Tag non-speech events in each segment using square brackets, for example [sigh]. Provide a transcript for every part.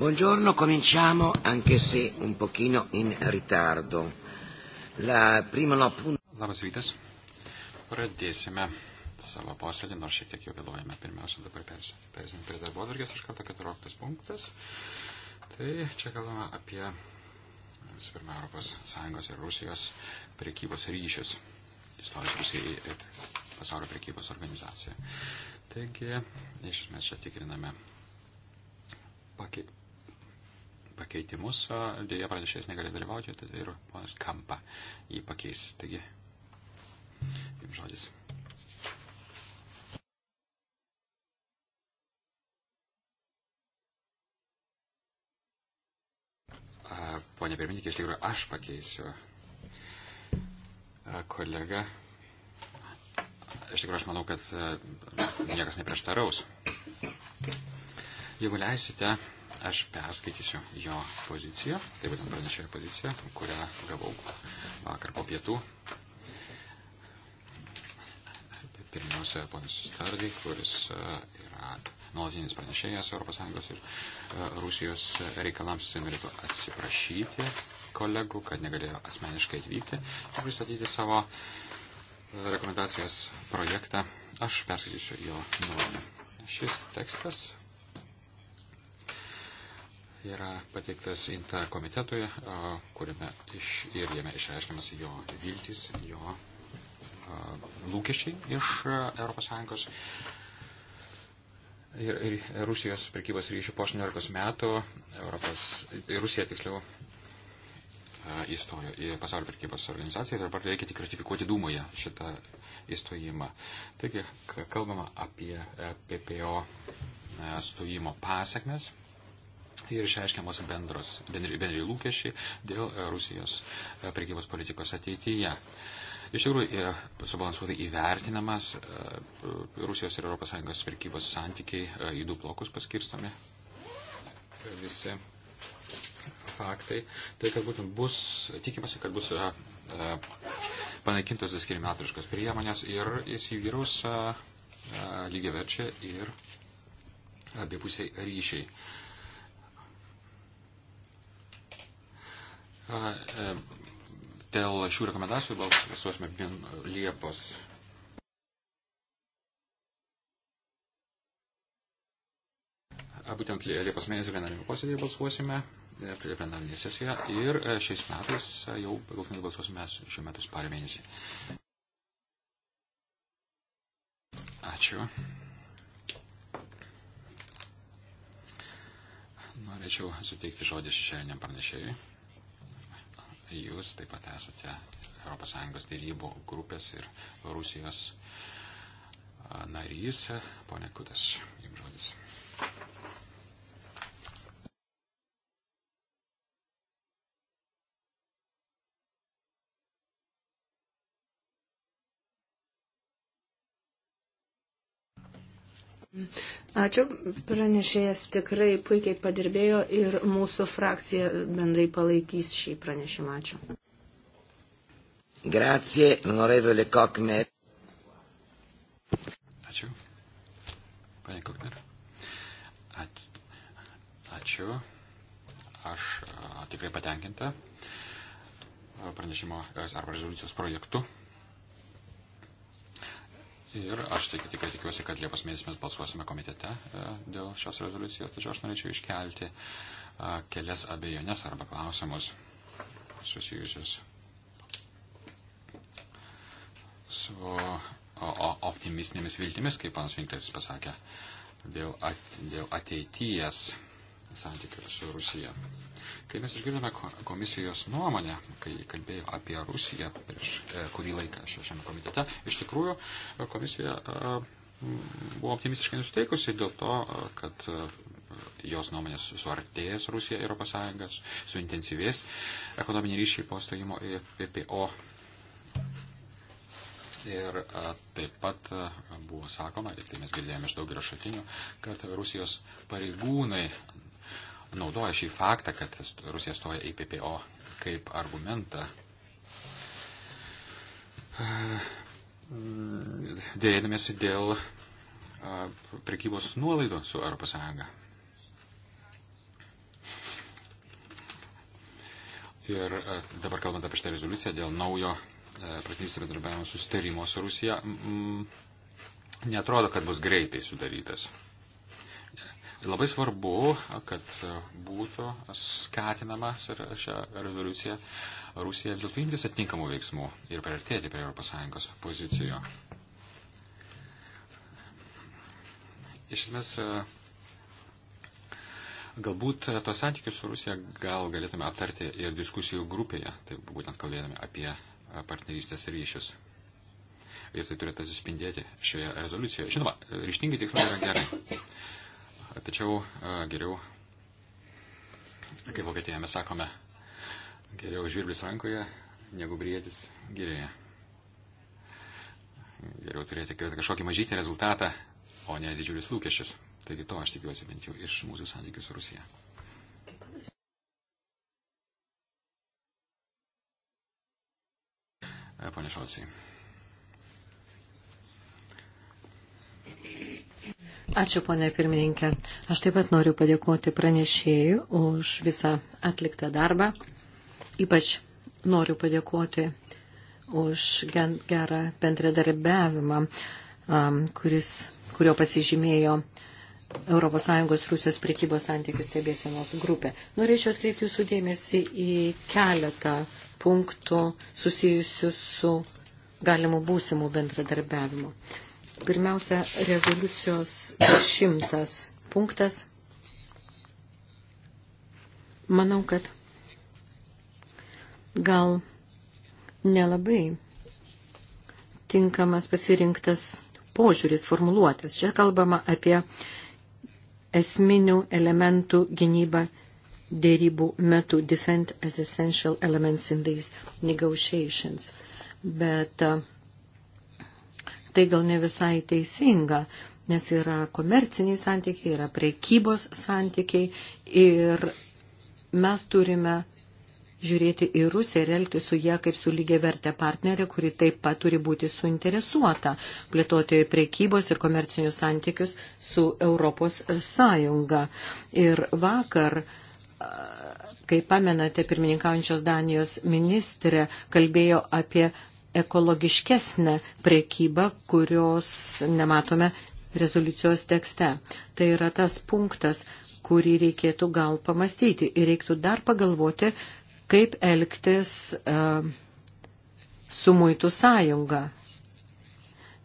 Buongiorno, cominciamo anche se un pochino in ritardo. La prima no, pun... Labas rytas. Pradėsime savo posėdį, nors šiek tiek jau vėluojame. Pirmiausia, dabar perėsime prie darbo atvarkės, iš karto 14 punktas. Tai čia kalbame apie visų pirma Europos Sąjungos ir Rusijos prekybos ryšius. Įstojus Rusijai į pasaulio prekybos organizaciją. Taigi, iš esmės čia tikriname pakeitimus. Dėja, pranešėjas negali dalyvauti, tad ir ponas Kampa jį pakeis. Taigi, jums žodis. Pone pirmininkė, iš tikrųjų aš pakeisiu kolegą. Iš tikrųjų aš manau, kad niekas neprieštaraus. Jeigu leisite, Aš perskaitysiu jo poziciją, tai būtent pranešėjo poziciją, kurią gavau vakar po pietų. Pirmiausia, ponas Stardy, kuris e, yra nuolatinis pranešėjas ES ir e, Rusijos reikalams, jis norėtų atsiprašyti kolegų, kad negalėjo asmeniškai atvykti ir pristatyti savo e, rekomendacijos projektą. Aš perskaitysiu jo nuomonę. Šis tekstas yra pateiktas INTA komitetui, kuriame iš, ir jame išreiškiamas jo viltis, jo lūkesčiai iš ES. Ir, ir Rusijos prekybos ryšių po 18 metų Europos, Rusija tiksliau įstojo į pasaulio prekybos organizaciją ir dabar reikia tik ratifikuoti Dūmoje šitą įstojimą. Taigi, kalbama apie PPO stojimo pasiekmes ir išreiškiamos bendros, bendri, bendri lūkesčiai dėl e, Rusijos e, prekybos politikos ateityje. Iš tikrųjų, e, subalansuotai įvertinamas Rusijos ir ES prekybos santykiai į du blokus paskirstomi visi faktai. Tai, kad būtent bus, tikimasi, kad bus panaikintos diskriminatoriškos priemonės ir įsivyraus lygiaverčia ir abipusiai ryšiai. E, dėl šių rekomendacijų balsuosime Liepos būtent Liepos mėnesį plenarinių posėdėje balsuosime, e, prie plenarinė sesija ir e, šiais metais jau galutinai balsuosime šiuo metu spalio mėnesį. Ačiū. Norėčiau suteikti žodį šešėliniam pranešėjui jūs taip pat esate ES dėrybų grupės ir Rusijos narys. Pone Kutas, jums žodis. Ačiū, pranešėjas tikrai puikiai padirbėjo ir mūsų frakcija bendrai palaikys šį pranešimą. Ačiū. Grazie, onorevole Kokmer. Ačiū. Pane Kokmer. Ačiū. Aš a, tikrai patenkinta pranešimo arba rezoliucijos projektu. Ir aš tik, tikrai tikiuosi, kad Liepos mėnesį mes balsuosime komitete e, dėl šios rezoliucijos, tačiau aš norėčiau iškelti e, kelias abejonės arba klausimus susijusius su optimistinėmis viltimis, kaip panas Vinkleris pasakė, dėl, at, dėl ateities santykių su Rusija. Kai mes išgirdome komisijos nuomonę, kai kalbėjo apie Rusiją prieš e, kurį laiką šiame komitete, iš tikrųjų e, komisija e, buvo optimistiškai nusiteikusi dėl to, kad jos nuomonės suartėjęs Rusija ir Europos Sąjungas, suintensyvės ekonominiai ryšiai po stojimo į PPO. Ir a, taip pat a, buvo sakoma, ir tai mes girdėjome iš daugelio šaltinių, kad Rusijos pareigūnai naudoja šį faktą, kad Rusija stoja į PPO kaip argumentą dėrėdamėsi dėl prekybos nuolaidų su ES. Ir dabar kalbant apie šitą rezoliuciją dėl naujo praktinis bendradarbiavimo susitarimo su Rusija, netrodo, kad bus greitai sudarytas. Labai svarbu, kad būtų skatinama šią rezoliuciją Rusija dėl imtis atitinkamų veiksmų ir priartėti prie ES pozicijų. Iš esmės, galbūt tos santykius su Rusija gal galėtume aptarti ir diskusijų grupėje, tai būtent kalbėdami apie partnerystės ryšius ir tai turėtų atsispindėti šioje rezoliucijoje. Žinoma, ryštingi tikslai yra gerai. Tačiau e, geriau, kaip Vokietijoje mes sakome, geriau žvirblis rankoje, negu briedis girėje. Geriau turėti kažkokį mažytį rezultatą, o ne didžiulius lūkesčius. Taigi to aš tikiuosi bent jau iš mūsų santykių su Rusija. E, pone Šolcijai. Ačiū, ponė pirmininkė. Aš taip pat noriu padėkoti pranešėjų už visą atliktą darbą. Ypač noriu padėkoti už gerą bendradarbiavimą, kuris, kurio pasižymėjo ES Rusijos priekybos santykių stebėsienos grupė. Norėčiau atkreipti jūsų dėmesį į keletą punktų susijusių su galimu būsimų bendradarbiavimu. Pirmiausia, rezoliucijos šimtas punktas. Manau, kad gal nelabai tinkamas pasirinktas požiūris formuluotas. Čia kalbama apie esminių elementų gynybą dėrybų metu defend as essential elements in these negotiations. Bet uh, tai gal ne visai teisinga, nes yra komerciniai santykiai, yra prekybos santykiai ir mes turime žiūrėti į Rusiją ir elgti su ją kaip su lygiai vertė partnerė, kuri taip pat turi būti suinteresuota plėtoti prekybos ir komercinius santykius su Europos Sąjunga. Ir vakar kai pamenate, pirmininkaujančios Danijos ministrė kalbėjo apie ekologiškesnę priekybą, kurios nematome rezoliucijos tekste. Tai yra tas punktas, kurį reikėtų gal pamastyti ir reiktų dar pagalvoti, kaip elgtis uh, su muitų sąjunga.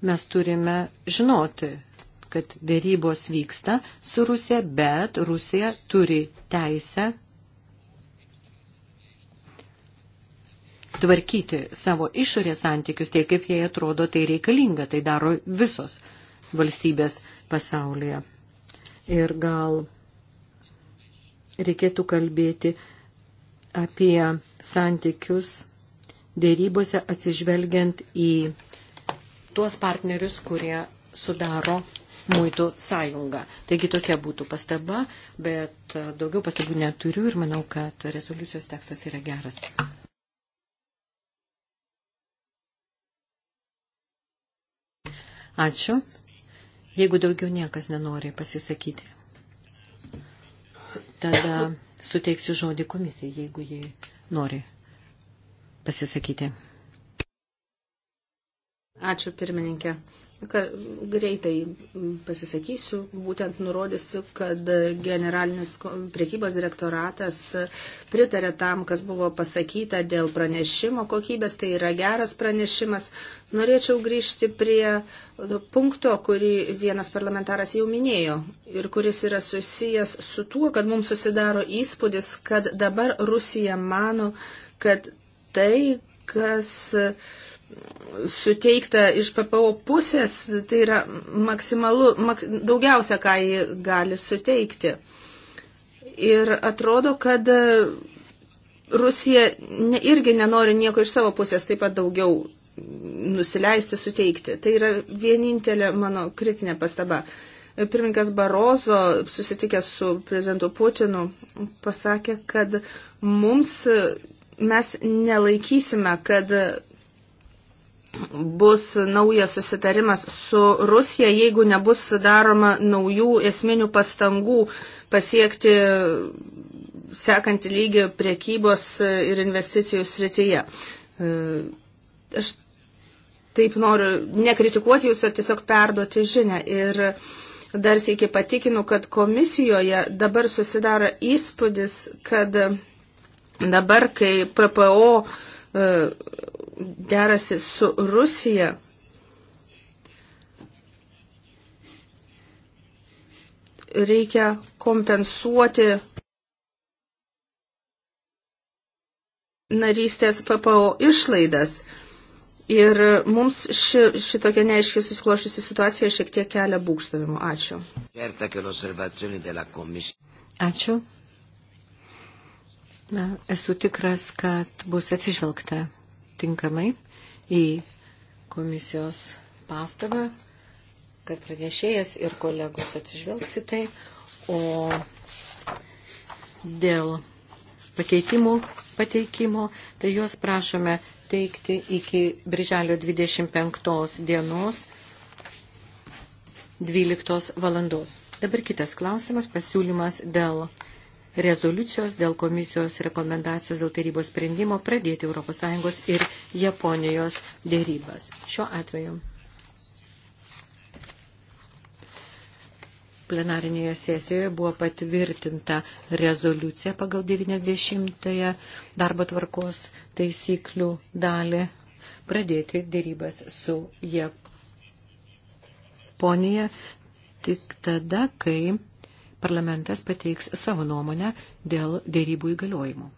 Mes turime žinoti, kad dėrybos vyksta su Rusija, bet Rusija turi teisę tvarkyti savo išorės santykius tiek, kaip jie atrodo, tai reikalinga. Tai daro visos valstybės pasaulyje. Ir gal reikėtų kalbėti apie santykius dėrybose atsižvelgiant į tuos partnerius, kurie sudaro muitų sąjungą. Taigi tokia būtų pastaba, bet daugiau pastabų neturiu ir manau, kad rezoliucijos tekstas yra geras. Ačiū. Jeigu daugiau niekas nenori pasisakyti, tada suteiksiu žodį komisijai, jeigu jie nori pasisakyti. Ačiū pirmininkė greitai pasisakysiu, būtent nurodysiu, kad generalinis priekybos direktoratas pritarė tam, kas buvo pasakyta dėl pranešimo kokybės, tai yra geras pranešimas. Norėčiau grįžti prie punkto, kurį vienas parlamentaras jau minėjo ir kuris yra susijęs su tuo, kad mums susidaro įspūdis, kad dabar Rusija mano, kad tai, kas uh, suteikta iš PPO pusės, tai yra maksimalu, mak, daugiausia, ką ji gali suteikti. Ir atrodo, kad e, Rusija ne, irgi nenori nieko iš savo pusės taip pat daugiau nusileisti, suteikti. Tai yra vienintelė mano kritinė pastaba. Pirmininkas Barozo, susitikęs su prezidentu Putinu, pasakė, kad mums e, mes nelaikysime, kad bus naujas susitarimas su Rusija, jeigu nebus daroma naujų esminių pastangų pasiekti sekantį lygį priekybos ir investicijų srityje. E, aš taip noriu nekritikuoti jūs, o tiesiog perduoti žinę. Ir dar sėkiai patikinu, kad komisijoje dabar susidaro įspūdis, kad dabar, kai PPO e, derasi su Rusija, reikia kompensuoti narystės PPO išlaidas. Ir mums ši, šitokia neaiškiai susiklošusi situacija šiek tiek kelia būkštavimų. Ačiū. Ačiū. Na, esu tikras, kad bus atsižvelgta tinkamai į komisijos pastabą, kad pranešėjas ir kolegos atsižvelgs į tai, o dėl pakeitimų pateikimo, tai juos prašome teikti iki birželio 25 dienos 12 valandos. Dabar kitas klausimas, pasiūlymas dėl rezoliucijos dėl komisijos rekomendacijos dėl tarybos sprendimo pradėti ES ir Japonijos dėrybas. Šiuo atveju plenarinėje sesijoje buvo patvirtinta rezoliucija pagal 90-ąją darbo tvarkos taisyklių dalį pradėti dėrybas su Japonija tik tada, kai parlamentas pateiks savo nuomonę dėl dėrybų įgaliojimų.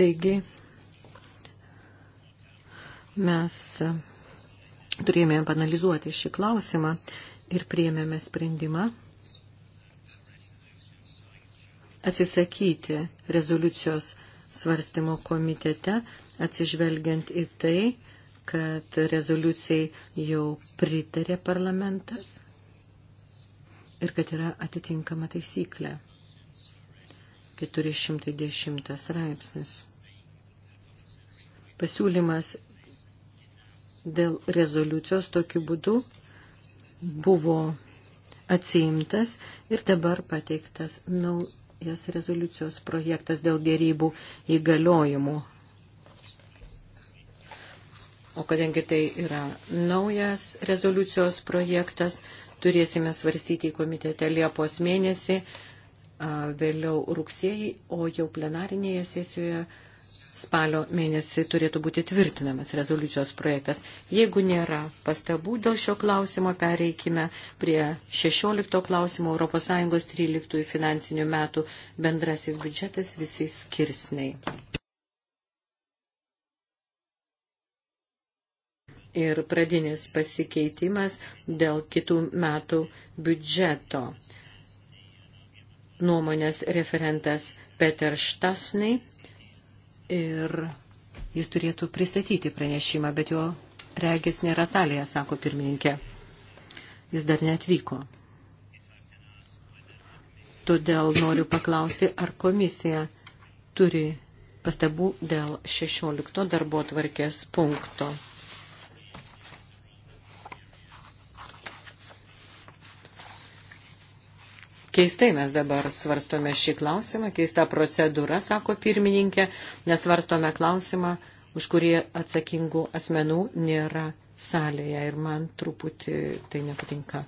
Taigi, mes turėjome panalizuoti šį klausimą ir priėmėme sprendimą atsisakyti rezoliucijos svarstymo komitete, atsižvelgiant į tai, kad rezoliucijai jau pritarė parlamentas ir kad yra atitinkama taisyklė. 410 straipsnis. Pasiūlymas dėl rezoliucijos tokiu būdu buvo atsiimtas ir dabar pateiktas naujas naujas rezoliucijos projektas dėl dėrybų įgaliojimų. O kadangi tai yra naujas rezoliucijos projektas, turėsime svarstyti į komitete Liepos mėnesį, vėliau rugsėjai, o jau plenarinėje sesijoje spalio mėnesį turėtų būti tvirtinamas rezoliucijos projektas. Jeigu nėra pastabų dėl šio klausimo, pereikime prie 16 klausimo ES 13 finansinių metų bendrasis biudžetas visai skirsniai. Ir pradinis pasikeitimas dėl kitų metų biudžeto nuomonės referentas Peter Štasnai ir jis turėtų pristatyti pranešimą, bet jo regis nėra salėje, sako pirmininkė. Jis dar neatvyko. Todėl noriu paklausti, ar komisija turi pastabų dėl 16 darbo tvarkės punkto. Keistai mes dabar svarstome šį klausimą, keista procedūra, sako pirmininkė, nesvarstome klausimą, už kurį atsakingų asmenų nėra salėje ir man truputį tai nepatinka.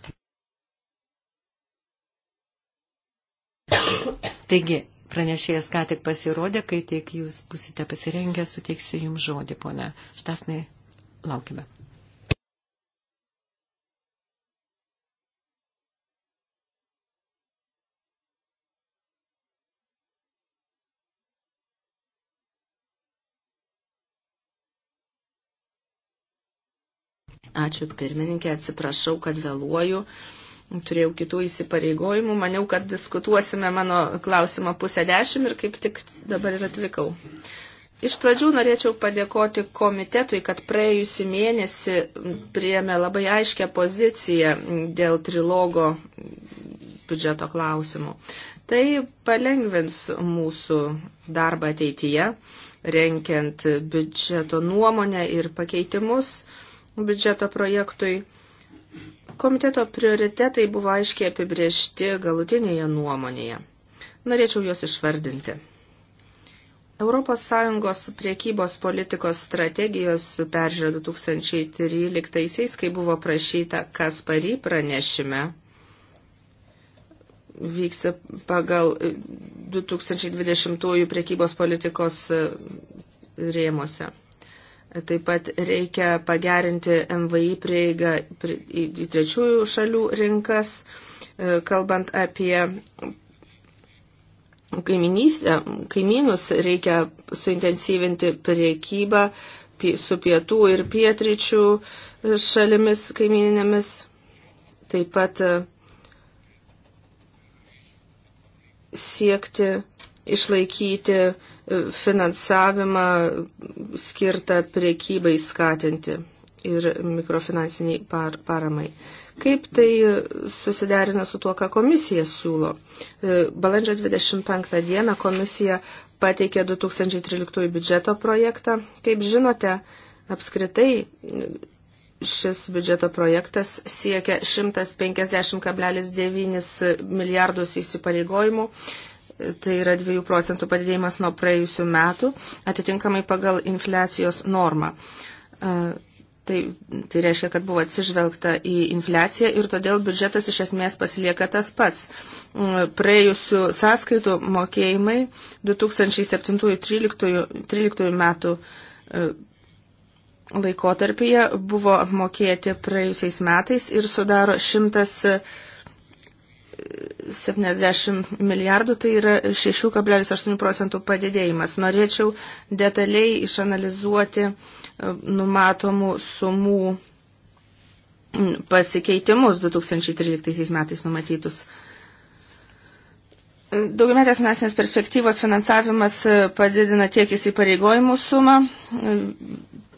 Taigi, pranešėjas ką tik pasirodė, kai tik jūs būsite pasirengę, suteiksiu jums žodį, ponė. Štasnai, laukime. Ačiū pirmininkė, atsiprašau, kad vėluoju. Turėjau kitų įsipareigojimų, maniau, kad diskutuosime mano klausimą pusę dešimt ir kaip tik dabar ir atvykau. Iš pradžių norėčiau padėkoti komitetui, kad praėjusį mėnesį priėmė labai aiškę poziciją dėl trilogo biudžeto klausimų. Tai palengvins mūsų darbą ateityje, renkiant biudžeto nuomonę ir pakeitimus biudžeto projektui. Komiteto prioritetai buvo aiškiai apibriežti galutinėje nuomonėje. Norėčiau juos išvardinti. ES priekybos politikos strategijos peržiūrė 2013-aisiais, kai buvo prašyta Kaspari pranešime, vyks pagal 2020-ųjų priekybos politikos rėmose. Taip pat reikia pagerinti MVI prieigą į trečiųjų šalių rinkas, e, kalbant apie e, kaimynus, reikia suintensyvinti priekybą su pietų ir pietryčių e, šalimis kaimininėmis. Taip pat siekti išlaikyti finansavimą skirtą priekybai skatinti ir mikrofinansiniai par paramai. Kaip tai susiderina su tuo, ką komisija siūlo? E, balandžio 25 dieną komisija pateikė 2013 biudžeto projektą. Kaip žinote, apskritai šis biudžeto projektas siekia 150,9 milijardus įsipareigojimų tai yra 2 procentų padidėjimas nuo praėjusių metų, atitinkamai pagal infliacijos normą. Tai, tai reiškia, kad buvo atsižvelgta į infliaciją ir todėl biudžetas iš esmės pasilieka tas pats. Mm, praėjusių sąskaitų mokėjimai 2007-2013 metų e, laikotarpyje buvo apmokėti praėjusiais metais ir sudaro 100 70 milijardų, tai yra 6,8 procentų padidėjimas. Norėčiau detaliai išanalizuoti e, numatomų sumų pasikeitimus 2013 metais numatytus. Daugiametės finansinės perspektyvos finansavimas e, padidina tiek įsipareigojimų sumą, e,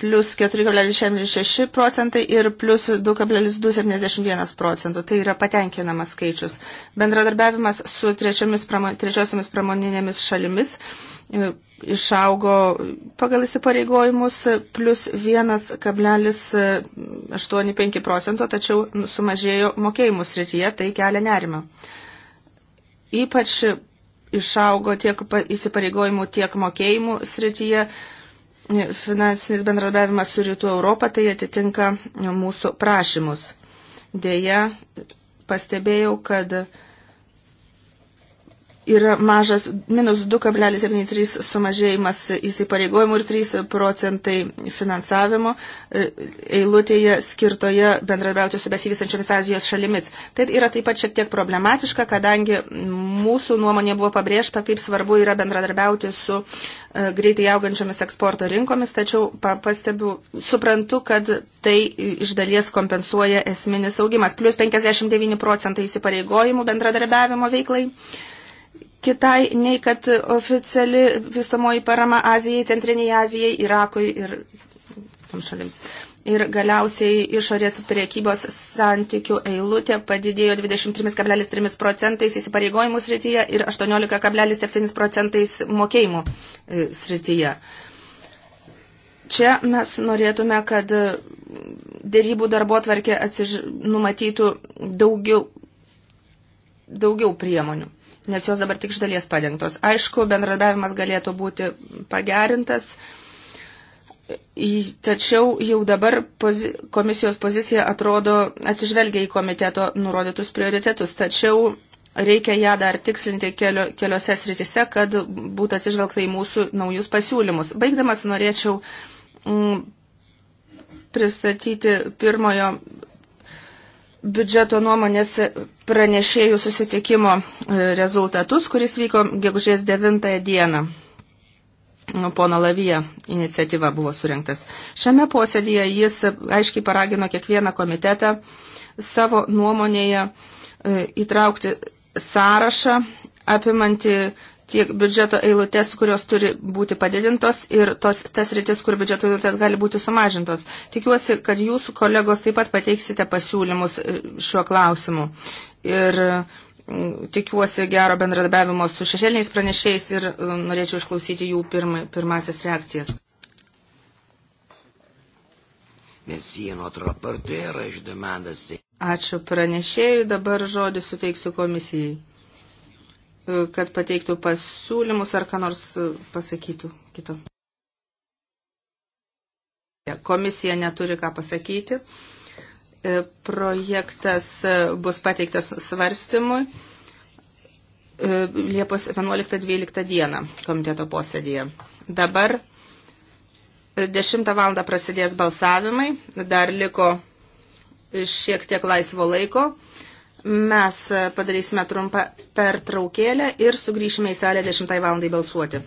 plus 4,66 procentai ir plus 2,271 procentų. Tai yra patenkinamas skaičius. Bendradarbiavimas su pramo, trečiosiomis pramoninėmis šalimis e, išaugo pagal įsipareigojimus plus 1,85 procento, tačiau sumažėjo mokėjimų srityje, tai kelia nerimą. Ypač išaugo tiek įsipareigojimų, tiek mokėjimų srityje. Finansinis bendradarbiavimas su Rytų Europą tai atitinka mūsų prašymus. Deja, pastebėjau, kad yra mažas minus 2,73 sumažėjimas įsipareigojimų ir 3 procentai finansavimo e, eilutėje skirtoje bendradarbiauti su besivystančiomis Azijos šalimis. Tai yra taip pat šiek tiek problematiška, kadangi mūsų nuomonė buvo pabrėžta, kaip svarbu yra bendradarbiauti su e, greitai augančiomis eksporto rinkomis, tačiau pastebiu, suprantu, kad tai iš dalies kompensuoja esminis augimas. Plus 59 procentai įsipareigojimų bendradarbiavimo veiklai kitai, nei kad oficiali vystomoji parama Azijai, Centriniai Azijai, Irakui ir tom šalims. Ir galiausiai išorės priekybos santykių eilutė padidėjo 23,3 procentais įsipareigojimų srityje ir 18,7 procentais mokėjimų e, srityje. Čia mes norėtume, kad dėrybų darbo tvarkė atsiž... numatytų daugiau, daugiau priemonių nes jos dabar tik iš dalies padengtos. Aišku, bendradarbiavimas galėtų būti pagerintas. Tačiau jau dabar pozi komisijos pozicija atrodo atsižvelgia į komiteto nurodytus prioritetus, tačiau reikia ją dar tikslinti kelio, keliose sritise, kad būtų atsižvelgta į mūsų naujus pasiūlymus. Baigdamas norėčiau m, mm, pristatyti pirmojo biudžeto nuomonės pranešėjų susitikimo e, rezultatus, kuris vyko gegužės 9 dieną. Nu, pono Lavija iniciatyva buvo surinktas. Šiame posėdėje jis aiškiai paragino kiekvieną komitetą savo nuomonėje e, įtraukti sąrašą apimanti tiek biudžeto eilutės, kurios turi būti padidintos ir tos, tas rytis, kur biudžeto eilutės gali būti sumažintos. Tikiuosi, kad jūsų kolegos taip pat pateiksite pasiūlymus e, šiuo klausimu. Ir tikiuosi gero bendradarbiavimo su šešėliniais pranešėjais ir e, norėčiau išklausyti jų pirma, pirmasis reakcijas. Ačiū pranešėjui, dabar žodį suteiksiu komisijai kad pateiktų pasiūlymus ar ką nors e, pasakytų kito. Komisija neturi ką pasakyti. E, projektas e, bus pateiktas svarstymui Liepos 11-12 dieną komiteto posėdėje. Dabar 10 val. prasidės balsavimai, dar liko šiek tiek laisvo laiko. Mes padarysime trumpą pertraukėlę ir sugrįšime į salę 10 valandai balsuoti.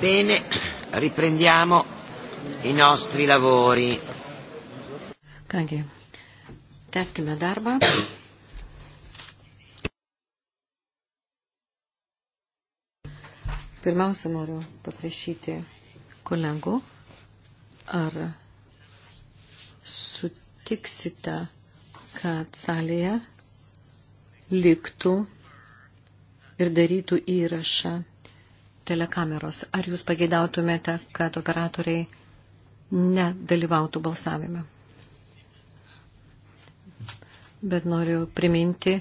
Bene, riprendiamo i nostri lavori. Kągi, tęskime darbą. Pirmiausia, noriu paprašyti kolegų, ar sutiksite, kad salėje liktų ir darytų įrašą telekameros. Ar jūs pageidautumėte, kad operatoriai nedalyvautų balsavime? Bet noriu priminti,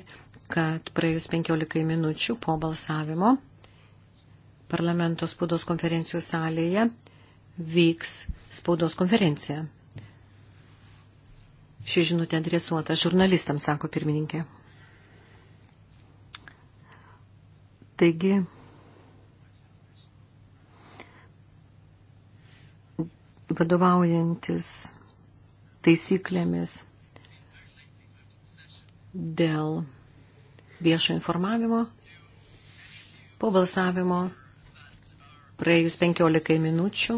kad praėjus 15 minučių po balsavimo parlamento spaudos konferencijų salėje vyks spaudos konferencija. Ši žinutė adresuota žurnalistams, sako pirmininkė. Taigi, vadovaujantis taisyklėmis dėl viešo informavimo po balsavimo praėjus 15 minučių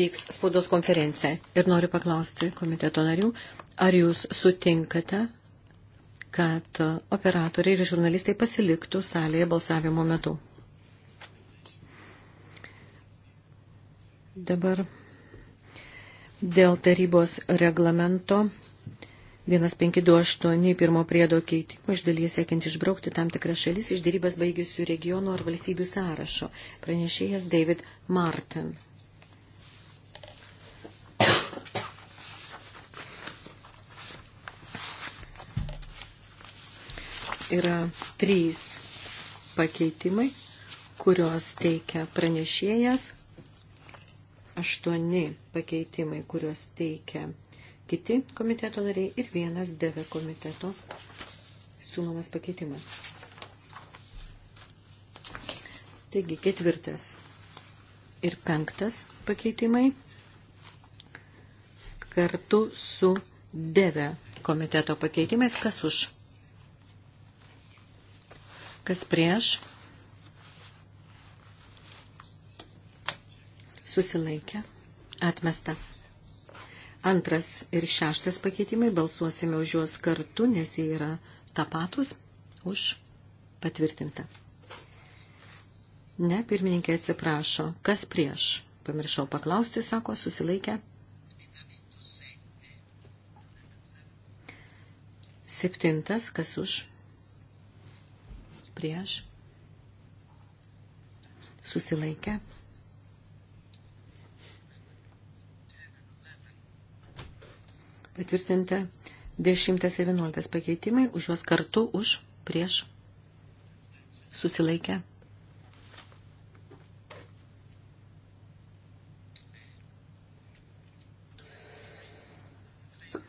vyks spaudos konferencija. Ir noriu paklausti komiteto narių, ar jūs sutinkate, kad operatoriai ir žurnalistai pasiliktų salėje balsavimo metu? Dabar dėl tarybos reglamento 1528 pirmo priedo keitimo iš dalies siekiant išbraukti tam tikras šalis iš dėrybas baigėsių regionų ar valstybių sąrašo. Pranešėjas David Martin. Yra trys pakeitimai, kurios teikia pranešėjas aštuoni pakeitimai, kuriuos teikia kiti komiteto nariai ir vienas DV komiteto siūlomas pakeitimas. Taigi ketvirtas ir penktas pakeitimai kartu su DV komiteto pakeitimais. Kas už? Kas prieš? susilaikė, atmesta. Antras ir šeštas pakeitimai, balsuosime už juos kartu, nes jie yra tapatus, už patvirtinta. Ne, pirmininkė atsiprašo, kas prieš? Pamiršau paklausti, sako, susilaikė. Septintas, kas už? Prieš. Susilaikė. Patvirtinta 10 ir 11 pakeitimai, už juos kartu, už, prieš, susilaikę.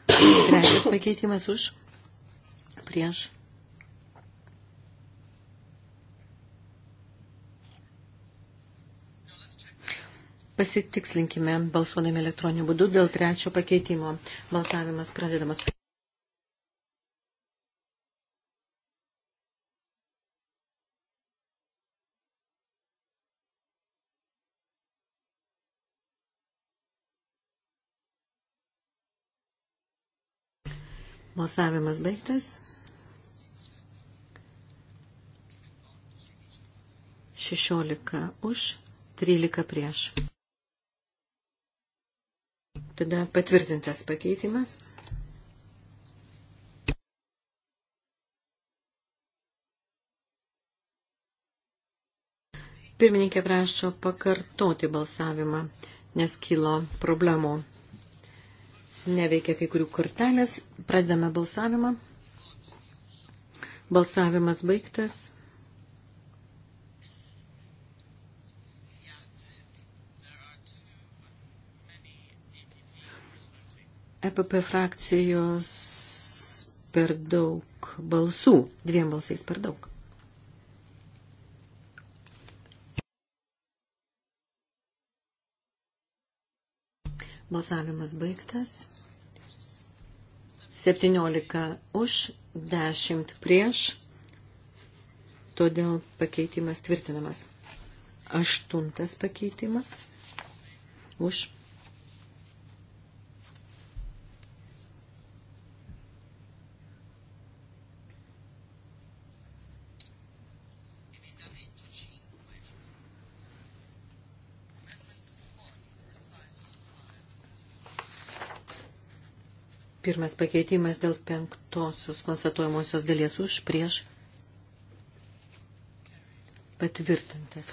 Trečias pakeitimas už, prieš, Pasitikslinkime balsuodami elektroniniu būdu dėl trečio pakeitimo. Balsavimas pradedamas. Balsavimas baigtas. 16 už, 13 prieš. Tada patvirtintas pakeitimas. Pirmininkė prašo pakartoti balsavimą, nes kilo problemų. Neveikia kai kurių kortelės. Pradedame balsavimą. Balsavimas baigtas. EPP frakcijos per daug balsų, dviem balsais per daug. Balsavimas baigtas. 17 už, 10 prieš, todėl pakeitimas tvirtinamas. Aštuntas pakeitimas už Pirmas pakeitimas dėl penktosios konstatuojamosios dalies už prieš patvirtintas.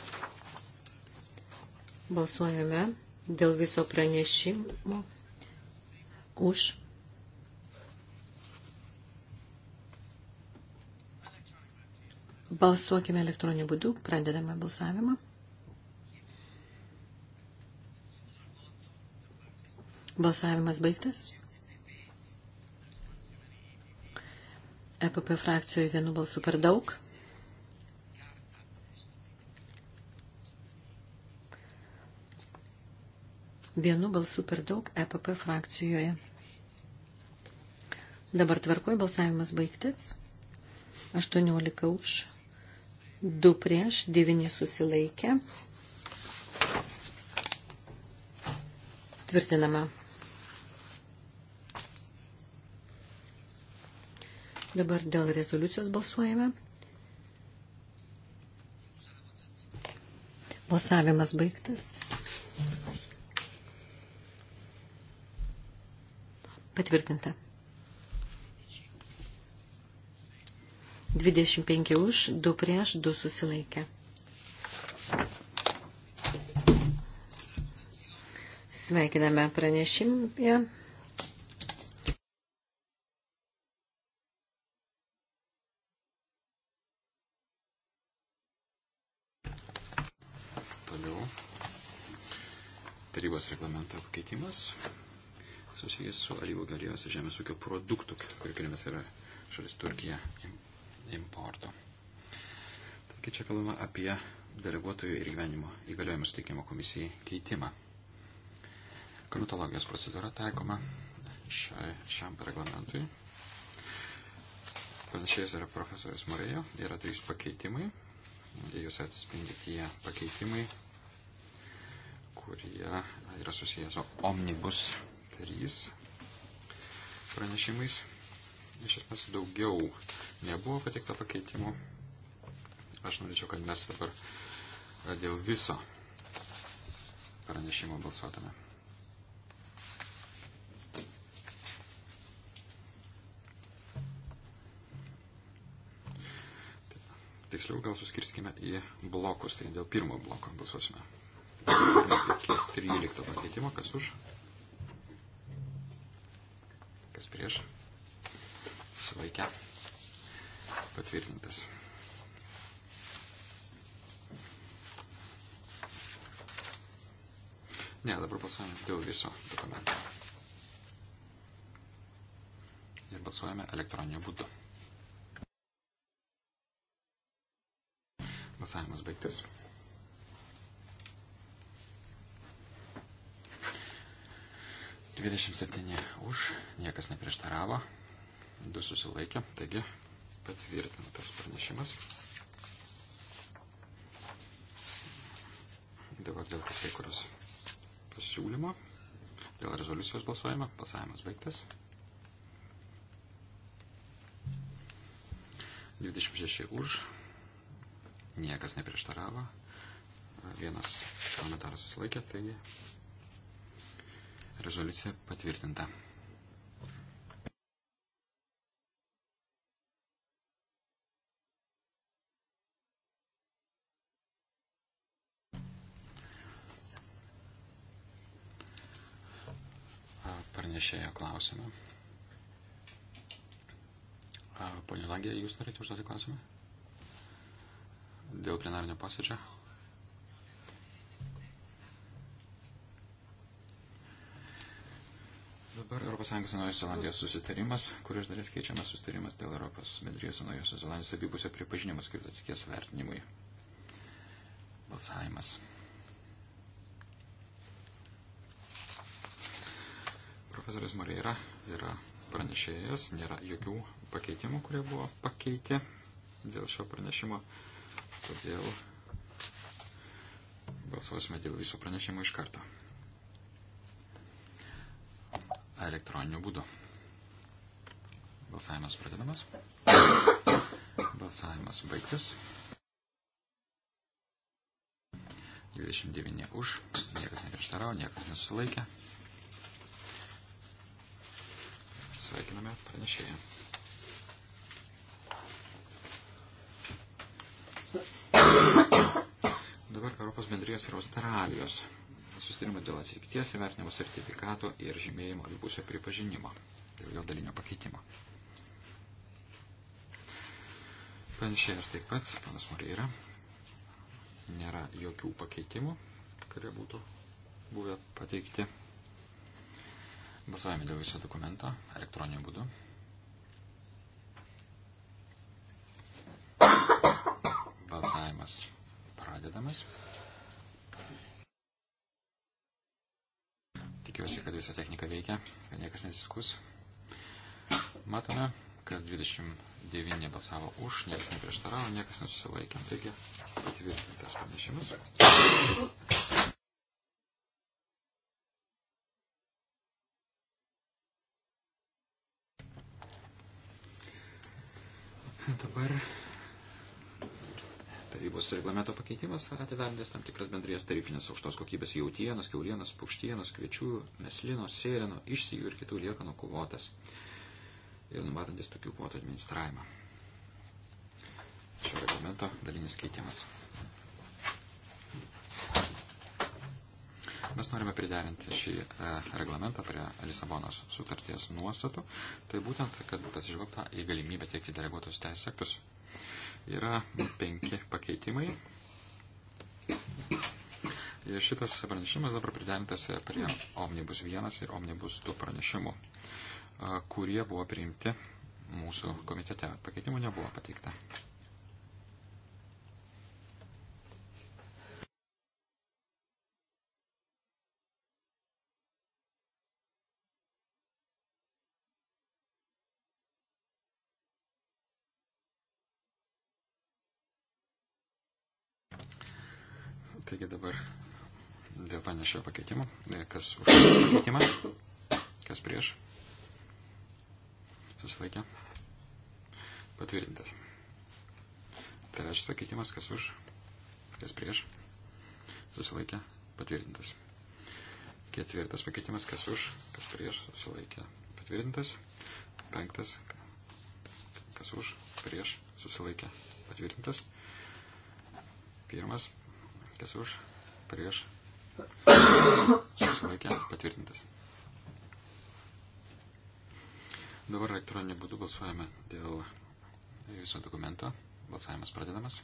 Balsuojame dėl viso pranešimo už. Balsuokime elektroniniu būdu, pradedame balsavimą. Balsavimas baigtas. EPP frakcijoje vienu balsu per daug. Vienu balsu per daug EPP frakcijoje. Dabar tvarkoj balsavimas baigtis. 18 už, 2 prieš, 9 susilaikė. Tvirtinama. Dabar dėl rezoliucijos balsuojame. Balsavimas baigtas. Patvirtinta. 25 už, 2 prieš, 2 susilaikę. Sveikiname pranešimą. reglamento pakeitimas susijęs su alyvų galijos žemės ūkio produktų, kurių kilmės tai yra šalis Turkija importo. Taigi čia kalbama apie deleguotojų ir gyvenimo įgaliojimų suteikimo komisijai keitimą. Komitologijos procedūra taikoma šia, šiam reglamentui. Panašiais yra profesorius Morėjo, yra trys pakeitimai, jūs atsispindi tie pakeitimai kurie yra susijęs su Omnibus 3 pranešimais. Iš esmės daugiau nebuvo pateikta pakeitimų. Aš norėčiau, kad mes dabar e, dėl viso pranešimo balsuotume. Tiksliau gal suskirskime į blokus, tai dėl pirmo bloko balsuosime. 13 pakeitimą, kas už, kas prieš, sulaikę, patvirtintas. Ne, dabar balsuojame dėl viso dokumento. Ir balsuojame elektroniniu būdu. Balsavimas baigtas. 27 už, niekas neprieštaravo, 2 susilaikė, taigi patvirtintas pranešimas. Dabar dėl teisėkuros pasiūlymo, dėl rezoliucijos balsuojama, balsavimas baigtas. 26 už, niekas neprieštaravo, vienas komentaras susilaikė, taigi Rezoliucija patvirtinta. Pranešėjo klausimą. Pone Langė, jūs norite užduoti klausimą? Dėl plenarinio posėdžio? Dabar ES ir Naujos Zelandijos susitarimas, kurio iš dalies keičiamas susitarimas dėl Europos bendrijos ir Naujos Zelandijos abipusio pripažinimo skirto tikės vertinimui. Balsavimas. Profesorius Moreira yra pranešėjas, nėra jokių pakeitimų, kurie buvo pakeitę dėl šio pranešimo, todėl balsuosime dėl viso pranešimo iš karto. elektroniniu būdu. Balsavimas pradedamas. Balsavimas baigtas. 29 už, niekas neprieštaravo, niekas nesusilaikė. Sveikiname pranešėją. Dabar Europos bendrijos ir Australijos susitarimą dėl atitikties įvertinimo sertifikato ir žymėjimo abipusio pripažinimo, tai dėl dalinio pakeitimo. Pranešėjas taip pat, panas Moreira, nėra jokių pakeitimų, kurie būtų buvę pateikti. Balsavime dėl viso dokumento elektroniniu būdu. Balsavimas pradedamas. Tikiuosi, kad visa technika veikia, kad niekas nesiskus. Matome, kad 29 balsavo už, niekas neprieštaravo, niekas nesusilaikė. Taigi patvirtintas pranešimas. Dabar bus reglamento pakeitimas atvedęs tam tikras bendrijos tarifinės aukštos kokybės jautienos, keulienos, paukštienos, kviečių, meslino, sėlino, išsijų ir kitų liekanų kuvotas ir numatantis tokių kvotų administravimą. Šio reglamento dalinis keitimas. Mes norime priderinti šį e, reglamentą prie Lisabonos sutarties nuostatų, tai būtent, kad atsižvelgta į galimybę tiekti deleguotus teisės aktus Yra penki pakeitimai. Ir šitas pranešimas dabar priderintas prie Omnibus 1 ir Omnibus 2 pranešimų, kurie buvo priimti mūsų komitete. Pakeitimų nebuvo pateikta. Taigi dabar dėl panešio pakeitimo. E, kas už pakeitimą? Kas prieš? Susilaikė. Patvirtintas. Trečias pakeitimas, kas už, kas prieš. Susilaikė. Patvirtintas. Ketvirtas pakeitimas, kas už, kas prieš. Susilaikė. Patvirtintas. Penktas, kas už, prieš. Susilaikė. Patvirtintas. Pirmas kas už, prieš, susilaikė, patvirtintas. Dabar elektroniniu būdu balsuojame dėl viso dokumento. Balsavimas pradedamas.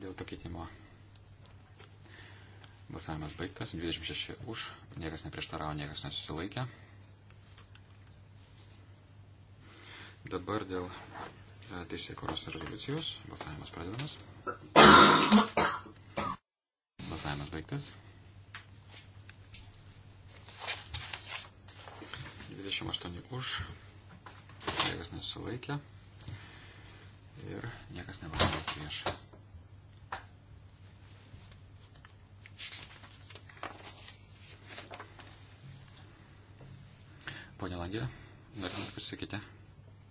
Dėl pakeitimo balsavimas baigtas. 26 už, niekas neprieštaravo, niekas nesusilaikė. Dabar dėl teisėkoros rezoliucijos. Balsavimas pradedamas. Balsavimas baigtas. 28 už. Niekas nesusilaikė. Ir niekas nebalsavo prieš. Pone Langė, norite pasakyti?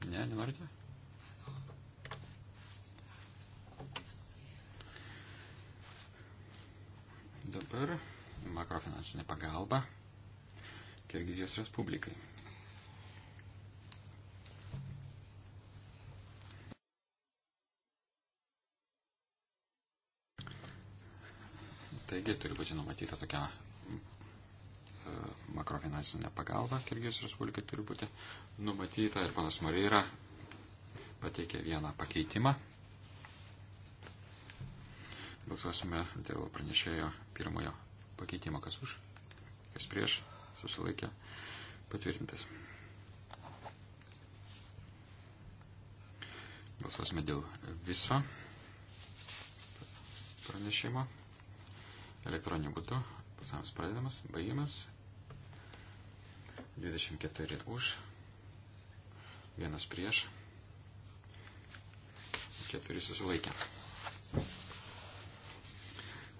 Ne, nenorite? Dabar makrofinansinė pagalba Kirgizijos Respublikai. Taigi turi būti numatyta tokia e, makrofinansinė pagalba Kirgijos Respublikai turi būti numatyta ir panas Moreira pateikė vieną pakeitimą. Balsuosime dėl pranešėjo pirmojo pakeitimo, kas už, kas prieš, susilaikė patvirtintas. Balsuosime dėl viso pranešimo elektroniniu būdu. Pasavimas pradedamas, baigiamas. 24 už, vienas prieš, keturi susilaikė.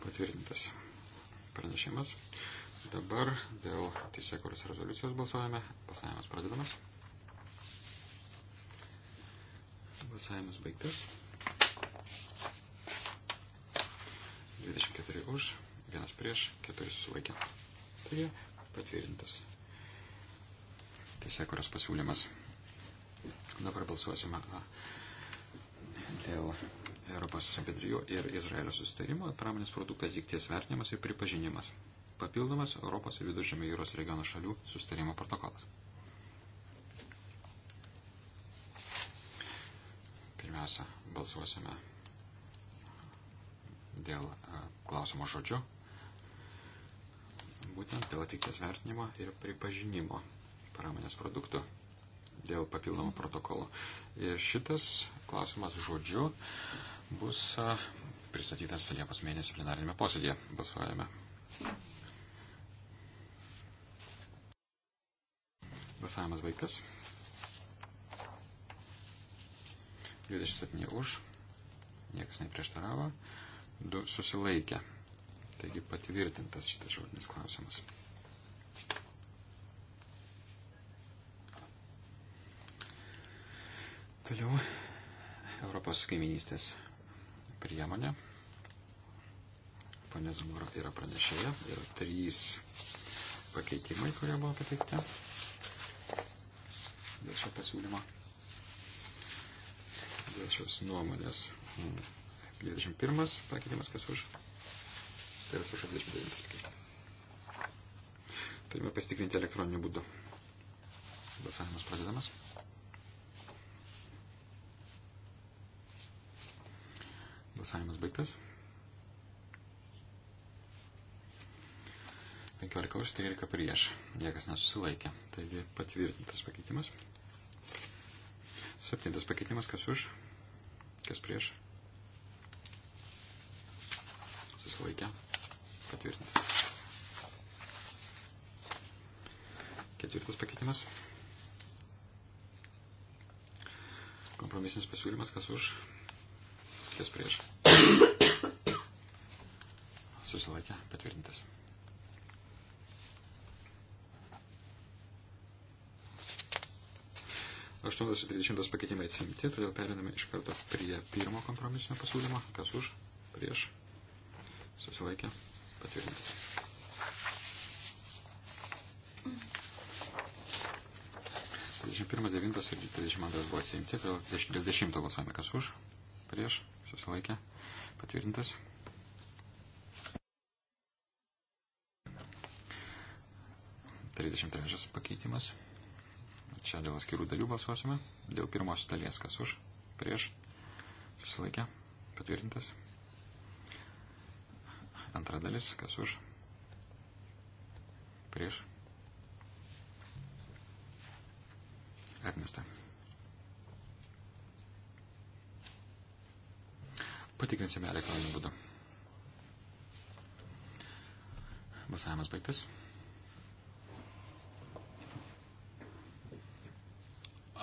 Patvirtintas pranešimas. Dabar dėl teisėkuros rezoliucijos balsuojame. Balsavimas pradedamas. Balsavimas baigtas. 24 už, 1 prieš, 4 susilaikė. Taigi patvirtintas teisėkuros pasiūlymas. Dabar balsuosime dėl Europos bendrijų ir Izraelio susitarimo pramonės produktų atitikties vertinimas ir pripažinimas. Papildomas Europos ir Viduržėmio jūros regiono šalių susitarimo protokolas. Pirmiausia, balsuosime dėl e, klausimo žodžio, būtent dėl atitikties vertinimo ir pripažinimo pramonės produktų dėl papildomo protokolo. Ir šitas klausimas žodžiu bus pristatytas Liepos mėnesio plenarinėme posėdėje balsuojame. Balsavimas baigtas. 27 už, niekas neprieštaravo, 2 susilaikė. Taigi patvirtintas šitas žodinis klausimas. Toliau Europos kaiminystės priemonė. Pane Zamora tai yra pranešėja, yra trys pakeitimai, kurie buvo pateikti dėl šio pasiūlymo, dėl šios nuomonės. 21 hmm. pakeitimas, kas už. Tai yra už 29. Turime pasitikrinti elektroniniu būdu. Balsavimas pradedamas. Balsavimas baigtas. 15 už 13 prieš. Niekas nesusilaikė. Taigi patvirtintas pakeitimas. Septintas pakeitimas, kas už, kas prieš. Susilaikė. Patvirtintas. Ketvirtas pakeitimas. Kompromisinis pasiūlymas, kas už, kas prieš susilaikė patvirtintas. Aštuntas ir dvidešimtas pakeitimai atsimti, todėl periname iš karto prie pirmo kompromisinio pasiūlymo, kas už, prieš, susilaikė patvirtintas. Dvidešimt pirmas, devintas ir dvidešimt antras buvo atsimti, todėl dėl dešimto balsuojame, kas už, prieš, susilaikė patvirtintas. 21, 9, 33 pakeitimas. Čia dėl atskirų dalių balsuosime. Dėl pirmosios dalies, kas už, prieš, susilaikė, patvirtintas. Antra dalis, kas už, prieš, atmesta. Patikrinsime elektroniniu būdu. Balsavimas baigtas.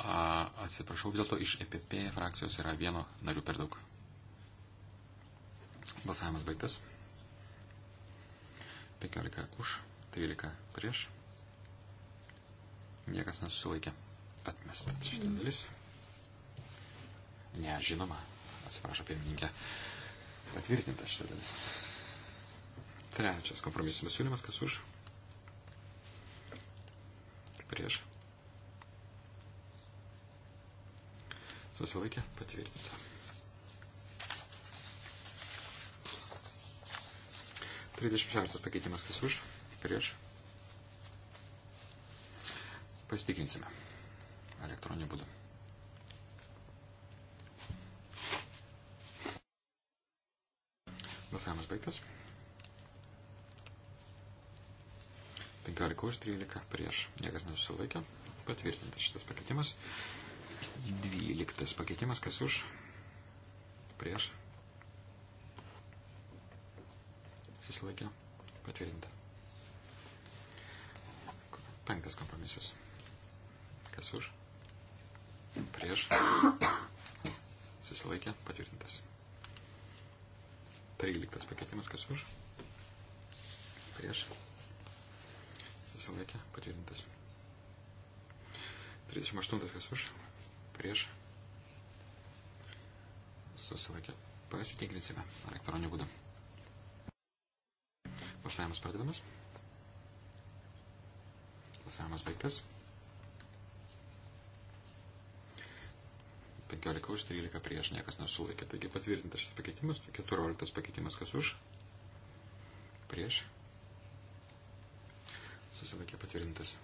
Atsiprašau, vis dėlto iš EPP frakcijos yra vieno narių per daug. Balsavimas baigtas. 15 už, 13 prieš. Niekas nesusilaikė. Atmesta šitą dalis. Ne, žinoma. Atsiprašau, pirmininkė. Patvirtinta šitą dalis. Trečias kompromisinis siūlymas, kas už. Prieš Susilaikė patvirtinta. Trisdešimt šeštas pakeitimas kas už, prieš. Pasitikrinsime elektroniniu būdu. Balsavimas baigtas. 15 už 13 prieš. Niekas nesusilaikė. Patvirtintas šitas pakeitimas. Dvyliktas pakeitimas, kas už? Prieš. Susilaikė. Patvirtinta. Penktas kompromisas. Kas už? Prieš. Susilaikė. Patvirtintas. Tryliktas pakeitimas, kas už? Prieš. Susilaikė. Patvirtintas. 38 kas už prieš susilaikė. Pasitikrinsime elektroniniu būdu. Balsavimas pradedamas. Balsavimas baigtas. 15 už 13 prieš niekas nesulaikė. Taigi patvirtintas šis pakeitimas. 14 pakeitimas kas už. Prieš. Susilaikė patvirtintas.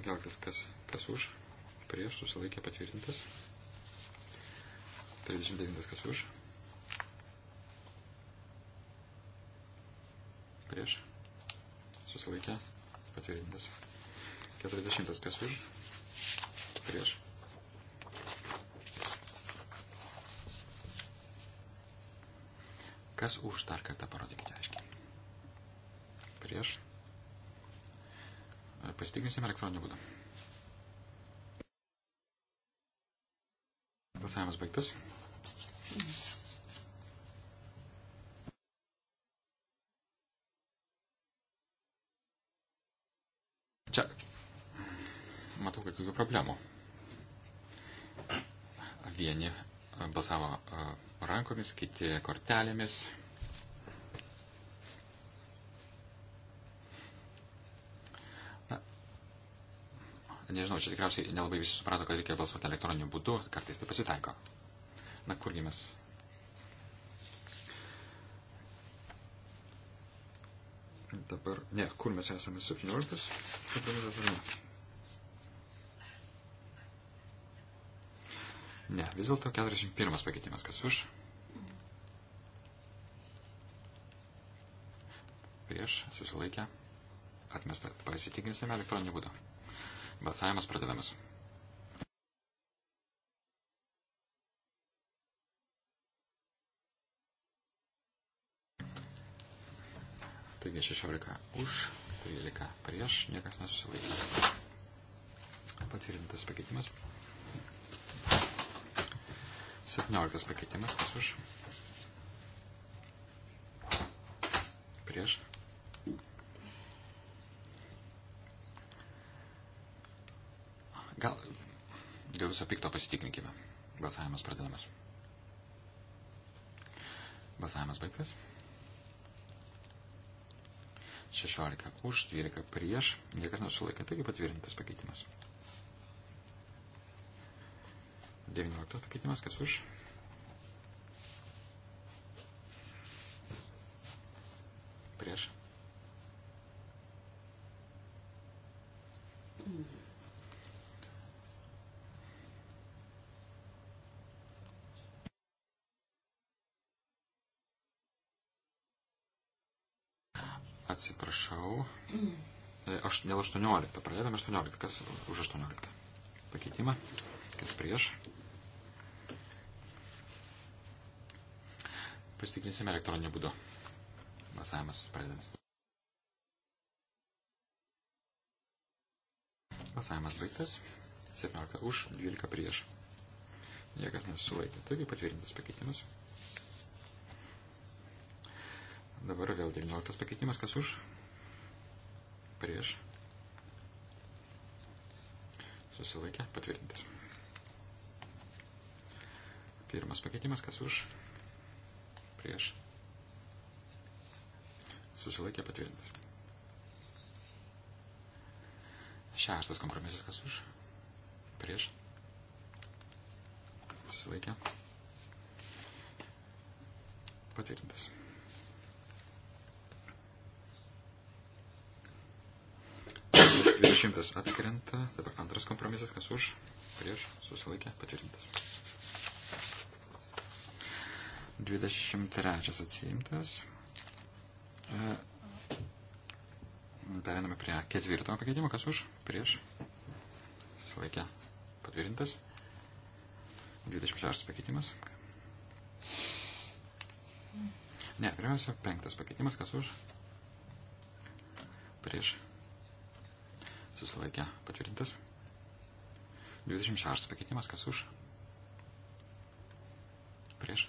15 kas, kas už, prieš susilaikė patvirtintas. 39 kas už. Prieš susilaikė patvirtintas. 40 kas už. Prieš. Kas už dar kartą parodykite aiškiai. Prieš Pasitikrinsime elektroniniu būdu. Balsavimas baigtas. Čia matau kokių problemų. Vieni balsavo rankomis, kiti kortelėmis. Nežinau, čia tikriausiai nelabai visi suprato, kad reikia balsuoti elektroniniu būdu, kartais tai pasitaiko. Na kurgi mes. Dabar, ne, kur mes esame 17, kompromisas ar ne? Ne, vis dėlto 41 pakeitimas, kas už. Prieš, susilaikę, atmestą, pasitikrinsime elektroniniu būdu. Balsavimas pradedamas. Taigi 16 už, 13 prieš, niekas nesusilaikė. Patvirtintas pakeitimas. 17 pakeitimas, kas už. Prieš Gal dėl viso pikto pasitikrinkime. Balsavimas pradedamas. Balsavimas baigtas. 16 už, 12 prieš, niekas nesulaikė, taigi patvirtintas pakeitimas. 19 pakeitimas, kas už? Prieš. atsiprašau. Tai aš dėl 18. Pradedame 18. Kas už 18? Pakeitimą. Kas prieš? Pasitikrinsime elektroninį būdu. Balsavimas pradedamas. Balsavimas baigtas. 17 už, 12 prieš. Niekas nesulaikė. Taigi patvirtintas pakeitimas. Dabar vėl 19 pakeitimas, kas už, prieš, susilaikė, patvirtintas. Pirmas pakeitimas, kas už, prieš, susilaikė, patvirtintas. Šeštas kompromisas, kas už, prieš, susilaikė, patvirtintas. Dešimtas atkrenta, dabar antras kompromisas, kas už, prieš, susilaikė, patvirtintas. 23 atsiimtas. E, periname prie ketvirto pakeitimo, kas už, prieš, susilaikė, patvirtintas. 26 pakeitimas. Ne, pirmiausia, penktas pakeitimas, kas už, prieš, susilaikė patvirtintas. 26 pakeitimas, kas už, prieš.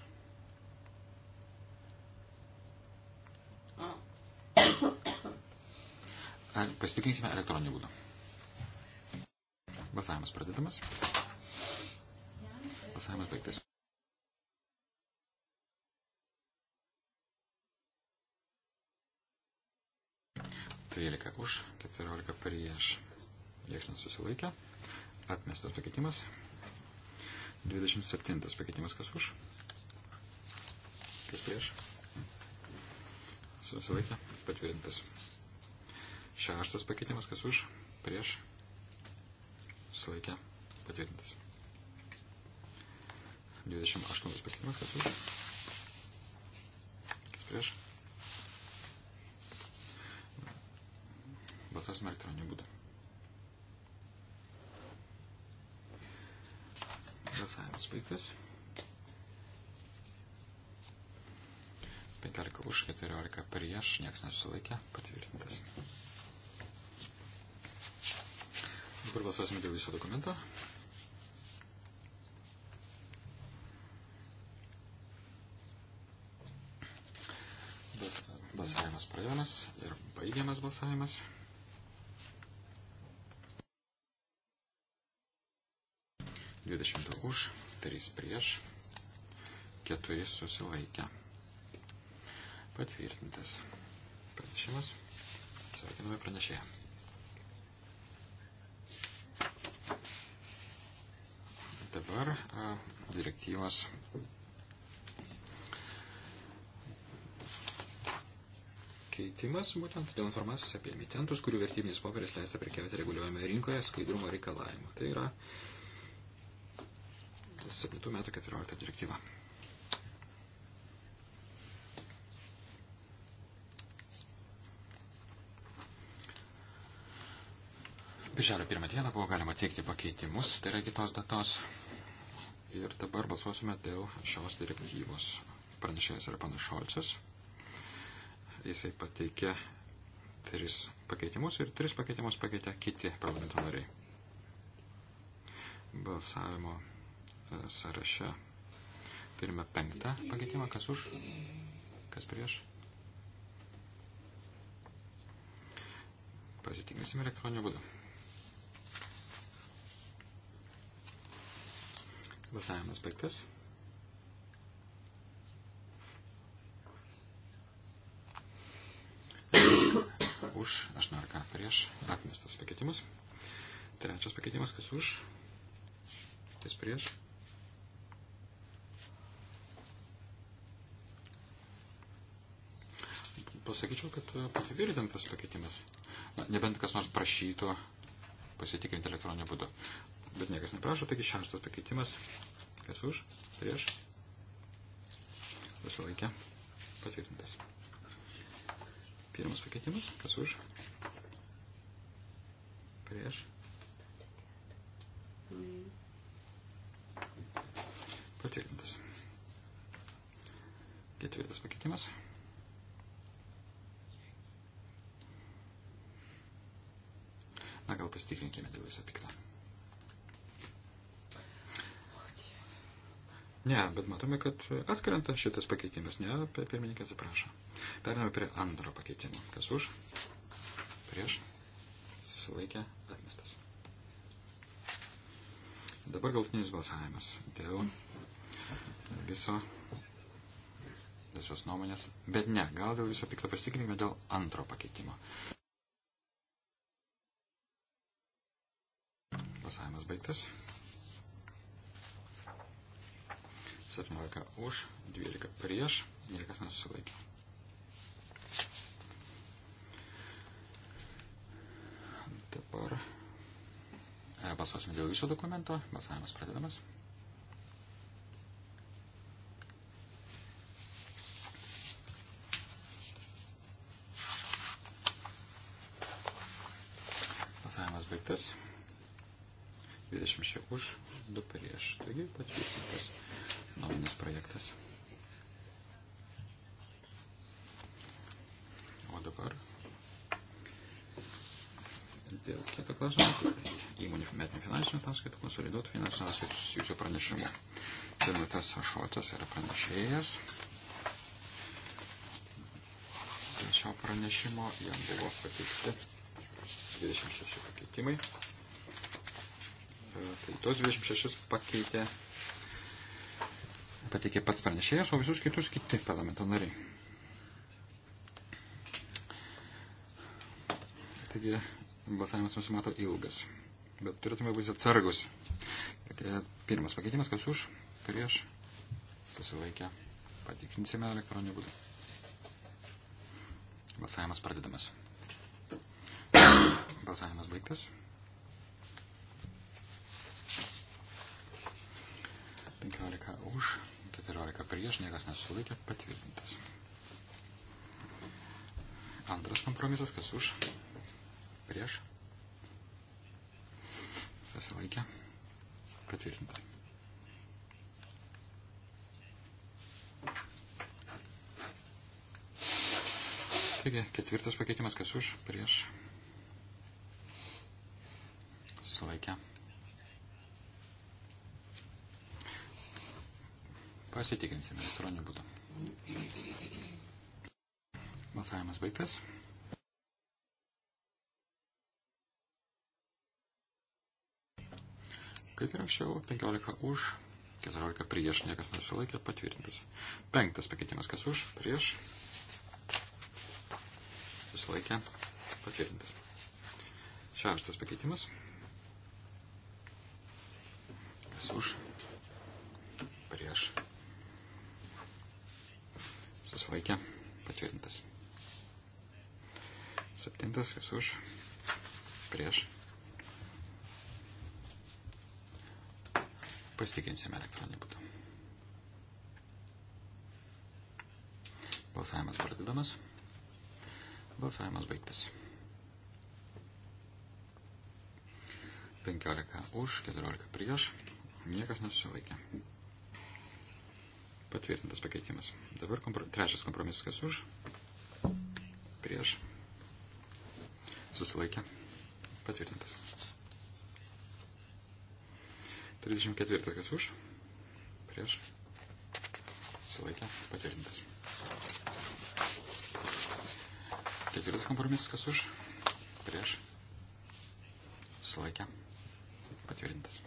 Pasitikrinkime elektroninį būdą. Balsavimas pradedamas. Balsavimas baigtas. 13 už, 14 prieš. Niekas nesusilaikė. Atmestas pakeitimas. 27 pakeitimas kas už. Kas prieš. Susilaikė. Patvirtintas. Šeštas pakeitimas kas už. Prieš. Susilaikė. Patvirtintas. 28 pakeitimas kas už. Kas prieš. Balsuosime elektroniniu būdu. Balsavimas baigtas. 15 už 14 prieš, niekas nesusilaikė, patvirtintas. Dabar balsuosime dėl viso dokumento. Balsavimas praėjimas ir baigiamas balsavimas. 20 už, 3 prieš, 4 susilaikę. Patvirtintas pranešimas. Sveikiname pranešėją. Dabar a, direktyvas keitimas būtent dėl informacijos apie emitentus, kurių vertybinis popieris leista prekiauti reguliuojamoje rinkoje skaidrumo reikalavimu. Tai yra 2007 m. 14 direktyva. Birželio pirmą dieną buvo galima teikti pakeitimus, tai yra kitos datos. Ir dabar balsuosime dėl šios direktyvos. Pranešėjas yra panas Šolcas. Jisai pateikė tris pakeitimus ir tris pakeitimus pakeitė kiti parlamento nariai. Balsavimo sąraše turime penktą pakeitimą, kas už, kas prieš. Pasitikrinsime elektroniniu būdu. Balsavimas baigtas. už, aš noriu ką prieš, atmestas pakeitimas. Trečias pakeitimas, kas už, kas prieš. pasakyčiau, kad e, patvirtintas pakeitimas. Na, nebent kas nors prašytų pasitikrinti elektroninę būdu. Bet niekas neprašo, taigi šeštas pakeitimas. Kas už? Prieš? Susilaikė. Patvirtintas. Pirmas pakeitimas. Kas už? Prieš? Patvirtintas. Ketvirtas pakeitimas. pasitikime dėl viso pikto. Ne, bet matome, kad atkrenta šitas pakeitimas. Ne, pirmininkė atsiprašo. Periname prie antro pakeitimo. Kas už? Prieš? Susilaikė? Atmestas. Dabar galtinis balsavimas dėl viso visos nuomonės. Bet ne, gal dėl viso pikto pasitikrinkime dėl antro pakeitimo. Balsavimas baigtas. 17 už, 12 prieš, niekas nesusilaikė. Dabar e, balsuosime dėl viso dokumento. Balsavimas pradedamas. 26 už, 2 prieš. Taigi patvirtintas nuomonės projektas. O dabar dėl kito klausimo. Įmonių metinių finansinių ataskaitų konsoliduotų finansinių ataskaitų susijusių pranešimų. Pirmitas Šotas yra pranešėjas. Dėl šio pranešimo jam buvo pateikti 26 pakeitimai. Tai tos 26 pakeitė, pateikė pats pranešėjas, o visus kitus kiti parlamento nariai. Taigi balsavimas nusimato ilgas, bet turėtume būti atsargus. E, pirmas pakeitimas, kas už, prieš, susilaikę, patikrinsime elektroniniu būdu. Balsavimas pradedamas. Balsavimas baigtas. 15 už, 14 prieš, niekas nesulaikė, patvirtintas. Antras kompromisas, kas už, prieš, susilaikė, patvirtintas. Taigi, ketvirtas pakeitimas, kas už, prieš, susilaikė, patvirtintas. Pasitikrinsime elektroniniu būdu. Balsavimas baigtas. Kaip ir anksčiau, 15 už, 14 prieš, niekas nesusilaikė, patvirtintas. Penktas pakeitimas, kas už, prieš, susilaikė, patvirtintas. Šeštas pakeitimas, kas už, prieš, susilaikė, patvirtintas. Septintas, kas už, prieš. Pasitikinsime elektroninį būdą. Balsavimas pradedamas. Balsavimas baigtas. 15 už, 14 prieš. Niekas nesusilaikė patvirtintas pakeitimas. Dabar kompro, trečias kompromisas, kas už, prieš, susilaikė, patvirtintas. 34 kas už, prieš, susilaikė, patvirtintas. Ketvirtas kompromisas, kas už, prieš, susilaikė, patvirtintas.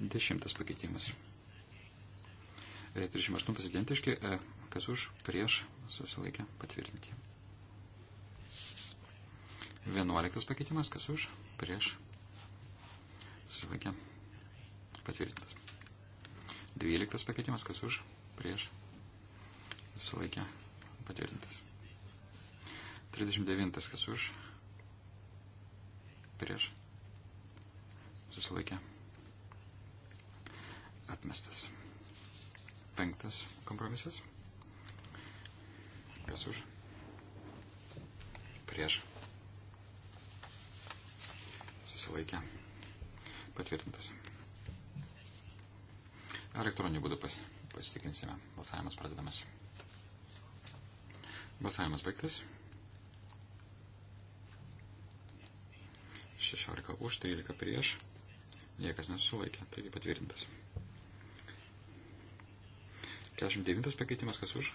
Dešimtas pakeitimas. 38 e, identiški, e, kas už, prieš, susilaikė, patvirtinti. 11 pakeitimas, kas už, prieš, susilaikė, patvirtintas. 12 pakeitimas, kas už, prieš, susilaikė, patvirtintas. 39 kas už, prieš, susilaikė, patvirtintas Atmestas. Penktas kompromisas. Kas už? Prieš. Susilaikė. Patvirtintas. Elektroniniu būdu pas, pasitikrinsime. Balsavimas pradedamas. Balsavimas baigtas. 16 už, 13 prieš. Niekas nesusilaikė, taigi patvirtintas. 49 pakeitimas kas už,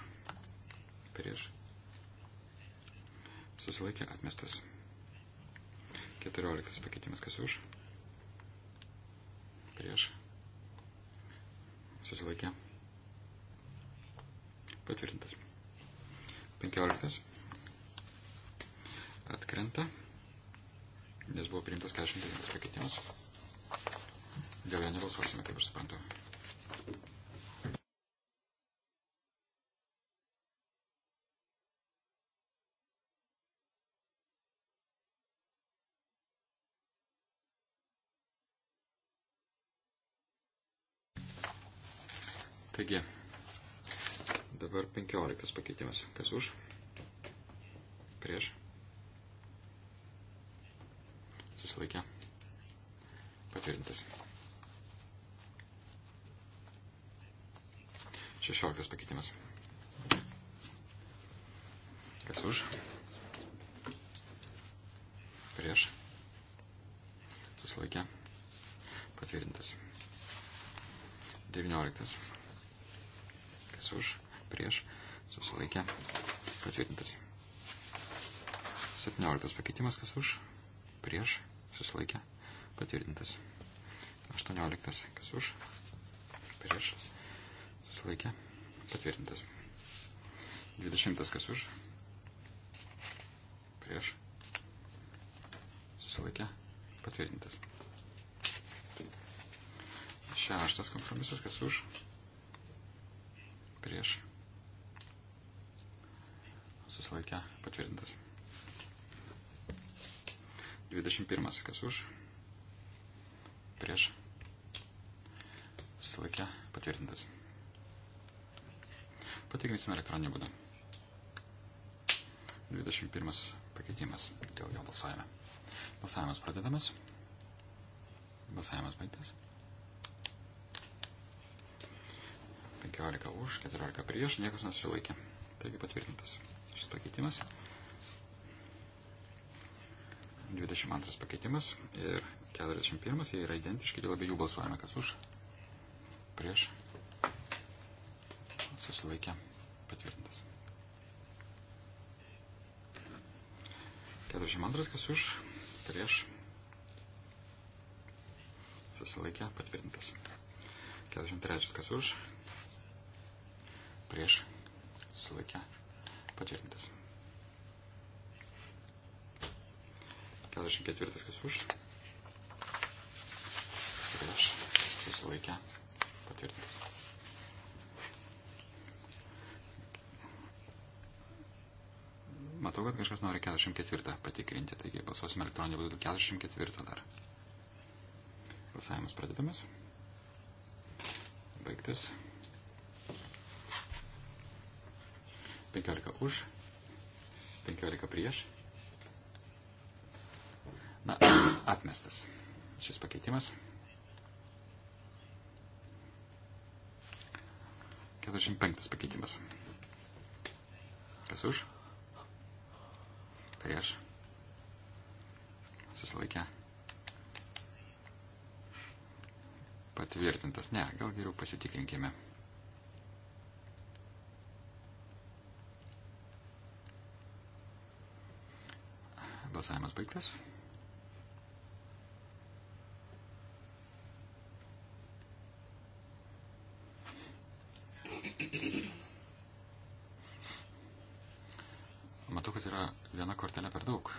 prieš, susilaikė atmestas. 14 pakeitimas kas už, prieš, susilaikė patvirtintas. 15 atkrenta, nes buvo priimtas 49 pakeitimas. Dėl jo nebalsuosime, kaip aš suprantu. Taigi, dabar 15 pakeitimas. Kas už? Prieš. Susilaikė. Patvirtintas. 16 pakeitimas. Kas už? Prieš. Susilaikė. Patvirtintas. 19 kas už, prieš, susilaikė, patvirtintas. 17 pakeitimas, kas už, prieš, susilaikė, patvirtintas. 18, kas už, prieš, susilaikė, patvirtintas. 20, kas už, prieš, susilaikė, patvirtintas. Šeštas kompromisas, kas už, prieš susilaikę patvirtintas. 21. Kas už? Prieš. Susilaikė. Patvirtintas. Patikrinsime elektroninį būdą. 21. pakeitimas dėl jo balsavime. Balsavimas pradedamas. Balsavimas baigtas. 15 už, 14 prieš, niekas nesusilaikė. Taigi patvirtintas šis pakeitimas. 22 pakeitimas ir 41, jie yra identiški, dėl abiejų balsuojame, kas už, prieš, susilaikė, patvirtintas. 42, kas už, prieš, susilaikė, patvirtintas. 43, kas už, prieš susilaikę patvirtintas. 44 kas už prieš susilaikę patvirtintas. Matau, kad kažkas nori 44 patikrinti, taigi balsuosime elektroninį būdų 44 dar. Balsavimas pradedamas. Baigtas. 15 už, 15 prieš. Na, atmestas šis pakeitimas. 45 pakeitimas. Kas už? Prieš. Susilaikę. Patvirtintas. Ne, gal geriau pasitikrinkime. Balsavimas baigtas. Matau, kad yra viena kortelė per daug.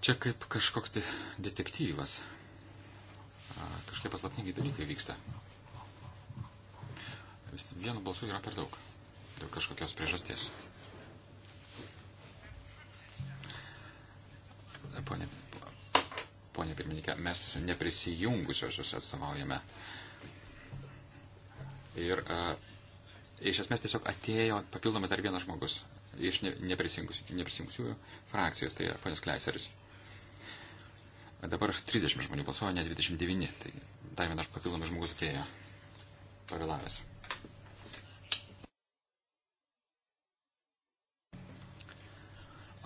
Čia kaip kažkoks tai detektyvas. Kažkaip paslapningi dalykai vyksta vis vienu balsu yra per daug. Dėl kažkokios priežasties. Pone, ponė pirmininkė, mes neprisijungusiosius atstovaujame. Ir a, iš esmės tiesiog atėjo papildomai dar vienas žmogus iš neprisijungusiųjų frakcijos, tai ponas Kleiseris. Dabar 30 žmonių balsuoja, ne 29. Tai dar vienas papildomas žmogus atėjo pavėlavęs.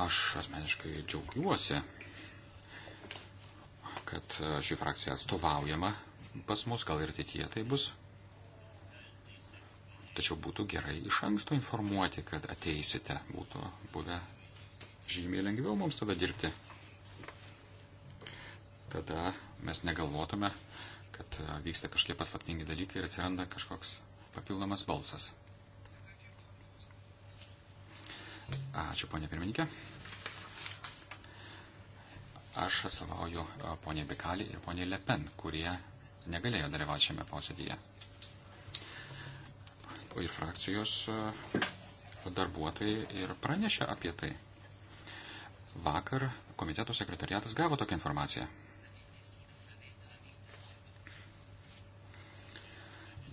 Aš asmeniškai džiaugiuosi, kad e, ši frakcija atstovaujama pas mus, gal ir ateityje tai bus. Tačiau būtų gerai iš anksto informuoti, kad ateisite. Būtų buvę žymiai lengviau mums tada dirbti. Tada mes negalvotume, kad e, vyksta kažkiek paslaptingi dalykai ir atsiranda kažkoks papildomas balsas. Ačiū, ponė pirmininkė. Aš atstovauju e, ponė Bikali ir ponė Lepen, kurie negalėjo dalyvauti šiame posėdėje. Ir frakcijos e, darbuotojai ir pranešė apie tai. Vakar komiteto sekretariatas gavo tokią informaciją.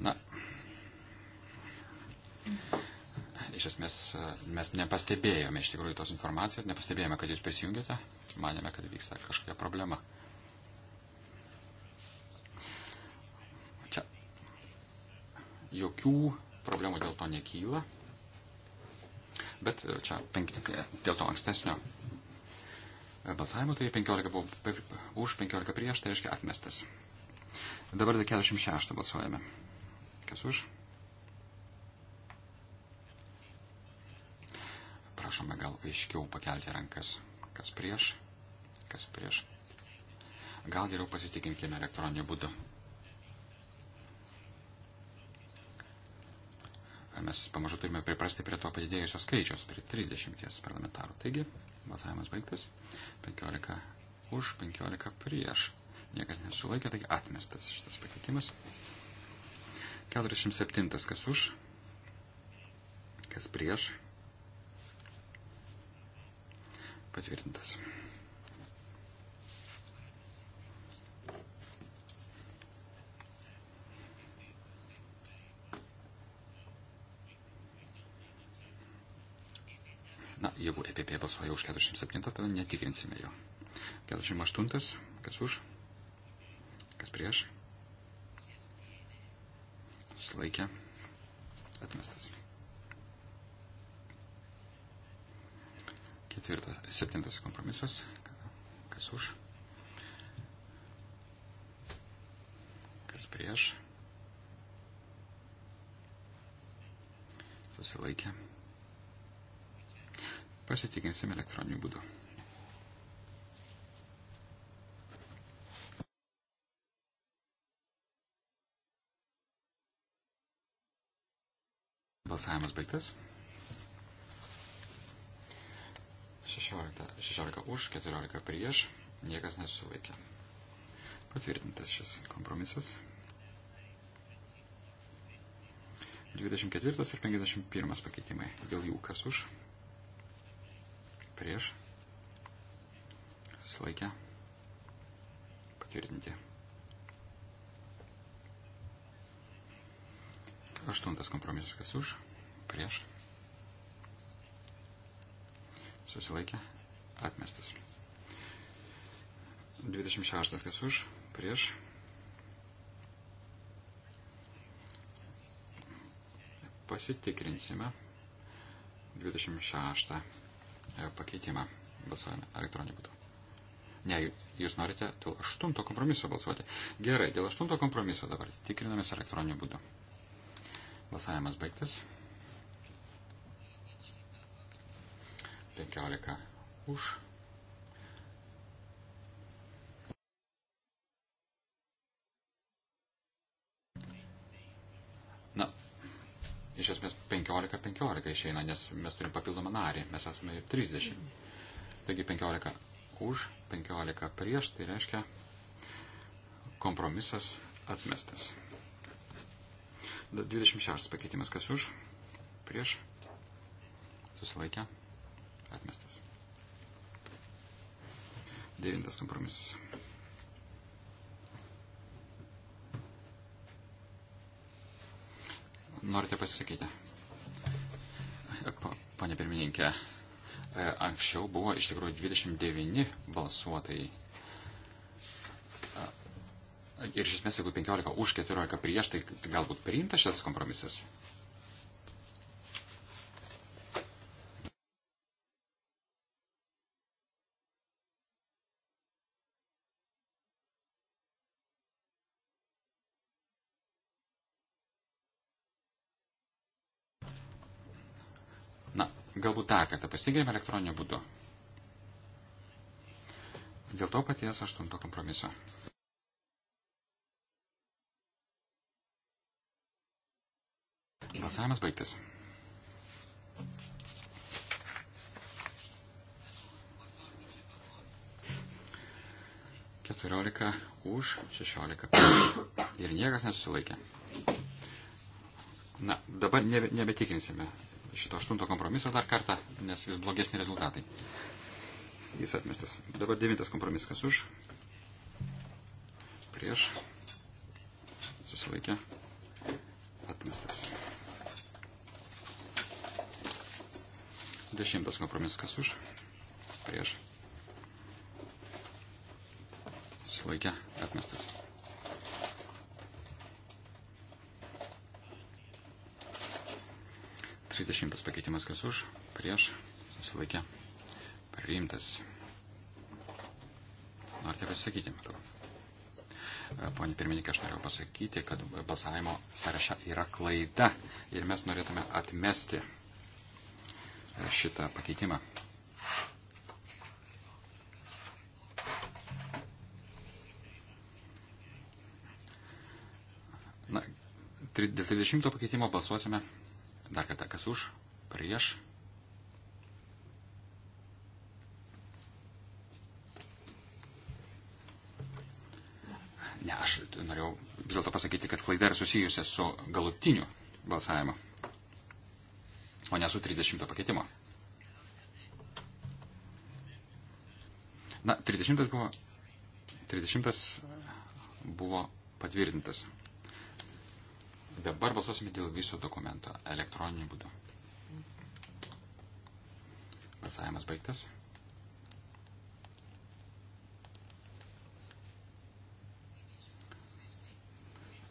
Na iš esmės e, mes nepastebėjome iš tikrųjų tos informacijos, nepastebėjome, kad jūs prisijungėte, manėme, kad vyksta kažkokia problema. Čia jokių problemų dėl to nekyla, bet e, čia penk, e, dėl to ankstesnio balsavimo, tai 15 buvo už, 15 prieš, tai reiškia atmestas. Dabar 46 balsuojame. Kas už? Prašome gal aiškiau pakelti rankas, kas prieš, kas prieš. Gal geriau pasitikinkime elektroniniu būdu. Mes pamažu turime priprasti prie to padidėjusio skaičiaus, prie 30 parlamentarų. Taigi, balsavimas baigtas. 15 už, 15 prieš. Niekas nesulaikė, taigi atmestas šitas pakeitimas. 47 kas už, kas prieš, Patvirtintas. Na, jeigu EPP balsuoja už 47, tada netikrinsime jo. 48, kas už, kas prieš. Susilaikė. Atmestas. Ketvirtas, septintas kompromisas. Kas už? Kas prieš? Susilaikė. Pasitikinsim elektroniniu būdu. Balsavimas baigtas. 16, 16 už, 14 prieš, niekas nesuvaikė. Patvirtintas šis kompromisas. 24 ir 51 pakeitimai. Dėl jų kas už? Prieš. Susilaikę. Patvirtinti. Aštuntas kompromisas kas už? Prieš susilaikė, atmestas. 26 kas už, prieš. Pasitikrinsime 26 e, pakeitimą balsuojame elektroniniu būdu. Ne, jūs norite dėl 8 kompromiso balsuoti. Gerai, dėl 8 kompromiso dabar tikrinamės elektroniniu būdu. Balsavimas baigtas. 15 už. Na, iš esmės 15-15 išeina, nes mes turim papildomą narį, mes esame ir 30. Taigi 15 už, 15 prieš, tai reiškia kompromisas atmestas. 26 pakeitimas, kas už, prieš, susilaikę, Atmestas. Devintas kompromisas. Norite pasisakyti? Pane pirmininkė, e, anksčiau buvo iš tikrųjų 29 balsuotojai. E, ir iš esmės, jeigu 15 už 14 prieš, tai galbūt priimta šitas kompromisas. Galbūt dar kartą pasitikrinime elektroniniu būdu. Dėl to paties aštunto kompromiso. Balsavimas baigtas. Keturiolika už, šešiolika prieš. Ir niekas nesusilaikė. Na, dabar nebe, nebetikrinsime šito aštunto kompromiso dar kartą, nes vis blogesni rezultatai. Jis atmestas. Dabar devintas kompromisas. Kas už? Prieš. Susilaikė. Atmestas. Dešimtas kompromisas. Kas už? Prieš. Susilaikė. Atmestas. 60 pakeitimas kas už, prieš, susilaikė, priimtas. Norite pasakyti, matau. E, Pone pirmininkė, aš norėjau pasakyti, kad balsavimo sąraše yra klaida ir mes norėtume atmesti e, šitą pakeitimą. Na, dėl 30 pakeitimo balsuosime Dar kartą, kas už, prieš. Ne, aš norėjau vis dėlto pasakyti, kad klaida yra susijusi su galutiniu balsavimu, o ne su 30 pakeitimo. Na, 30 buvo, 30 buvo patvirtintas. Dabar balsuosime dėl viso dokumento elektroniniu būdu. Balsavimas baigtas.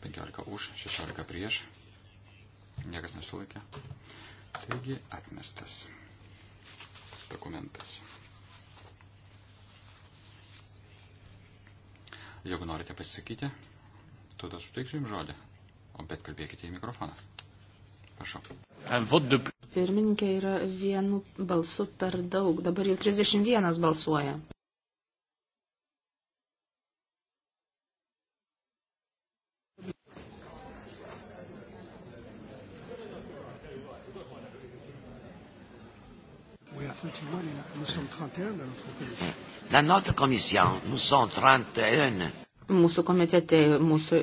Penkiolika už, šešiolika prieš. Niekas nesulaikė. Taigi atmestas dokumentas. Jeigu norite pasisakyti, tada suteiksiu jums žodį. O bet kalbėkite į mikrofoną. Prašau. Pirmininkė yra vienu balsu per daug. Dabar jau 31 balsuoja. La notre commission, nous sommes 31. Mūsų komitete, mūsų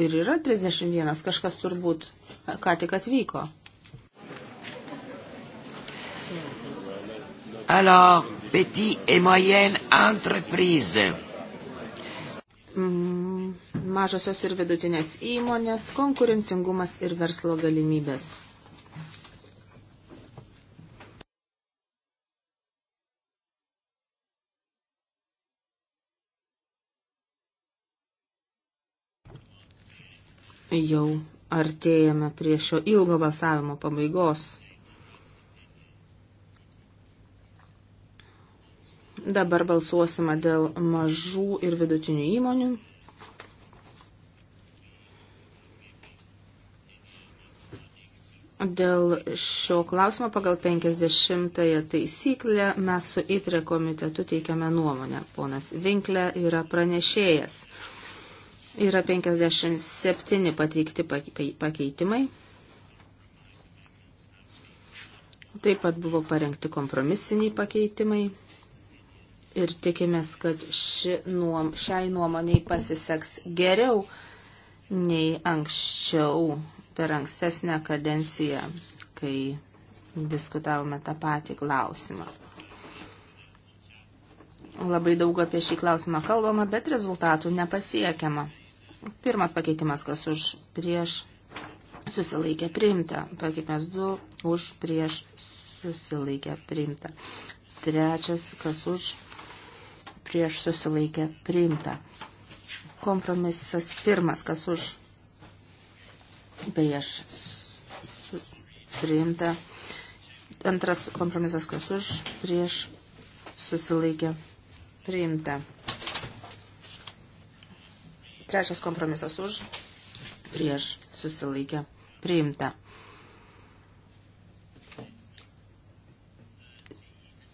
ir yra 31, kažkas turbūt ką tik atvyko. Alors, petit et moyenne entreprise. Mm, mažosios ir vidutinės įmonės, konkurencingumas ir verslo galimybės. jau artėjame prie šio ilgo balsavimo pabaigos. Dabar balsuosime dėl mažų ir vidutinių įmonių. Dėl šio klausimo pagal 50 taisyklę mes su ITRE komitetu teikiame nuomonę. Ponas Vinklė yra pranešėjas. Yra 57 pateikti pakeitimai. Taip pat buvo parengti kompromisiniai pakeitimai ir tikimės, kad ši nuom, šiai nuomoniai pasiseks geriau nei anksčiau per ankstesnę kadenciją, kai diskutavome tą patį klausimą. Labai daug apie šį klausimą kalbama, bet rezultatų nepasiekiama. Pirmas pakeitimas, kas už prieš susilaikė priimta. Pakeitimas 2 už prieš susilaikė priimta. Trečias, kas už prieš susilaikė priimta. Kompromisas pirmas, kas už prieš priimta. Antras kompromisas, kas už prieš susilaikė priimta. Trečias kompromisas už, prieš, susilaikė, priimta.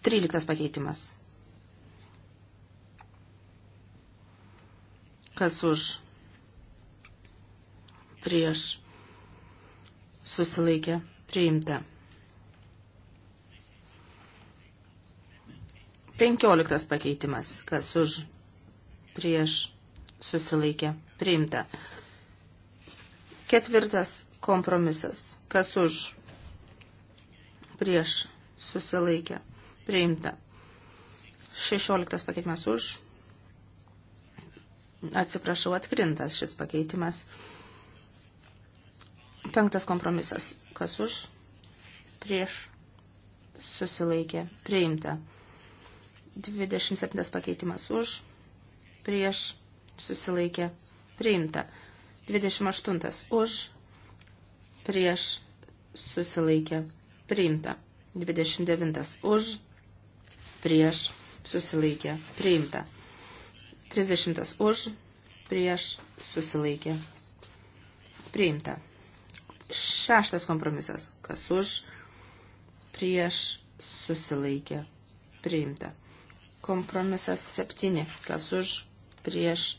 13 pakeitimas. Kas už, prieš, susilaikė, priimta. 15 pakeitimas. Kas už, prieš, susilaikė priimta. Ketvirtas kompromisas. Kas už prieš susilaikė priimta. Šešioliktas pakeitimas už. Atsiprašau, atkrintas šis pakeitimas. Penktas kompromisas. Kas už prieš susilaikė priimta. 27 pakeitimas už prieš susilaikė priimta. 28 už, prieš susilaikė priimta. 29 už, prieš susilaikė priimta. 30 už, prieš susilaikė priimta. Šeštas kompromisas, kas už, prieš susilaikė priimta. Kompromisas 7, kas už, prieš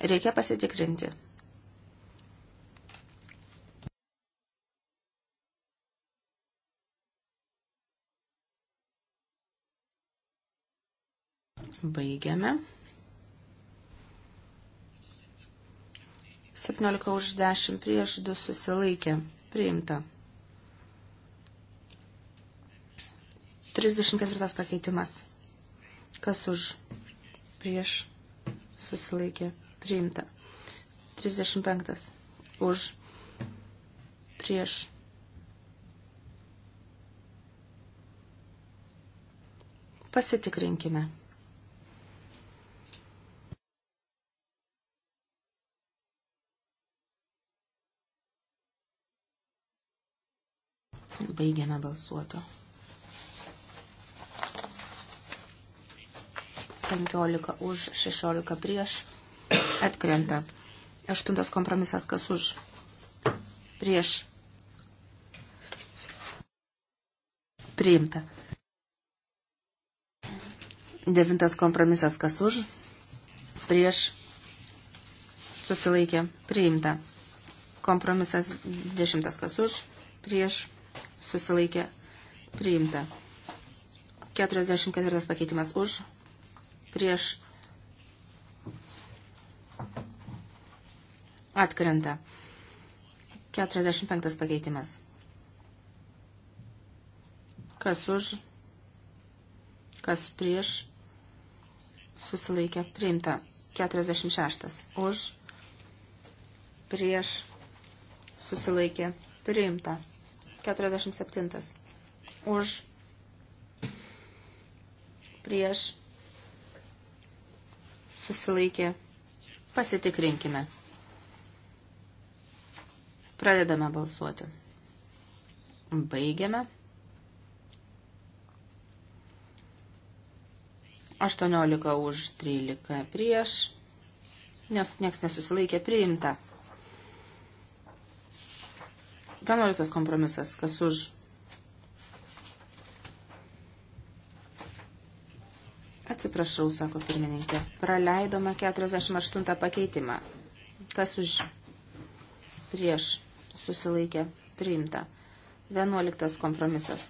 Reikia pasitikrinti. Baigiame. 17 už 10 prieš 2 susilaikė. Priimta. 34 pakeitimas. Kas už prieš susilaikė priimta. 35 už prieš pasitikrinkime. Baigiame balsuoto. 15 už, 16 prieš atkrenta. Aštuntas kompromisas, kas už, prieš, priimta. Devintas kompromisas, kas už, prieš, susilaikė, priimta. Kompromisas dešimtas, kas už, prieš, susilaikė, priimta. 44 pakeitimas už, prieš, Atkrenta. 45 pakeitimas. Kas už, kas prieš, susilaikė, priimta. 46. Už, prieš, susilaikė, priimta. 47. Už, prieš, susilaikė, pasitikrinkime. Pradedame balsuoti. Baigiame. 18 už 13 prieš, nes nieks nesusilaikė priimta. 11 kompromisas, kas už. Atsiprašau, sako pirmininkė, praleidome 48 pakeitimą. Kas už prieš susilaikė priimta. 11 kompromisas.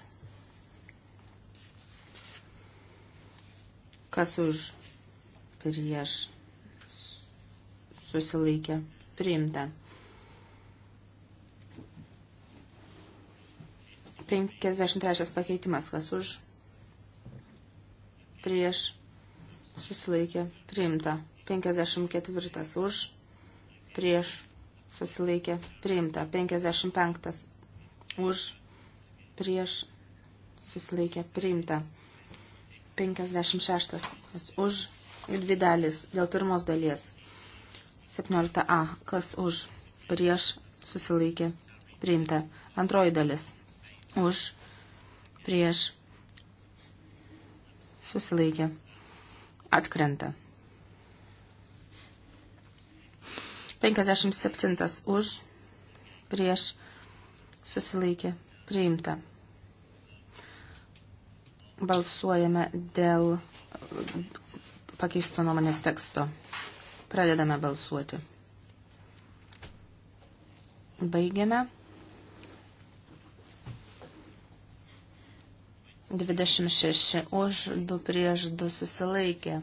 Kas už prieš susilaikė priimta. 53 pakeitimas. Kas už prieš susilaikė priimta. 54 už prieš susilaikė priimta. 55 už prieš susilaikė priimta. 56 už dvi dalis dėl pirmos dalies. 17a kas už prieš susilaikė priimta. Antroji dalis už prieš susilaikė atkrenta. 57 už, prieš, susilaikė, priimta. Balsuojame dėl pakeisto nuomonės teksto. Pradedame balsuoti. Baigiame. 26 už, 2 prieš, 2 susilaikė.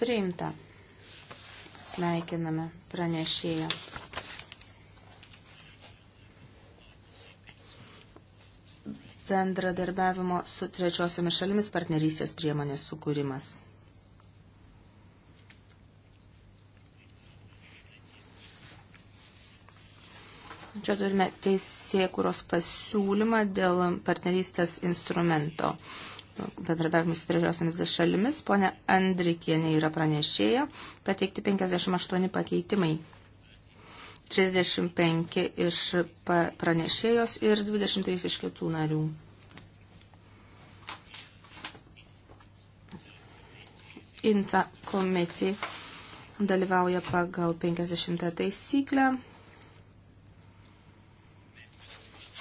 Priimta. Sveikiname pranešėją. Bendradarbiavimo su trečiosiomis šalimis partnerystės priemonės sukūrimas. Čia turime teisėkuros pasiūlymą dėl partnerystės instrumento bendrabiavimu su trečiosiamis šalimis. Pone Andrikienė yra pranešėja, pateikti 58 pakeitimai. 35 iš pranešėjos ir 23 iš kitų narių. Inta komiti dalyvauja pagal 50 taisyklę.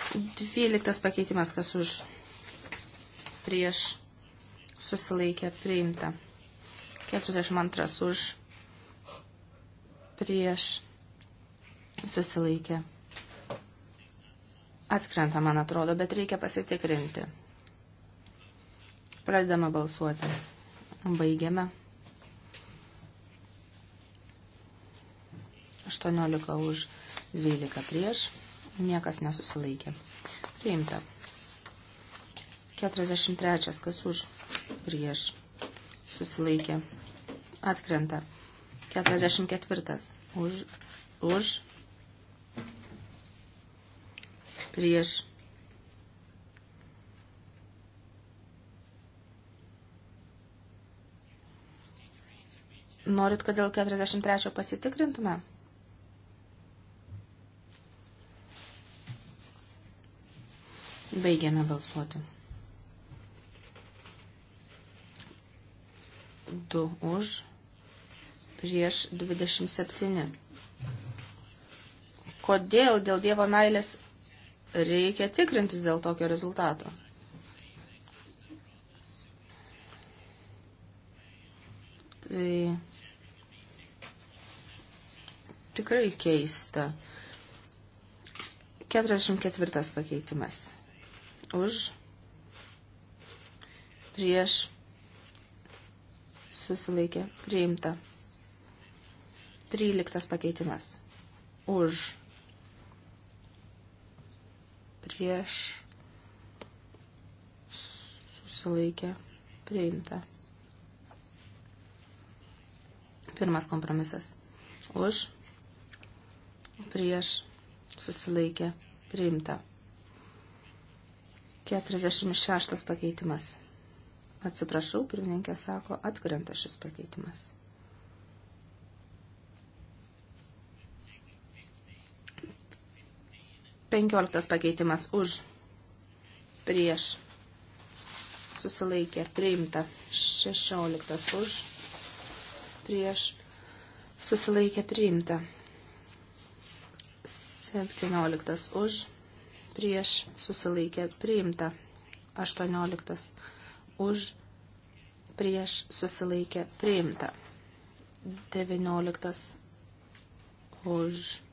12 pakeitimas, kas už prieš susilaikė priimta. 42 už prieš susilaikė. Atkrenta, man atrodo, bet reikia pasitikrinti. Pradedame balsuoti. Baigiame. 18 už 12 prieš. Niekas nesusilaikė. Priimta. 43. Kas už? Prieš. Susilaikė. Atkrenta. 44. Už. Už. Prieš. Norit, kad dėl 43 pasitikrintume? Baigiame balsuoti. 2 už, prieš 27. Kodėl dėl Dievo meilės reikia tikrintis dėl tokio rezultato? Tai tikrai keista. 44 pakeitimas. Už prieš susilaikė priimta. 13 pakeitimas už prieš susilaikė priimta. Pirmas kompromisas už prieš susilaikė priimta. 46 pakeitimas Atsiprašau, pirmininkė sako, atkrenta šis pakeitimas. Penkioliktas pakeitimas už, prieš, susilaikė, priimta. Šešioliktas už, prieš, susilaikė, priimta. Septynioliktas už, prieš, susilaikė, priimta. Aštuonioliktas už už prieš susilaikę priimta. 19 už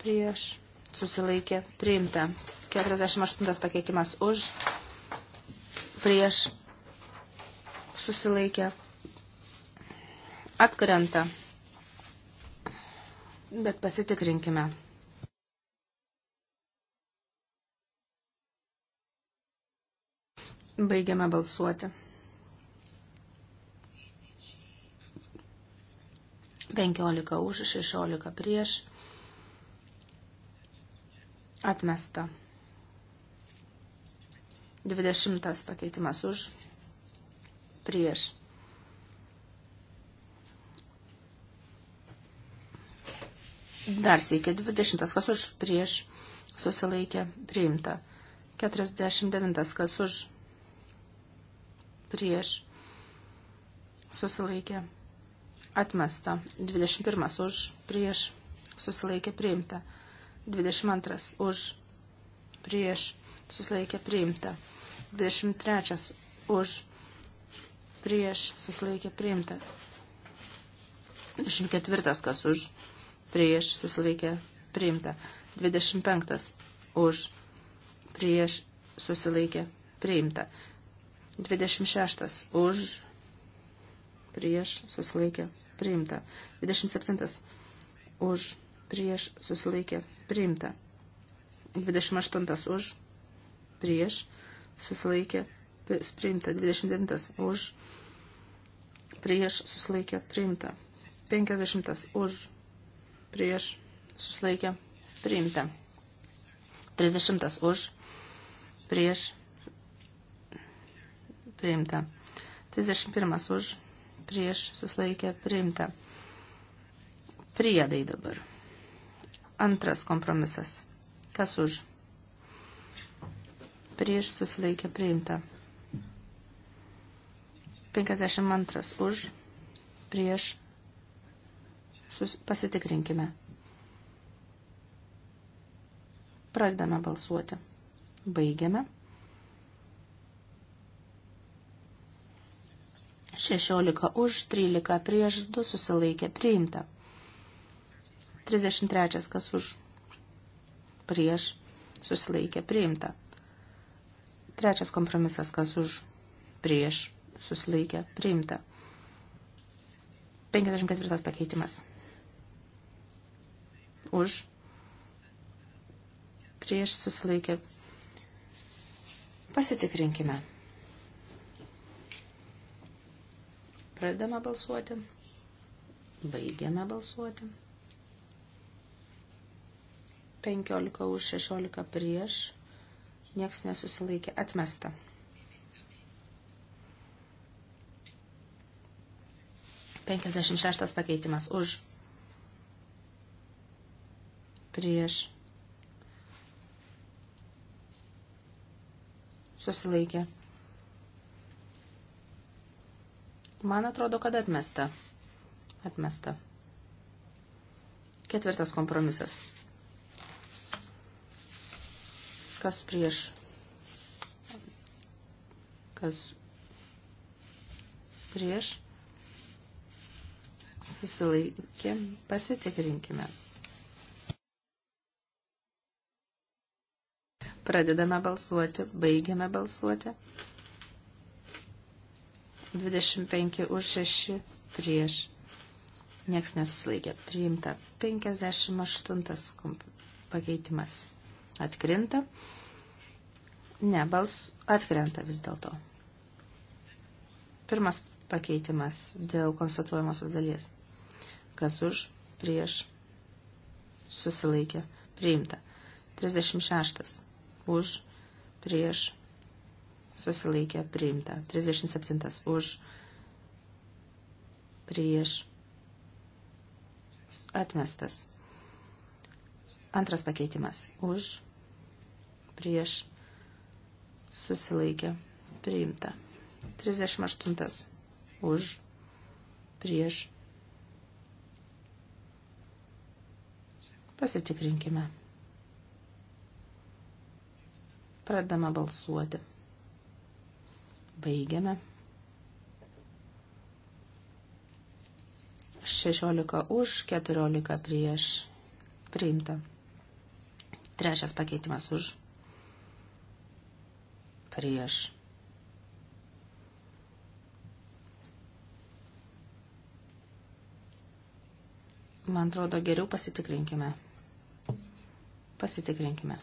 prieš susilaikė priimta. 48 pakeitimas už prieš susilaikė atkrenta. Bet pasitikrinkime. Baigiame balsuoti. 15 už, 16 prieš. Atmesta. 20 pakeitimas už, prieš. Dar sėkia 20, kas už, prieš, susilaikė, priimta. 49, kas už, prieš susilaikė atmesta. 21 už prieš susilaikė priimta. 22 už prieš susilaikė priimta. 23 už prieš susilaikė priimta. 24 kas už prieš susilaikė priimta. 25 už prieš susilaikė priimta. 26 už, prieš, susilaikė, priimta. 27 už, prieš, susilaikė, priimta. 28 už, prieš, susilaikė, priimta. 29 už, prieš, susilaikė, priimta. 50 už, prieš, susilaikė, priimta. 30 už, prieš, priimta. 31 už, prieš susilaikė priimta. Priedai dabar. Antras kompromisas. Kas už? Prieš susilaikė priimta. 52 už, prieš sus, pasitikrinkime. Pradedame balsuoti. Baigiame. 16 už, 13 prieš, 2 susilaikė priimta. 33 kas už, prieš, susilaikė priimta. Trečias kompromisas kas už, prieš, susilaikė priimta. 54 pakeitimas. Už, prieš, susilaikė. Pasitikrinkime. Pradedame balsuoti. Baigiame balsuoti. 15 už 16 prieš. Niekas nesusilaikė. Atmesta. Penkiasdešimt šeštas pakeitimas už prieš susilaikė Man atrodo, kad atmesta. Atmesta. Ketvirtas kompromisas. Kas prieš? Kas prieš? Susilaikė. Pasitikrinkime. Pradedame balsuoti, baigiame balsuoti. 25 už 6 prieš. Niekas nesuslaikė. Priimta 58 pakeitimas. Atkrinta. Ne, bals atkrenta vis dėlto. Pirmas pakeitimas dėl konstatuojamosios dalies. Kas už, prieš, susilaikė, priimta. 36. Už, prieš, susilaikė priimta. 37 už prieš atmestas. Antras pakeitimas už prieš susilaikė priimta. 38 už prieš pasitikrinkime. Pradama balsuoti. Baigiame. 16 už, 14 prieš. Priimta. Trečias pakeitimas už. Prieš. Man atrodo, geriau pasitikrinkime. Pasitikrinkime.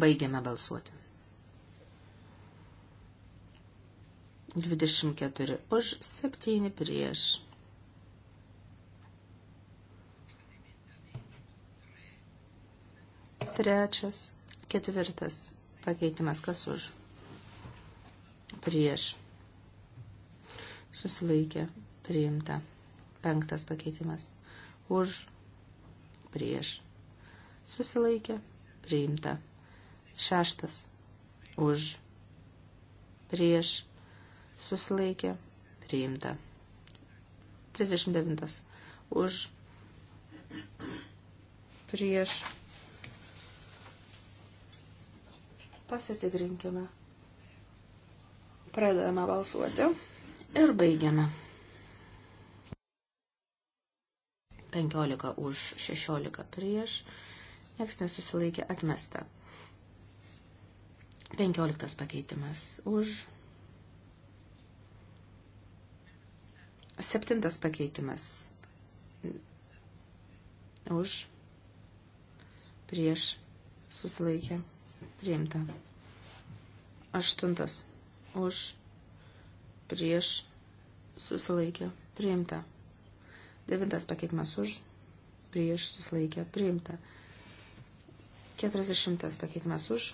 Baigiame balsuoti. 24 už, 7 prieš. Trečias, ketvirtas pakeitimas kas už. Prieš. Susilaikė, priimta. Penktas pakeitimas. Už, prieš. Susilaikė, priimta. Šeštas. Už. Prieš. Susilaikė. Priimta. 39. Už. Prieš. Pasitikrinkime. Pradedame balsuoti ir baigiame. 15 už 16 prieš, nieks nesusilaikė atmesta. Penkioliktas pakeitimas už. Septintas pakeitimas už. Prieš susilaikė priimta. Aštuntas už. Prieš susilaikė priimta. Devintas pakeitimas už. Prieš susilaikė priimta. Keturiasdešimtas pakeitimas už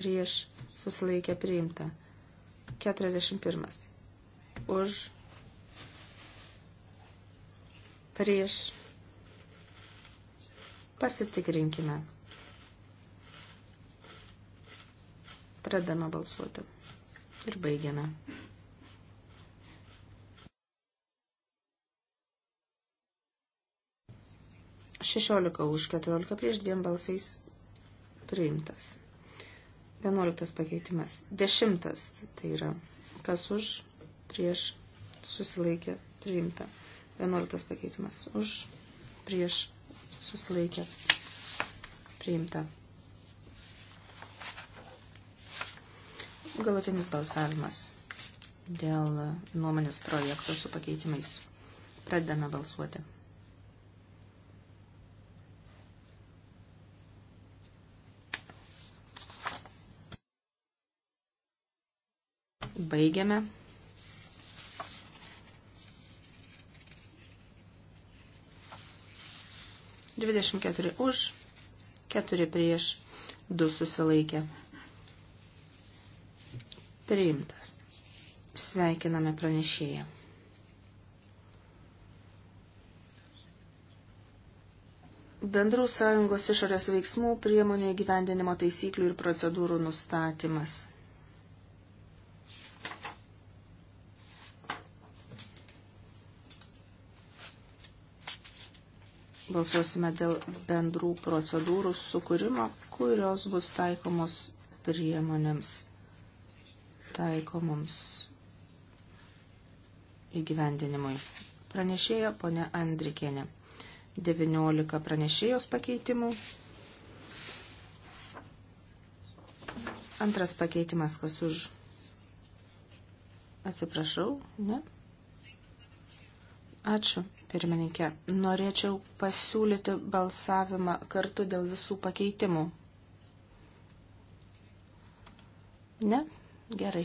prieš susilaikė priimta. 41. Už prieš pasitikrinkime. Pradame balsuoti ir baigiame. Šešiolika už keturiolika prieš dviem balsais priimtas. 11 pakeitimas. 10 tai yra kas už, prieš, susilaikė, priimta. 11 pakeitimas. Už, prieš, susilaikė, priimta. Galutinis balsavimas dėl nuomonės projekto su pakeitimais. Pradedame balsuoti. Baigiame. Dvidešimt keturi už, keturi prieš, du susilaikė. Priimtas. Sveikiname pranešėją. Bendrų sąjungos išorės veiksmų priemonė gyvendinimo taisyklių ir procedūrų nustatymas. Balsuosime dėl bendrų procedūrų sukūrimo, kurios bus taikomos priemonėms taikomoms įgyvendinimui. Pranešėjo ponė Andrikienė. 19 pranešėjos pakeitimų. Antras pakeitimas, kas už. Atsiprašau, ne? Ačiū, pirmininkė. Norėčiau pasiūlyti balsavimą kartu dėl visų pakeitimų. Ne? Gerai.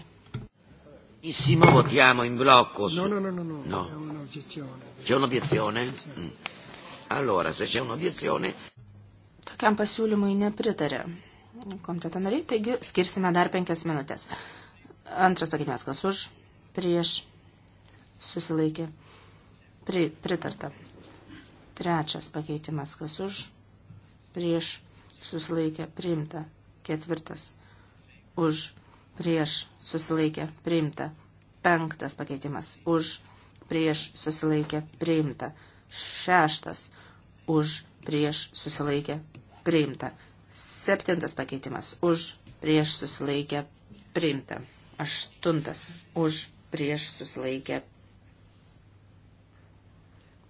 Benissimo, votiamo in blocco. Su... No, no, no, no, no. C'è un'obiezione. C'è un'obiezione? Mm. Allora, se c'è un'obiezione. Tokiam pasiūlymui nepritarė komiteto nariai, taigi skirsime dar penkias minutės. Antras pakeitimas, kas už, prieš, susilaikė Pri, pritarta. Trečias pakeitimas, kas už, prieš, susilaikė, priimta. Ketvirtas, už, prieš, susilaikė, priimta. Penktas pakeitimas, už, prieš, susilaikė, priimta. Šeštas, už, prieš, susilaikė, priimta. Septintas pakeitimas, už, prieš, susilaikė, priimta. Aštuntas, už, prieš, susilaikė,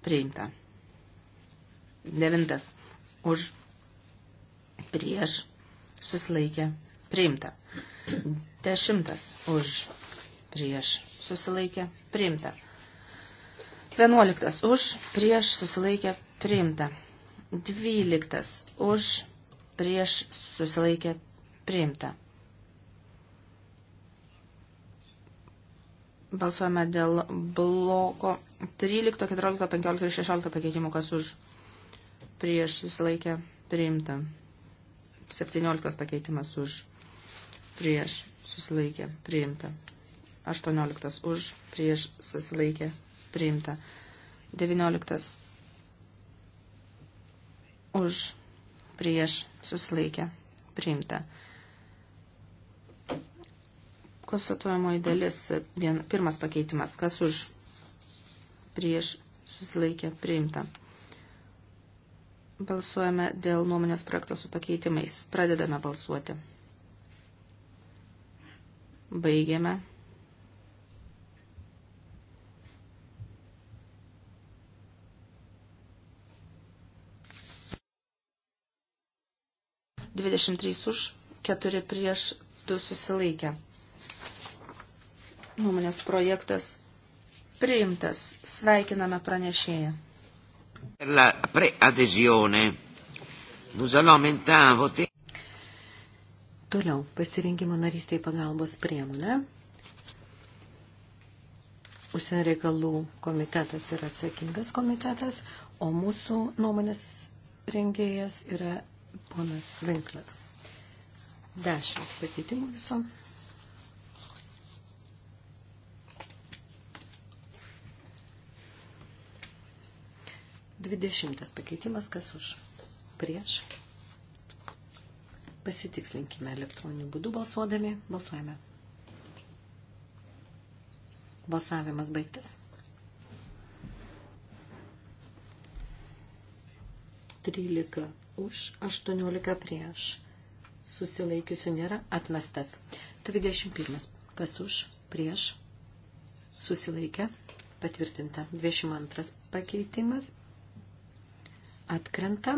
priimta. Devintas už prieš susilaikė priimta. Dešimtas už prieš susilaikė priimta. Vienuoliktas už prieš susilaikė priimta. Dvyliktas už prieš susilaikė priimta. Balsuojame dėl bloko 13, 14, 15 ir 16 pakeitimų, kas už prieš susilaikę priimta. 17 pakeitimas už prieš susilaikę priimta. 18 už prieš susilaikę priimta. 19 už prieš susilaikę priimta konstatuojamoji dalis, vien, pirmas pakeitimas, kas už prieš susilaikę priimta. Balsuojame dėl nuomonės projekto su pakeitimais. Pradedame balsuoti. Baigiame. Dvidešimt trys už, keturi prieš, du susilaikę. Nuomonės projektas priimtas. Sveikiname pranešėją. La preadezione. Nous allons maintenant voter. Toliau pasirinkimo narystai pagalbos priemonė. Užsienio reikalų komitetas yra atsakingas komitetas, o mūsų nuomonės rengėjas yra ponas Vinklet. Dešimt pakeitimų viso. 20 pakeitimas, kas už prieš. Pasitikslinkime elektroniniu būdu balsuodami. Balsuojame. Balsavimas baigtas. 13 už, 18 prieš. Susilaikiusių nėra atmestas. 21. Kas už, prieš, susilaikę, patvirtinta. 22 pakeitimas atkrenta.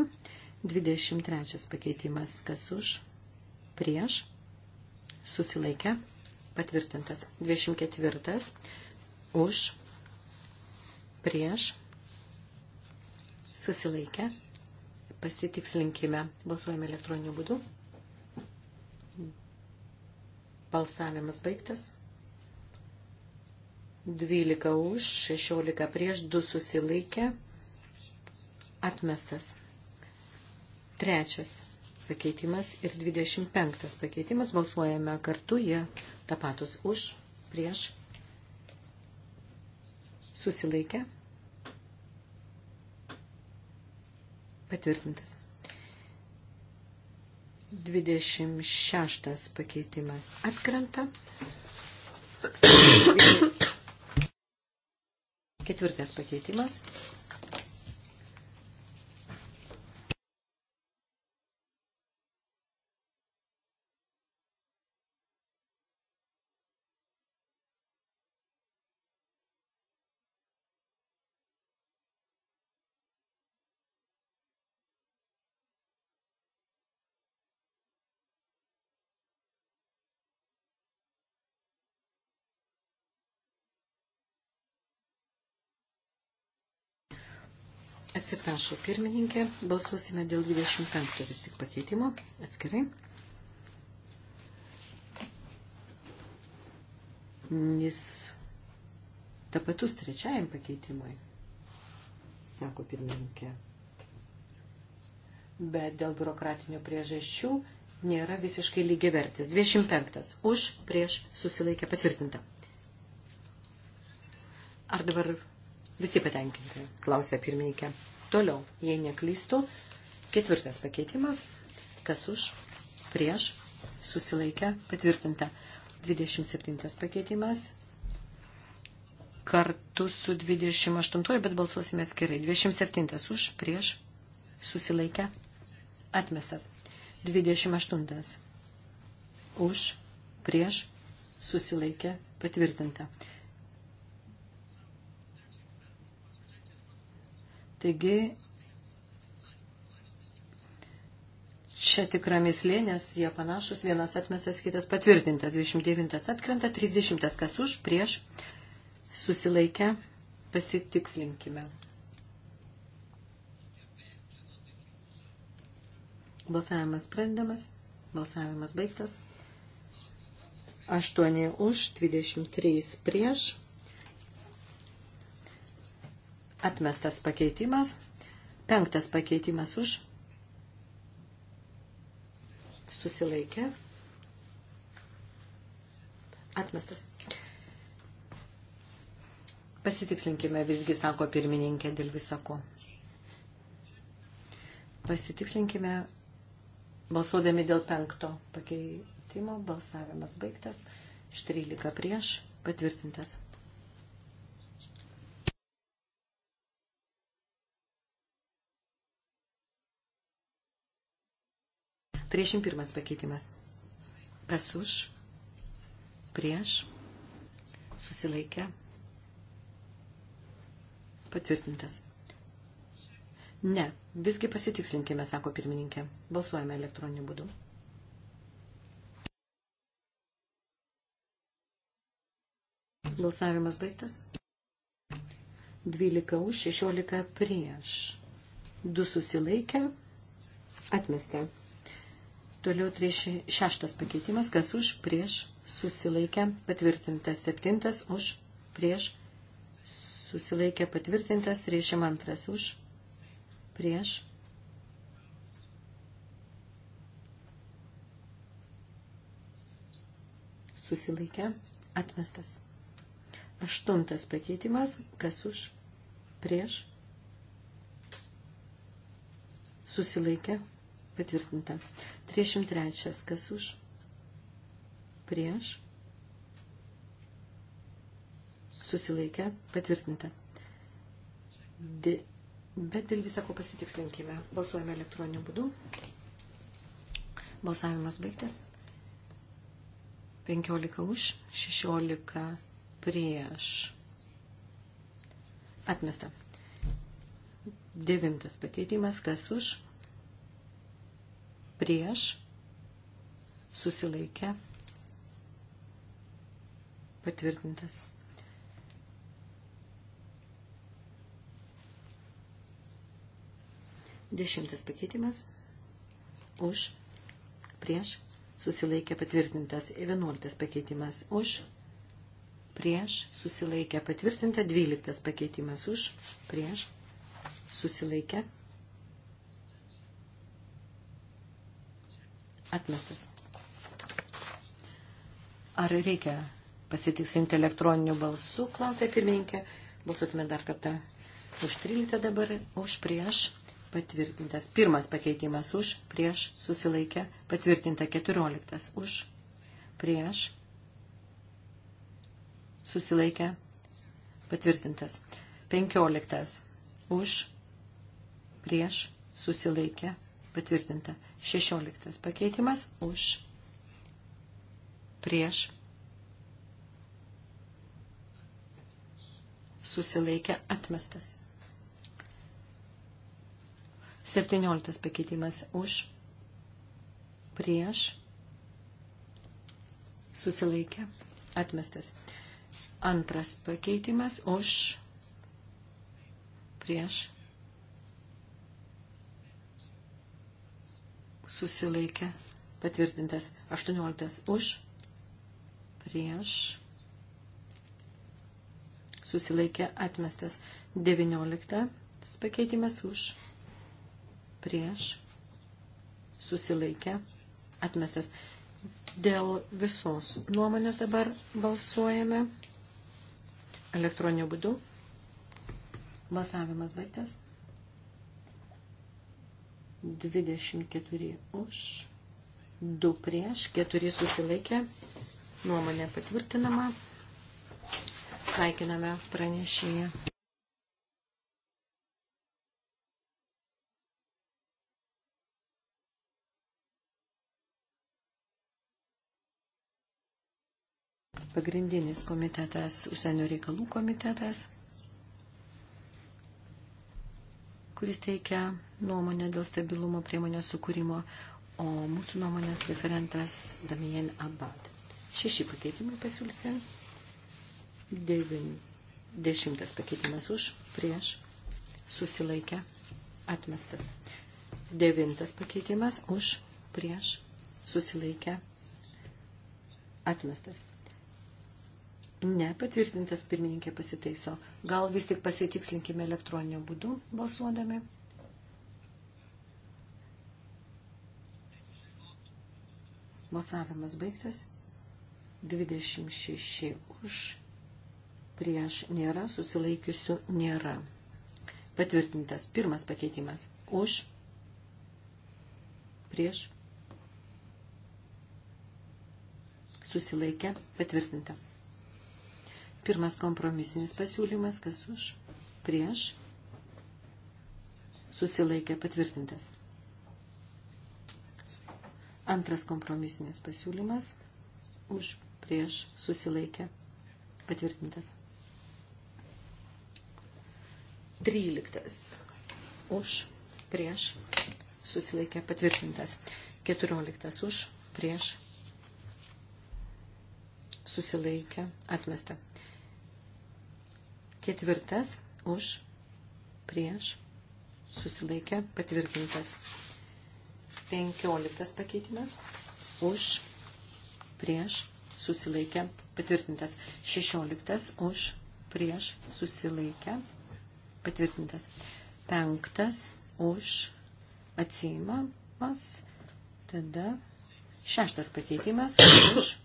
23 pakeitimas kas už, prieš, susilaikę, patvirtintas. 24 už, prieš, susilaikę, pasitikslinkime, balsuojame elektroniniu būdu. Balsavimas baigtas. 12 už, 16 prieš, 2 susilaikę, Atmestas. Trečias pakeitimas ir 25 pakeitimas. Balsuojame kartu, jie tapatus už, prieš, susilaikę, patvirtintas. 26 pakeitimas atkrenta. Ketvirtas pakeitimas Atsiprašau, pirmininkė, balsuosime dėl 25 vis tik pakeitimo atskirai. Jis tapatus trečiajam pakeitimui, sako pirmininkė. Bet dėl biurokratinių priežasčių nėra visiškai lygiai vertis. 25. Už prieš susilaikę patvirtinta. Ar dabar Visi patenkinti, klausė pirmininkė. Toliau, jei neklystu, ketvirtas pakeitimas, kas už, prieš, susilaikę, patvirtinta. 27 pakeitimas, kartu su 28, bet balsuosime atskirai. 27 už, prieš, susilaikę, atmestas. 28 už, prieš, susilaikė, patvirtinta. Taigi, čia tikra mislė, nes jie panašus, vienas atmestas, kitas patvirtintas, 29 atkrenta, 30 kas už, prieš, susilaikę, pasitikslinkime. Balsavimas sprendimas, balsavimas baigtas. 8 už, 23 prieš Atmestas pakeitimas. Penktas pakeitimas už. Susilaikė. Atmestas. Pasitikslinkime visgi, sako pirmininkė, dėl visako. Pasitikslinkime balsuodami dėl penkto pakeitimo. Balsavimas baigtas. Iš 13 prieš patvirtintas. 31 pakeitimas. Kas už? Prieš? Susilaikę? Patvirtintas. Ne, visgi pasitikslinkime, sako pirmininkė. Balsuojame elektroniniu būdu. Balsavimas baigtas. 12 už, 16 prieš. 2 susilaikę. Atmesta. Toliau 36 pakeitimas, kas už prieš susilaikę patvirtintas. 7 už prieš susilaikę patvirtintas. 32 už prieš susilaikę atmestas. Aštuntas pakeitimas, kas už prieš susilaikę atmestas Patvirtinta. 303. Kas už? Prieš. Susilaikę. Patvirtinta. De, bet dėl visako pasitikslinkime. Balsuojame elektroniniu būdu. Balsavimas baigtas. 15 už, 16 prieš. Atmesta. Devintas pakeitimas. Kas už? prieš, susilaikę, patvirtintas. Dešimtas pakeitimas už, prieš, susilaikė patvirtintas. Vienuoliktas pakeitimas už, prieš, susilaikė patvirtinta. Dvyliktas pakeitimas už, prieš, susilaikė patvirtinta Atmestas. Ar reikia pasitiksinti elektroniniu balsu, klausė pirmininkė. Balsuotume dar kartą už 13 dabar, už prieš patvirtintas. Pirmas pakeitimas už, prieš susilaikė, patvirtinta 14 už, prieš susilaikė, patvirtintas 15 už, prieš susilaikė, Patvirtinta. 16 pakeitimas už prieš susilaikė atmestas. 17 pakeitimas už prieš susilaikė atmestas. Antras pakeitimas už prieš susilaikė patvirtintas 18 už, prieš susilaikė atmestas 19 pakeitimas už, prieš susilaikė atmestas. Dėl visos nuomonės dabar balsuojame elektroniniu būdu. Balsavimas baigtas. 24 už, 2 prieš, 4 susilaikė, nuomonė patvirtinama. Sveikiname pranešėją. Pagrindinis komitetas, užsienio reikalų komitetas. kuris teikia nuomonę dėl stabilumo priemonės sukūrimo, o mūsų nuomonės referentas Damien Abad. Šeši pakeitimai pasiūlyti. Devin. Dešimtas pakeitimas už, prieš, susilaikę, atmestas. Devintas pakeitimas už, prieš, susilaikę, atmestas. Nepatvirtintas pirmininkė pasitaiso Gal vis tik pasitikslinkime elektroniniu būdu balsuodami. Balsavimas baigtas. 26 už, prieš nėra, susilaikiusių nėra. Patvirtintas pirmas pakeitimas. Už, prieš, susilaikę, patvirtinta. Pirmas kompromisinis pasiūlymas, kas už, prieš, susilaikė patvirtintas. Antras kompromisinis pasiūlymas, už, prieš, susilaikė patvirtintas. Tryliktas, už, prieš, susilaikė patvirtintas. Keturioliktas, už, prieš, susilaikė atmesta. Ketvirtas už, prieš, susilaikė, patvirtintas. Penkioliktas pakeitimas už, prieš, susilaikė, patvirtintas. Šešioliktas už, prieš, susilaikė, patvirtintas. Penktas už, atsiimamas, tada šeštas pakeitimas už,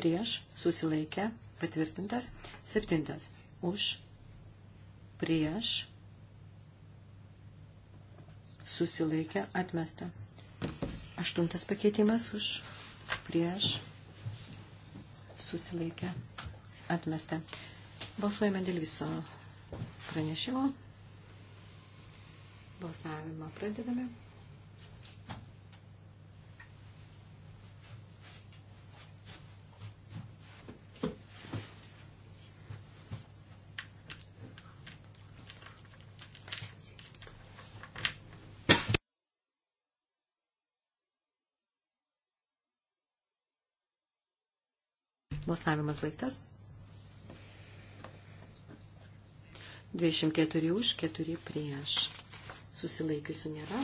prieš, susilaikė, patvirtintas. Septintas už, prieš, susilaikę, atmesta. Aštuntas pakeitimas už, prieš, susilaikę, atmesta. Balsuojame dėl viso pranešimo. Balsavimą pradedame. Balsavimas baigtas. 24 už, 4 prieš. Susilaikiusių nėra.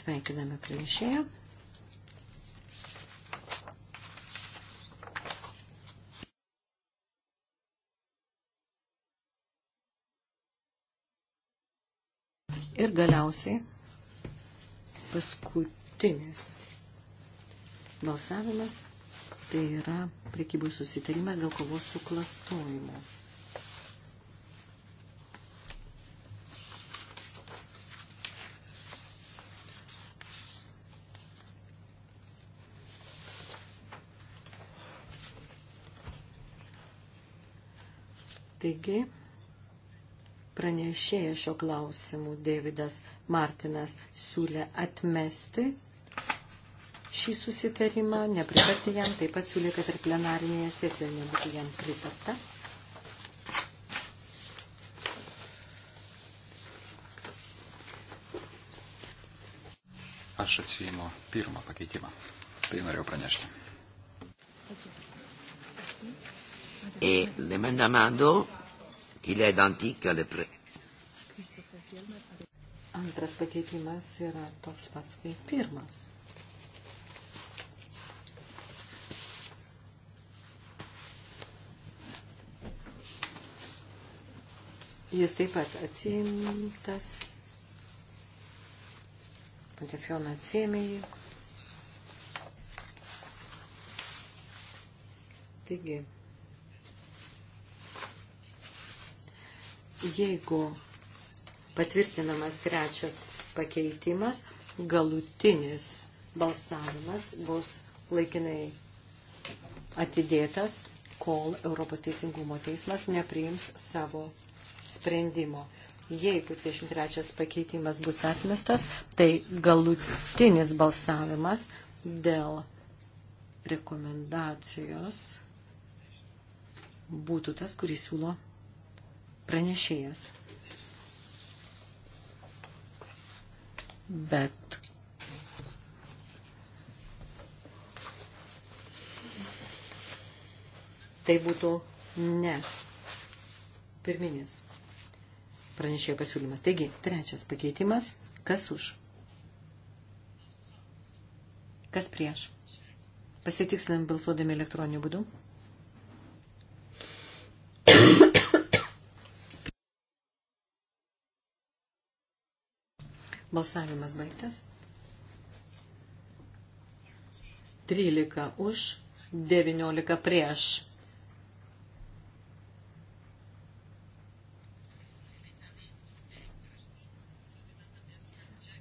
Sveikiname pranešėją. galiausiai paskutinis balsavimas tai yra priekybų susitarimas dėl kovos su klastojimu. Taigi, pranešėjas šio klausimų, Davidas Martinas, siūlė atmesti šį susitarimą, nepritarti jam, taip pat siūlė, kad ir plenarinėje sesijoje nebūtų jam pritarta. Aš atsijimu pirmą pakeitimą. Tai norėjau pranešti. E l'emendamento Il est identique à l'épre. Antras pakeitimas yra toks pats kaip pirmas. Jis taip pat atsiimtas. Pantefiona atsiėmė jį. Taigi, jeigu patvirtinamas trečias pakeitimas, galutinis balsavimas bus laikinai atidėtas, kol Europos Teisingumo teismas nepriims savo sprendimo. Jeigu 23 pakeitimas bus atmestas, tai galutinis balsavimas dėl rekomendacijos būtų tas, kurį siūlo pranešėjas. Bet tai būtų ne pirminis pranešėjo pasiūlymas. Taigi, trečias pakeitimas. Kas už? Kas prieš? Pasitikslinam balsuodami elektroniniu būdu. Balsavimas baigtas. 13 už, 19 prieš.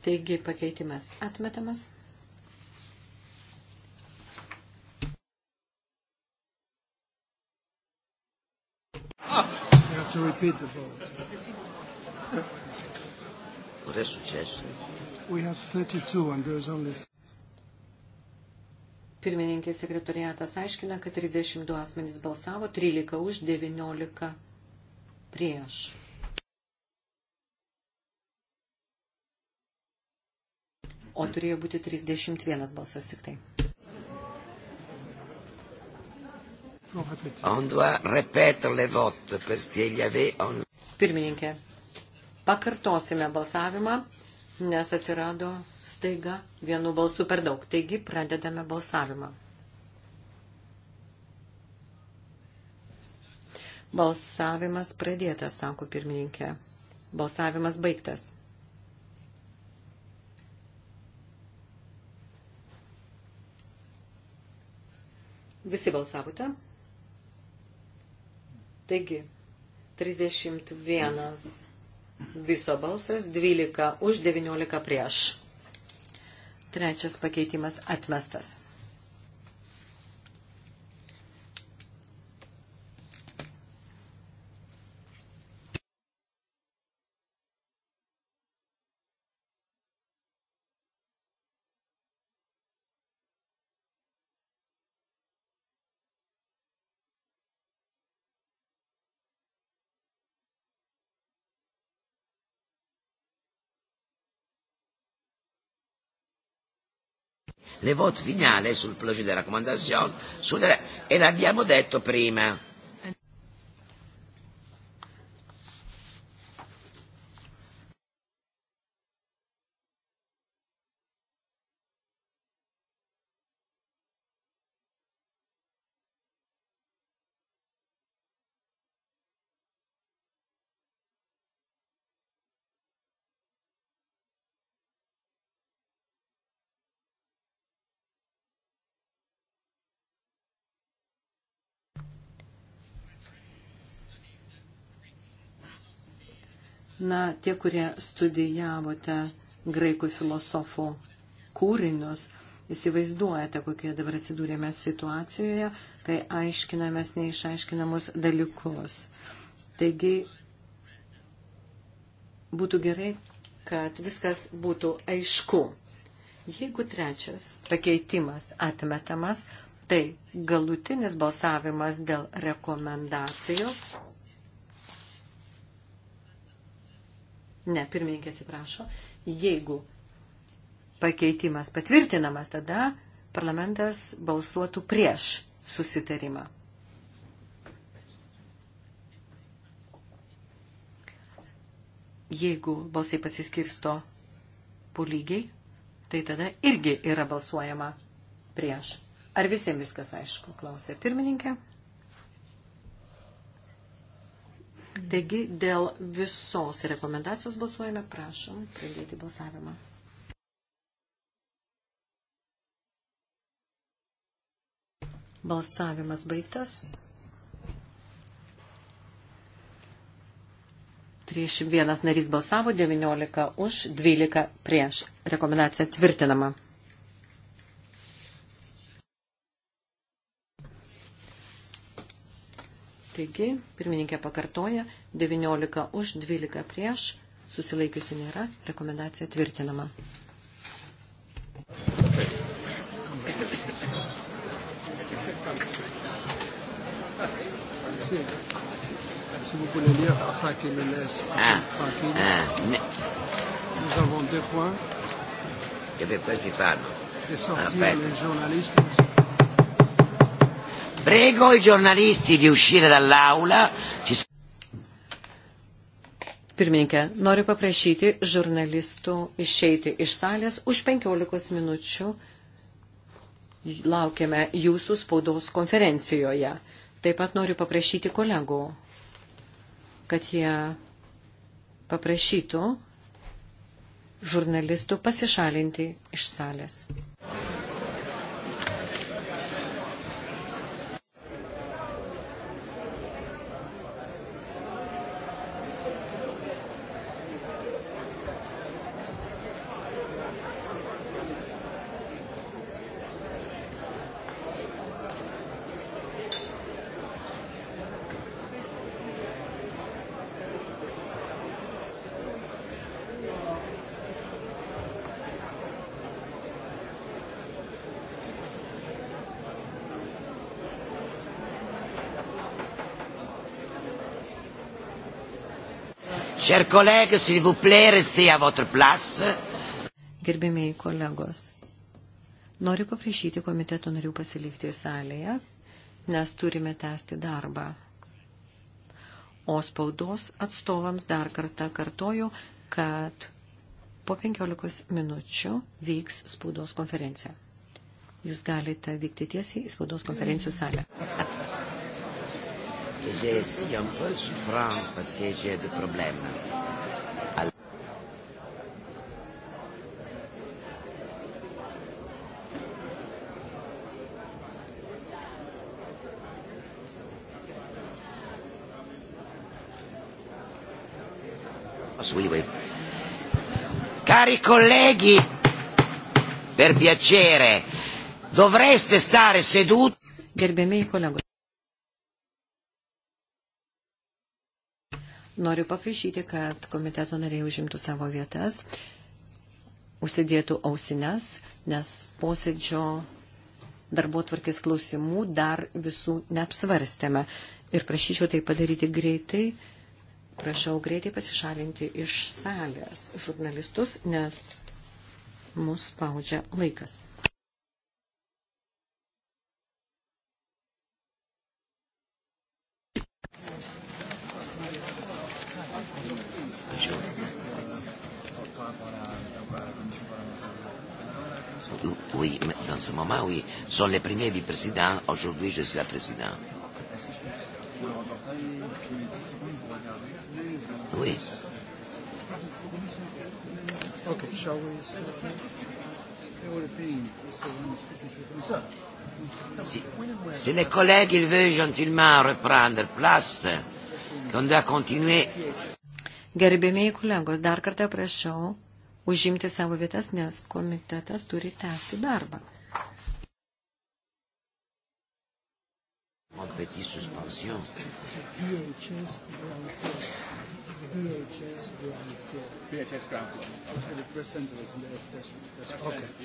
Taigi pakeitimas atmetamas. to repeat the vote. Cos'è successo? We have 32 and there is only... Pirmininkė sekretoriatas aiškina, kad 32 asmenys balsavo, 13 už, 19 prieš. O turėjo būti 31 balsas tik tai. On doit répéter les votes parce qu'il y avait en... Pirmininkė, Pakartosime balsavimą, nes atsirado staiga vienu balsu per daug. Taigi pradedame balsavimą. Balsavimas pradėtas, sako pirmininkė. Balsavimas baigtas. Visi balsavote? Taigi, 31 Viso balsas 12 už 19 prieš. Trečias pakeitimas atmestas. le vote finale sul progetto di raccomandazione sulle, e l'abbiamo detto prima Na, tie, kurie studijavote graikų filosofų kūrinius, įsivaizduojate, kokie dabar atsidūrėme situacijoje, kai aiškinamės neišaiškinamus dalykus. Taigi, būtų gerai, kad viskas būtų aišku. Jeigu trečias pakeitimas atmetamas, tai galutinis balsavimas dėl rekomendacijos Ne, pirmininkė atsiprašo. Jeigu pakeitimas patvirtinamas, tada parlamentas balsuotų prieš susitarimą. Jeigu balsai pasiskirsto po lygiai, tai tada irgi yra balsuojama prieš. Ar visiems viskas aišku, klausė pirmininkė. Taigi dėl visos rekomendacijos balsuojame, prašom pradėti balsavimą. Balsavimas baigtas. 31 narys balsavo, 19 už, 12 prieš. Rekomendacija tvirtinama. Taigi, pirmininkė pakartoja, 19 už, 12 prieš, susilaikiusių nėra, rekomendacija tvirtinama. Si vous voulez lire Afaki Menes, Afaki, nous avons deux points. Il n'y avait pas si fan. Et sortir les journalistes. Prego i giornalisti di uscire dall'aula. Pirmininkė, noriu paprašyti žurnalistų išeiti iš salės už 15 minučių. Laukiame jūsų spaudos konferencijoje. Taip pat noriu paprašyti kolegų, kad jie paprašytų žurnalistų pasišalinti iš salės. Chers collègues, s'il vous plaît, restez à votre place. Gerbėmiai kolegos, noriu paprašyti komiteto narių pasilikti salėje, nes turime tęsti darbą. O spaudos atstovams dar kartą kartoju, kad po 15 minučių vyks spaudos konferencija. Jūs galite vykti tiesiai į spaudos konferencijų salę je suis un peu souffrant parce que j'ai des problèmes. Alors, Oui, oui. Cari colleghi, per piacere, dovreste stare seduti. Gerbiamieji kolegos. Noriu paprašyti, kad komiteto nariai užimtų savo vietas, užsidėtų ausines, nes posėdžio darbo tvarkės klausimų dar visų neapsvarstėme. Ir prašyčiau tai padaryti greitai. Prašau greitai pasišalinti iš salės žurnalistus, nes mus spaudžia laikas. oui, mais dans ce moment, oui. Sont les premiers vice-présidents. Aujourd'hui, je suis la présidente. Oui. Okay, shall we start next? Si, se les collègues veulent gentiment reprendre place, qu'on doit continuer. Gerbėmiai kolegos, dar kartą prašau užimti savo vietas, nes komitetas turi tęsti darbą.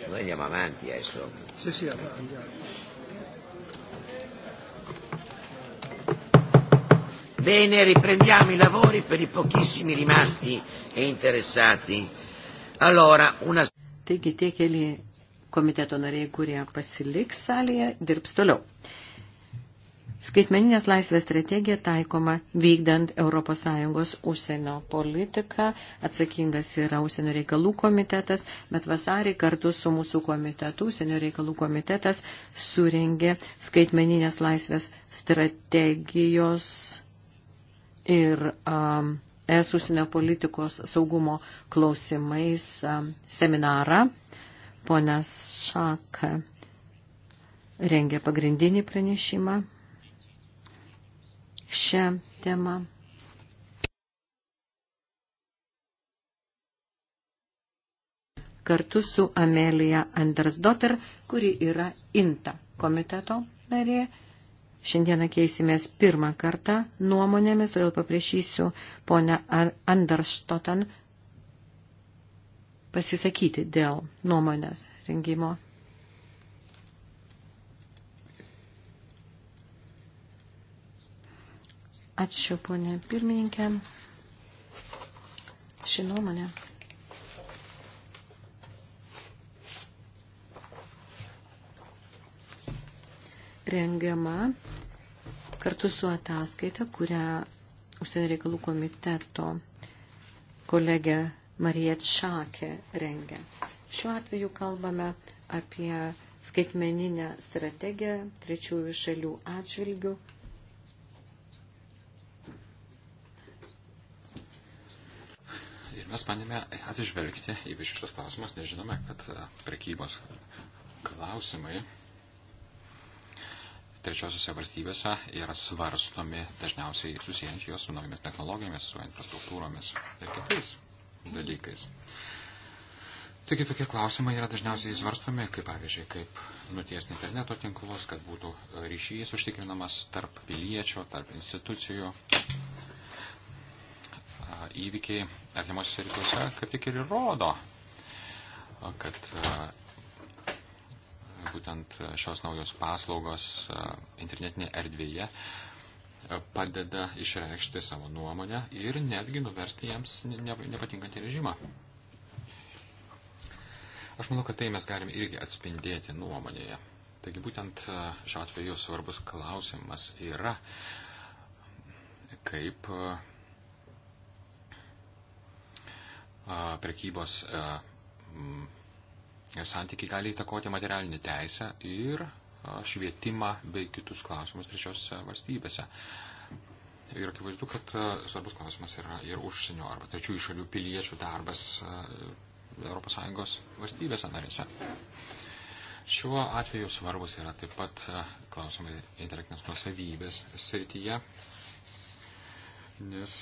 Noi andiamo avanti adesso. Eh, sì, sì, andiamo. Bene, riprendiamo i lavori per i pochissimi rimasti e interessati. Allora, una... Taigi tie keli komiteto nariai, kurie pasiliks salėje, dirbs toliau. Skaitmeninės laisvės strategija taikoma vykdant ES užsienio politiką, atsakingas yra užsienio reikalų komitetas, bet vasarį kartu su mūsų komitetu, užsienio reikalų komitetas, suringė skaitmeninės laisvės strategijos ir um, es užsienio politikos saugumo klausimais seminarą. Ponas Šak rengia pagrindinį pranešimą šią temą. Kartu su Amelija Andersdotter, kuri yra INTA komiteto narė Šiandieną keisimės pirmą kartą nuomonėmis, todėl paprašysiu ponę Anderstotan pasisakyti dėl nuomonės rengimo. Ačiū, ponė pirmininkė. Ši nuomonė. rengiama Kartu su ataskaita, kurią užsienio reikalų komiteto kolegė Marija Čakė rengia. Šiuo atveju kalbame apie skaitmeninę strategiją trečiųjų šalių atžvilgių. Ir mes manėme atsižvelgti į visus šios klausimus, nežinome, kad prekybos klausimai trečiosiuose valstybėse yra svarstomi dažniausiai susijęs jos su naujomis technologijomis, su infrastruktūromis ir kitais dalykais. Taigi tokie klausimai yra dažniausiai svarstomi, kaip pavyzdžiui, kaip nutiesti interneto tinklus, kad būtų ryšys užtikrinamas tarp piliečio, tarp institucijų. Įvykiai artimuose rytuose kaip tik ir įrodo, kad būtent e, šios naujos paslaugos e, internetinėje erdvėje e, padeda išreikšti savo nuomonę ir netgi nuversti jiems nepatinkantį režimą. Aš manau, kad tai mes galime irgi atspindėti nuomonėje. Taigi būtent šiuo atveju svarbus klausimas yra, kaip prekybos santykiai gali įtakoti materialinį teisę ir švietimą bei kitus klausimus trečiose valstybėse. Ir akivaizdu, kad svarbus klausimas yra ir užsienio arba trečiųjų šalių piliečių darbas ES valstybėse narėse. Šiuo atveju svarbus yra taip pat klausimai intelektinės nusavybės srityje, nes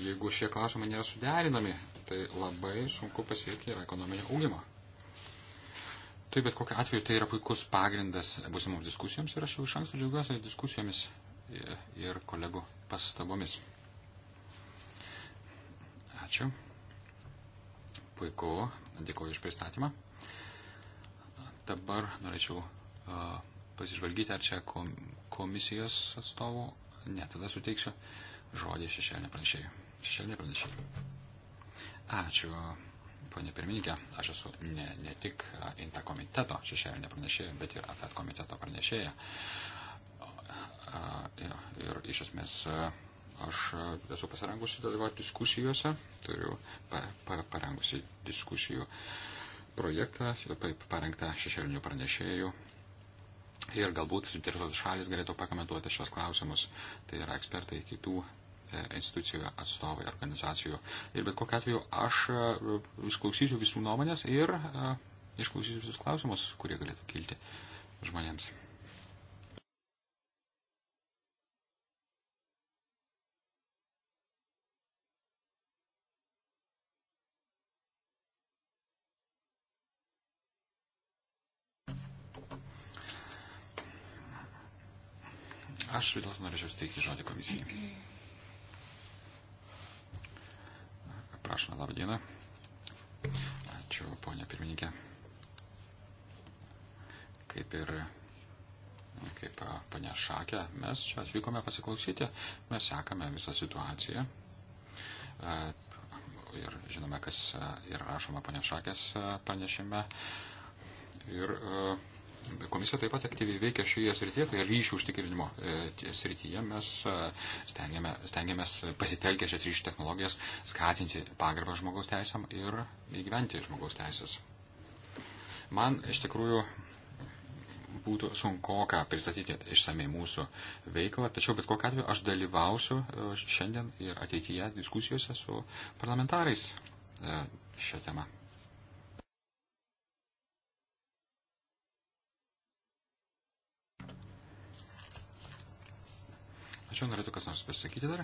jeigu šie klausimai nėra suderinami, tai labai sunku pasiekti ir ekonominį augimą. Tai bet kokiu atveju tai yra puikus pagrindas būsimoms diskusijoms ir aš jau iš anksto džiaugiuosi diskusijomis ir kolegų pastabomis. Ačiū. Puiku, dėkuoju iš pristatymą. Dabar norėčiau uh, pasižvalgyti, ar čia kom komisijos atstovų. Ne, tada suteiksiu žodį šešėlinė pranešėjai. Šešėlinė pranešėjai. Ačiū ponė pirmininkė, aš esu ne, ne tik INTA komiteto šešėlinė pranešėja, bet ir AFET komiteto pranešėja. Ir, ir iš esmės aš esu pasirengusi dalyvauti diskusijose, turiu pa, pa, parengusi diskusijų projektą, parengtą šešėlinių pranešėjų. Ir galbūt suinteresuotas šalis galėtų pakomentuoti šios klausimus, tai yra ekspertai kitų institucijų atstovai, organizacijų. Ir bet kokiu atveju aš e, išklausysiu visų nuomonės ir e, išklausysiu visus klausimus, kurie galėtų kilti žmonėms. Aš vėl norėčiau steigti žodį komisijai. Prašome, labą dieną. Ačiū, ponia pirmininkė. Kaip ir kaip ponia Šakė, mes čia atvykome pasiklausyti, mes sekame visą situaciją. Ir žinome, kas yra rašoma ponia Šakės pranešime. Ir uh, Komisija taip pat aktyviai veikia šioje srityje, tai ryšių užtikrinimo e, srityje mes e, stengiame, stengiamės pasitelkę šias ryšių technologijas skatinti pagarbą žmogaus teisėm ir įgyventi žmogaus teisės. Man iš tikrųjų būtų sunku ką pristatyti išsamei mūsų veiklą, tačiau bet kokiu atveju aš dalyvausiu e, šiandien ir ateityje diskusijose su parlamentarais šią temą. Tačiau norėtų kas nors pasakyti dar?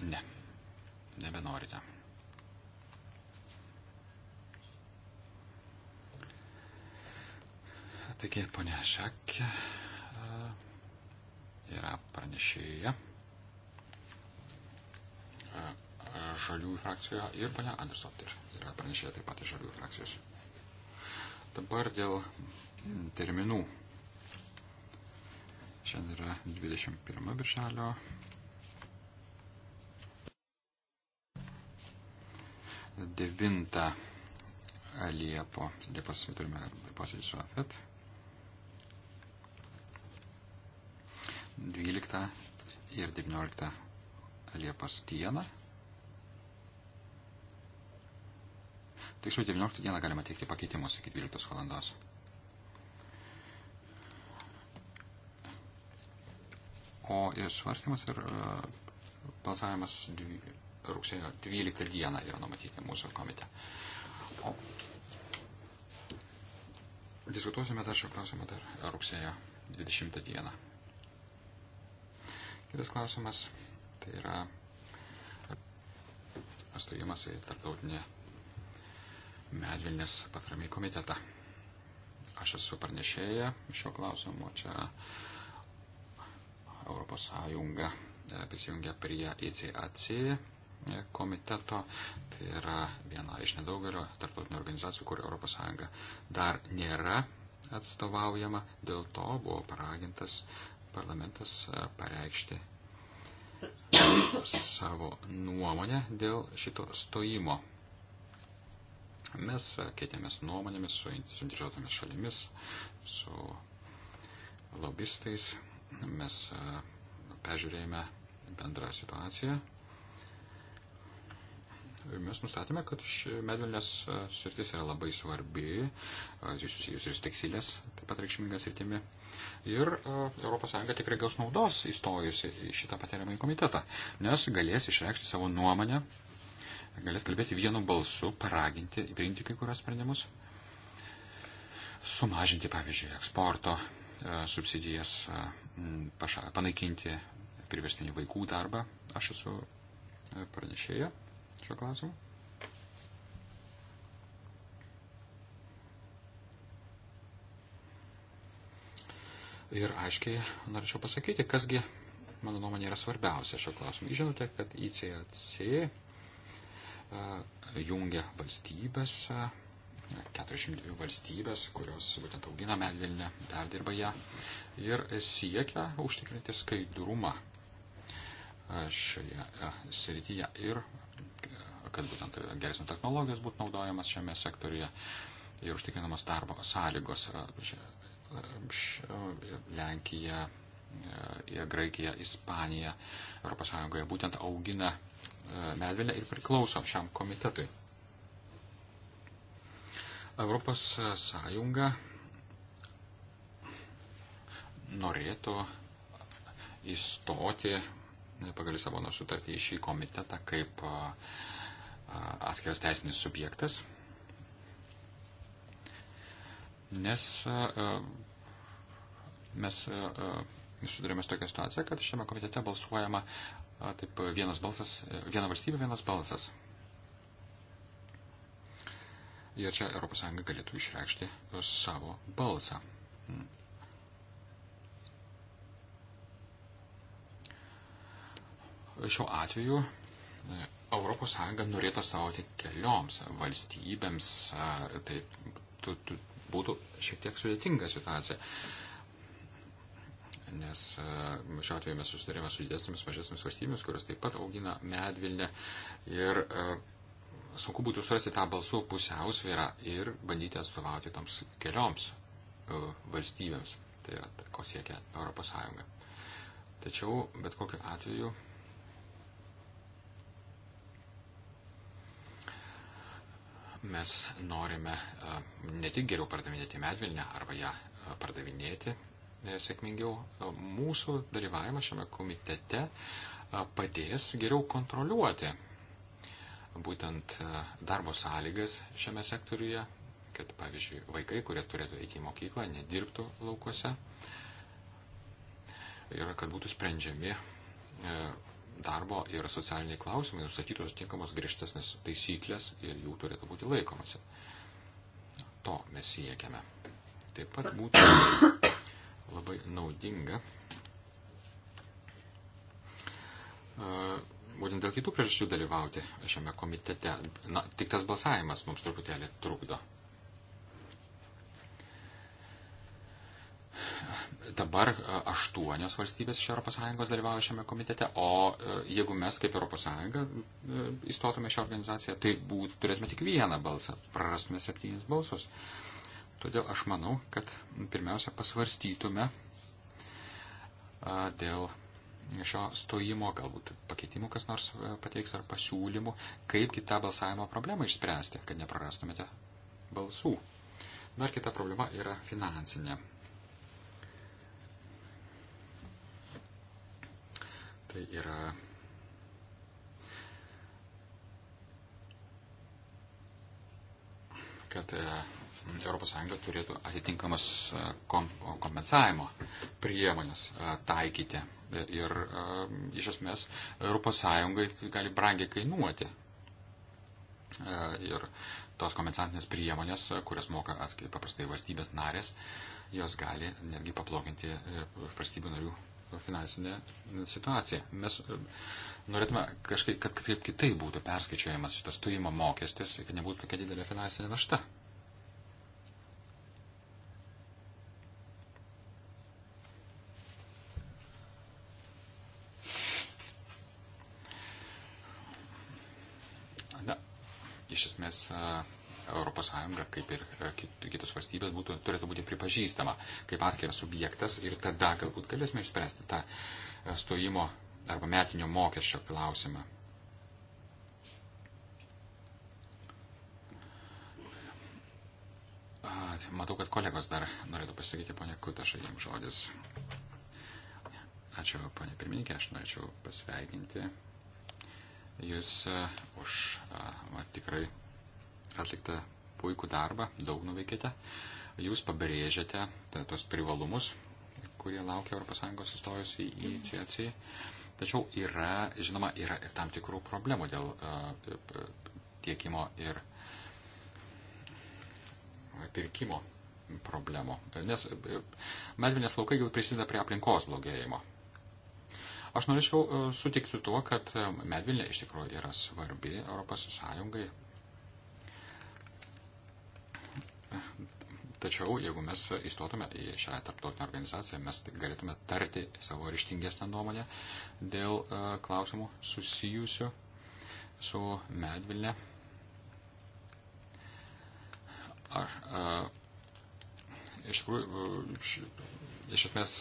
Ne. Nebenorite. Taigi, ponia Šakė e, yra pranešėja e, žaliųjų frakcijoje ir ponia Andersotir yra pranešėja taip pat iš žaliųjų frakcijos. Dabar dėl terminų Šiandien yra 21 birželio. Devinta Liepo. Liepos turime posėdį su AFET. 12 ir 19 Liepos dieną. Tiksliau 19 dieną galima teikti pakeitimus iki 12 valandos. o svarstymas ir e, balsavimas rugsėjo 12 dieną yra numatyti mūsų komite. O diskutuosime dar šio klausimą dar rugsėjo 20 dieną. Kitas klausimas tai yra stojimas į tarptautinę medvilnės patramiai komitetą. Aš esu pranešėja šio klausimo čia Europos Sąjunga e, prisijungia prie ICAC e, komiteto, tai yra viena iš nedaugelio tarptautinių organizacijų, kur ES dar nėra atstovaujama, dėl to buvo paragintas parlamentas e, pareikšti savo nuomonę dėl šito stojimo. Mes keitėmės nuomonėmis su suinteresuotomis šalimis, su lobistais mes e, peržiūrėjome bendrą situaciją. Mes nustatėme, kad ši medvilnės e, sritis yra labai svarbi, e, susijusi ir tekstilės, taip pat reikšmingas sritimi. Ir ES tikrai gaus naudos įstojusi į šitą patariamą į komitetą, nes galės išreikšti savo nuomonę, galės kalbėti vienu balsu, paraginti, priimti kai kurios sprendimus, sumažinti, pavyzdžiui, eksporto subsidijas paša, panaikinti priverstinį vaikų darbą. Aš esu pranešėja šio klausimu. Ir aiškiai norėčiau pasakyti, kasgi, mano nuomonė, yra svarbiausia šio klausimu. Žinote, kad ICAC e, jungia valstybės e, 42 valstybės, kurios būtent augina medvilnę, perdirba ją ir siekia užtikrinti skaidrumą e, šioje e, srityje ir e, kad būtent geresnė technologijos būtų naudojamas šiame sektorija ir užtikrinamos darbo sąlygos. Lenkija, Graikija, Ispanija, ES būtent augina medvilę ir priklauso šiam komitetui. Europos Sąjunga norėtų įstoti pagal Lisabono sutartį į šį komitetą kaip atskiras teisinis subjektas, nes mes sudarėme tokią situaciją, kad šiame komitete balsuojama taip vienas balsas, viena valstybė, vienas balsas ir čia ES galėtų išreikšti savo balsą. Hmm. Šiuo atveju ES norėtų atstovauti kelioms valstybėms, e, tai tu, tu, būtų šiek tiek sudėtinga situacija. Nes e, šiuo atveju mes susidarėme su didesnėmis, mažesnėmis valstybėmis, kurios taip pat augina medvilnę. Ir uh, sunku būtų surasti tą balsų pusiausvyrą ir bandyti atstovauti toms kelioms e, valstybėms, tai yra, ko siekia ES. Tačiau, bet kokiu atveju, mes norime e, ne tik geriau pardavinėti medvilnę arba ją e, pardavinėti sėkmingiau, mūsų dalyvavimas šiame komitete padės geriau kontroliuoti būtent e, darbo sąlygas šiame sektoriuje, kad pavyzdžiui vaikai, kurie turėtų eiti į mokyklą, nedirbtų laukose ir kad būtų sprendžiami e, darbo ir socialiniai klausimai ir sakytos tinkamos griežtesnės taisyklės ir jų turėtų būti laikomasi. To mes siekiame. Taip pat būtų [coughs] labai naudinga e, būtent dėl kitų priežasčių dalyvauti šiame komitete. Na, tik tas balsavimas mums truputėlį trukdo. Dabar e, aštuonios valstybės iš ES dalyvauja šiame komitete, o e, jeigu mes kaip ES e, įstotume šią organizaciją, tai būt, turėtume tik vieną balsą, prarastume septynis balsus. Todėl aš manau, kad pirmiausia pasvarstytume dėl šio stojimo, galbūt pakeitimų kas nors e, pateiks ar pasiūlymų, kaip kitą balsavimo problemą išspręsti, kad neprarastumėte balsų. Dar kita problema yra finansinė. Tai yra. kad e, ES turėtų atitinkamas e, kompensavimo priemonės e, taikyti. Ir e, iš esmės ES gali brangiai kainuoti. Ir tos kompensacinės priemonės, kurias moka atskiai paprastai valstybės narės, jos gali netgi paploginti valstybių narių finansinę situaciją. Mes norėtume kažkaip, kad kaip kitai būtų perskaičiuojamas šitas stojimo mokestis, kad nebūtų tokia didelė finansinė našta iš esmės ES, kaip ir e, kitos valstybės, būtų, turėtų būti pripažįstama kaip atskiras subjektas ir tada galbūt galėsime išspręsti tą e, stojimo arba metinio mokesčio klausimą. Tai matau, kad kolegos dar norėtų pasakyti, ponia Kutaša, jiems žodis. Ačiū, ponia pirmininkė, aš norėčiau pasveikinti Jūs e, už e, va, tikrai atliktą puikų darbą, daug nuveikėte. Jūs pabrėžėte tos privalumus, kurie laukia ES įstojus į ICC. Tačiau yra, žinoma, yra ir tam tikrų problemų dėl uh, tiekimo ir pirkimo problemų. Nes medvilnės laukai gal prisideda prie aplinkos blogėjimo. Aš norėčiau e, sutikti su tuo, kad e, Medvilnė iš tikrųjų yra svarbi Europos Sąjungai. Tačiau, jeigu mes įstotume į šią tarptautinę organizaciją, mes galėtume tarti savo ryštingesnę nuomonę dėl e, klausimų susijusių su Medvilne. Aš, a, iš tikrųjų, iš esmės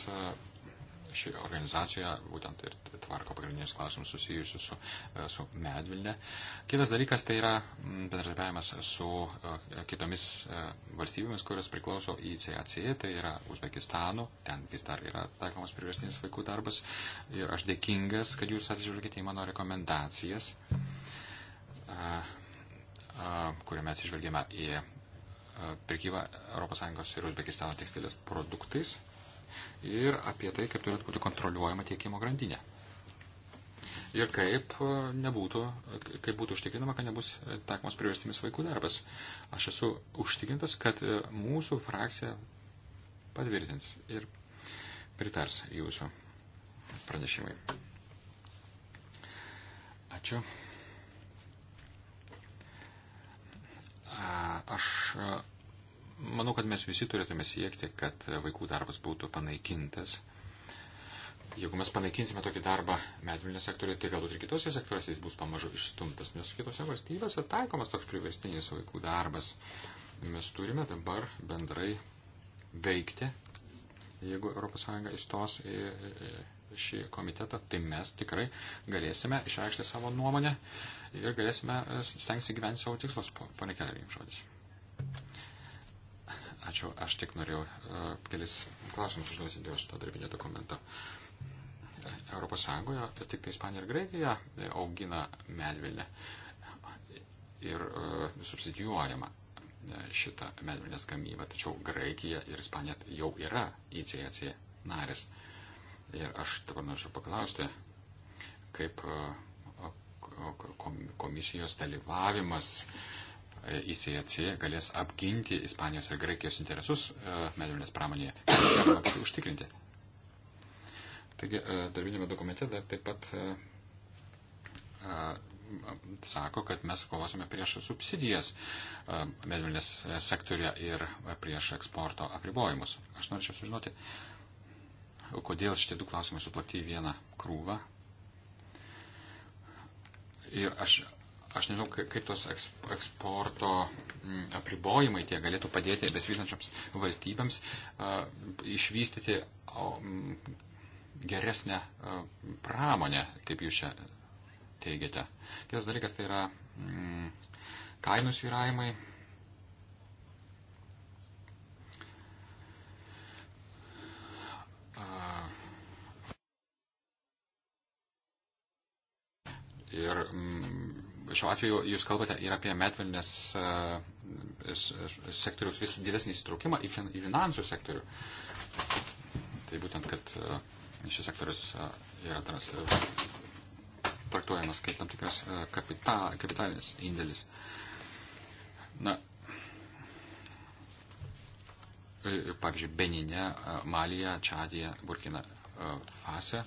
ši organizacija būtent ir tvarko pagrindinius klausimus susijusius su, e, su Medvilne. Kitas dalykas tai yra bendradarbiavimas su e, kitomis e, valstybėmis, kurios priklauso į CAC, tai yra Uzbekistanu, ten vis dar yra taikomas priverstinis vaikų darbas ir aš dėkingas, kad jūs atsižvelgite į mano rekomendacijas kuriame atsižvelgėme į prekybą ES ir Uzbekistano tekstilės produktais ir apie tai, kaip turėtų būti kontroliuojama tiekimo grandinė. Ir kaip, e, nebūtų, kaip būtų užtikrinama, kad nebus taikomas priverstinis vaikų darbas. Aš esu užtikrintas, kad e, mūsų frakcija patvirtins ir pritars jūsų pranešimai. Ačiū. Aš Manau, kad mes visi turėtume siekti, kad vaikų darbas būtų panaikintas. Jeigu mes panaikinsime tokį darbą medvilnės sektoriuje, tai galbūt ir kitose sektoriuose jis bus pamažu išstumtas, nes kitose valstybėse taikomas toks priverstinis vaikų darbas. Mes turime dabar bendrai veikti. Jeigu ES įstos į šį komitetą, tai mes tikrai galėsime išreikšti savo nuomonę ir galėsime stengti gyventi savo tikslus. Pane Keleriai, žodis. Ačiū, aš tik norėjau uh, kelis klausimus užduoti dėl šito darbinio dokumento. Europos Sąjungoje tik tai Ispanija ir Graikija e, augina medvilnę ir uh, subsidijuojama šitą medvilnės gamybą, tačiau Graikija ir Ispanija jau yra ICAC narės. Ir aš dabar norėčiau paklausti, kaip komisijos dalyvavimas uh, ICAC galės apginti Ispanijos ir Graikijos interesus e, medvilnės pramonėje. Tai galima būtų užtikrinti. Taigi, e, darbinėme dokumente dar taip pat e, sako, kad mes kovosime prieš subsidijas medvilnės sektorė ir prieš eksporto apribojimus. Aš norėčiau sužinoti, kodėl šitie du klausimai suplakti į vieną krūvą. Ir aš Aš nežinau, kaip tos eksporto mm, apribojimai tie galėtų padėti besivystančiams valstybėms išvystyti mm, geresnę pramonę, kaip jūs čia teigiate. Kitas dalykas tai yra mm, kainų sviravimai. Ir šiuo atveju jūs kalbate ir apie medvilnės e, sektoriaus vis didesnį įsitraukimą į finansų sektorių. Tai būtent, kad e, šis sektorius e, yra trans, traktuojamas kaip tam tikras kapital, kapitalinis indėlis. Na, pavyzdžiui, Beninė, Malija, Čadija, Burkina Fase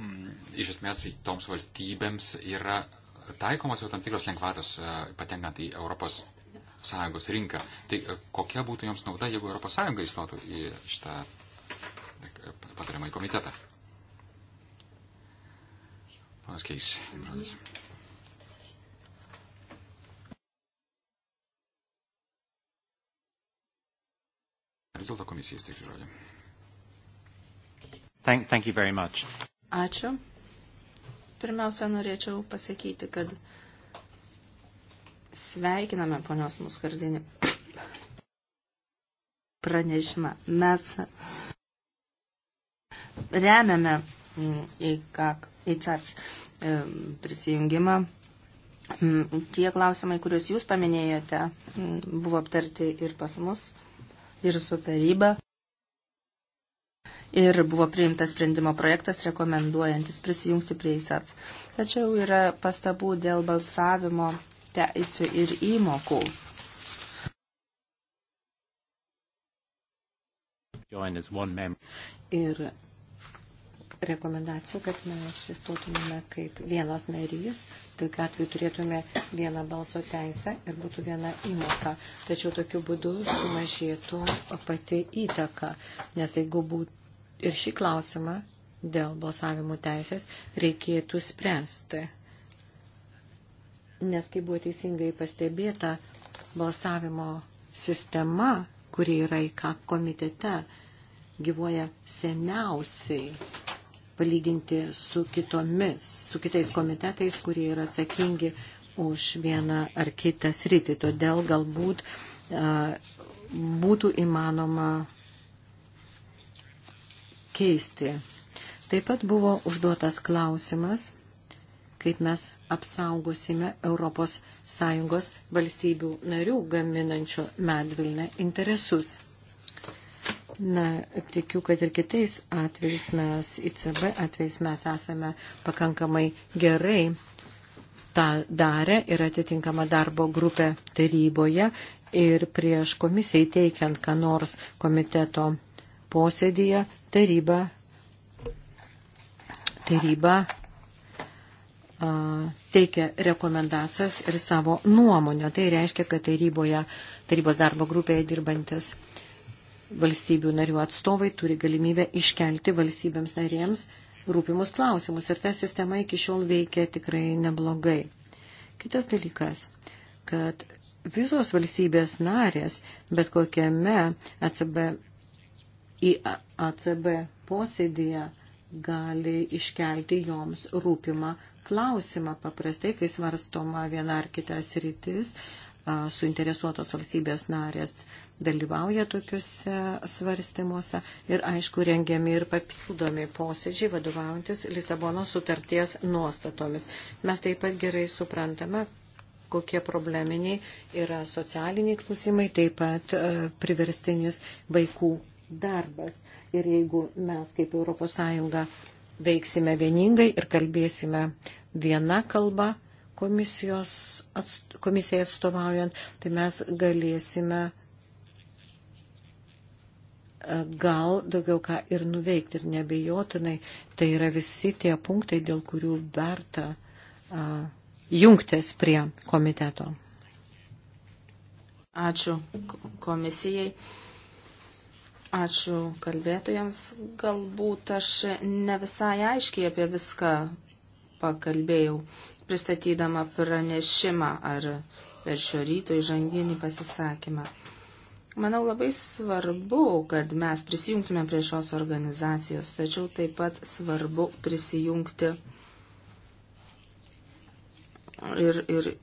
Mm, iš esmės toms valstybėms yra taikomas jau tam tikros lengvatos e, patenkant į Europos Sąjungos rinką. Tai e, kokia būtų joms nauda, jeigu Europos Sąjunga įstotų į šitą e, patariamą į komitetą? Panas Keis. Bronis. Vis dėlto komisijas tik žodžiu. Thank, thank you very much. Ačiū. Pirmiausia, norėčiau pasakyti, kad sveikiname ponios muskardinį pranešimą. Mes remiame mm, į, kak, į CAC e, prisijungimą. Mm, tie klausimai, kuriuos jūs paminėjote, mm, buvo aptarti ir pas mus, ir su taryba ir buvo priimtas sprendimo projektas rekomenduojantis prisijungti prie ICATS. Tačiau yra pastabų dėl balsavimo teisų ir įmokų. Ir rekomendacijų, kad mes įstotumėme kaip vienas narys, tokiu atveju turėtume vieną balso teisę ir būtų viena įmoka. Tačiau tokiu būdu sumažėtų pati įtaka, nes jeigu būtų Ir šį klausimą dėl balsavimų teisės reikėtų spręsti. Nes, kaip buvo teisingai pastebėta, balsavimo sistema, kuri yra į ką komitete, gyvoja seniausiai palyginti su kitomis, su kitais komitetais, kurie yra atsakingi už vieną ar kitą sritį. Todėl galbūt a, būtų įmanoma keisti. Taip pat buvo užduotas klausimas, kaip mes apsaugosime ES valstybių narių gaminančių medvilnę interesus. Na, tikiu, kad ir kitais atvejais mes, ICB atvejais mes esame pakankamai gerai tą darę ir atitinkama darbo grupė taryboje ir prieš komisijai teikiant, ką nors komiteto posėdėje taryba, taryba a, teikia rekomendacijas ir savo nuomonę. Tai reiškia, kad taryboje, tarybos darbo grupėje dirbantis valstybių narių atstovai turi galimybę iškelti valstybėms narėms rūpimus klausimus ir ta sistema iki šiol veikia tikrai neblogai. Kitas dalykas, kad visos valstybės narės bet kokiame ECB į ACB posėdėje gali iškelti joms rūpimą klausimą. Paprastai, kai svarstoma viena ar kita sritis, suinteresuotos valstybės narės dalyvauja tokiuose svarstymuose ir, aišku, rengiami ir papildomi posėdžiai vadovaujantis Lisabono sutarties nuostatomis. Mes taip pat gerai suprantame, kokie probleminiai yra socialiniai klausimai, taip pat priverstinis vaikų darbas. Ir jeigu mes kaip ES veiksime vieningai ir kalbėsime viena kalba komisijos, atst, komisijai atstovaujant, tai mes galėsime e, gal daugiau ką ir nuveikti. Ir nebejotinai tai yra visi tie punktai, dėl kurių verta a, jungtis prie komiteto. Ačiū komisijai. Ačiū kalbėtojams. Galbūt aš ne visai aiškiai apie viską pakalbėjau, pristatydama pranešimą ar per šio ryto įžanginį pasisakymą. Manau labai svarbu, kad mes prisijungtume prie šios organizacijos, tačiau taip pat svarbu prisijungti ir, ir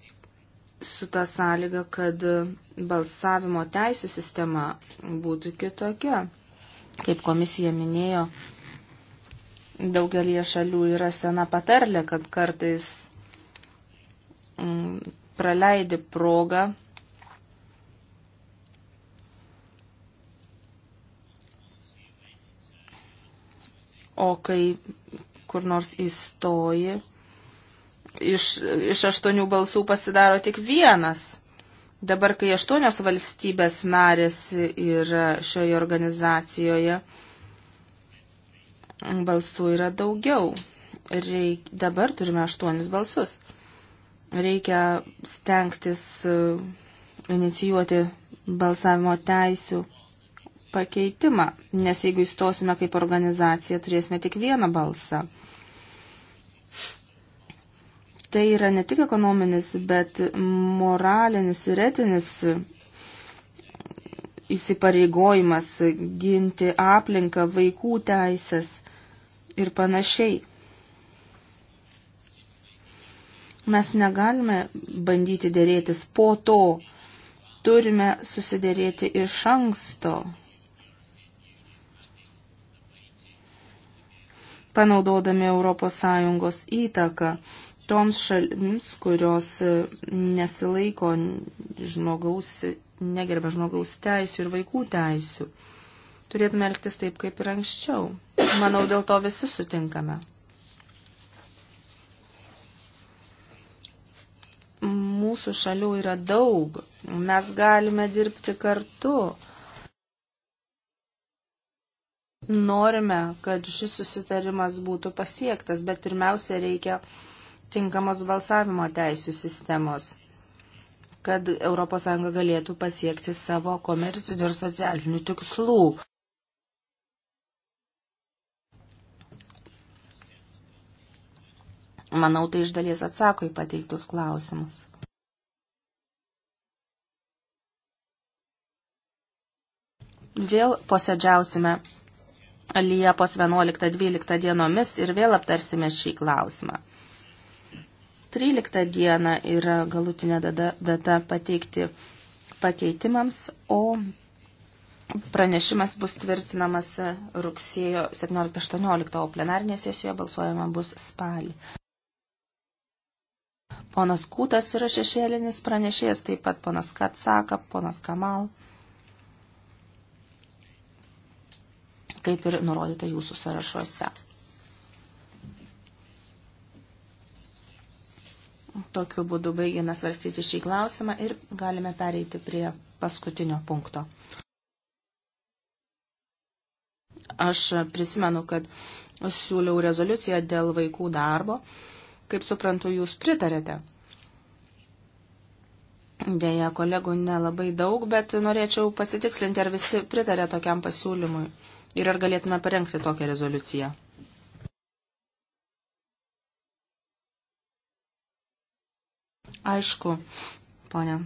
su ta sąlyga, kad balsavimo teisų sistema būtų kitokia. Kaip komisija minėjo, daugelie šalių yra sena patarlė, kad kartais mm, praleidi progą o kai kur nors įstoji iš, iš aštuonių balsų pasidaro tik vienas. Dabar, kai aštuonios valstybės narės yra šioje organizacijoje, balsų yra daugiau. Reik, dabar turime aštuonis balsus. Reikia stengtis e, inicijuoti balsavimo teisių pakeitimą, nes jeigu įstosime kaip organizacija, turėsime tik vieną balsą tai yra ne tik ekonominis, bet moralinis ir etinis įsipareigojimas ginti aplinką, vaikų teisės ir panašiai. Mes negalime bandyti dėrėtis po to, turime susidėrėti iš anksto. Panaudodami ES įtaką, toms šalims, kurios e, nesilaiko žmogaus, negerbė žmogaus teisų ir vaikų teisų. Turėtume elgtis taip, kaip ir anksčiau. Manau, dėl to visi sutinkame. Mūsų šalių yra daug. Mes galime dirbti kartu. Norime, kad šis susitarimas būtų pasiektas, bet pirmiausia reikia tinkamos balsavimo teisų sistemos, kad ES galėtų pasiekti savo komercinių ir socialinių tikslų. Manau, tai iš dalies atsako į pateiktus klausimus. Vėl posėdžiausime Liepos 11-12 dienomis ir vėl aptarsime šį klausimą. 13 dieną yra galutinė data pateikti pakeitimams, o pranešimas bus tvirtinamas rugsėjo 17-18, o plenarinė sesijoje balsuojama bus spalį. Ponas Kūtas yra šešėlinis pranešėjas, taip pat ponas Katsaka, ponas Kamal, kaip ir nurodyta jūsų sąrašuose. Tokiu būdu baigėme svarstyti šį klausimą ir galime pereiti prie paskutinio punkto. Aš prisimenu, kad siūliau rezoliuciją dėl vaikų darbo. Kaip suprantu, jūs pritarėte. Dėja, kolegų nelabai daug, bet norėčiau pasitikslinti, ar visi pritarė tokiam pasiūlymui ir ar galėtume parengti tokią rezoliuciją. Aišku, ponia.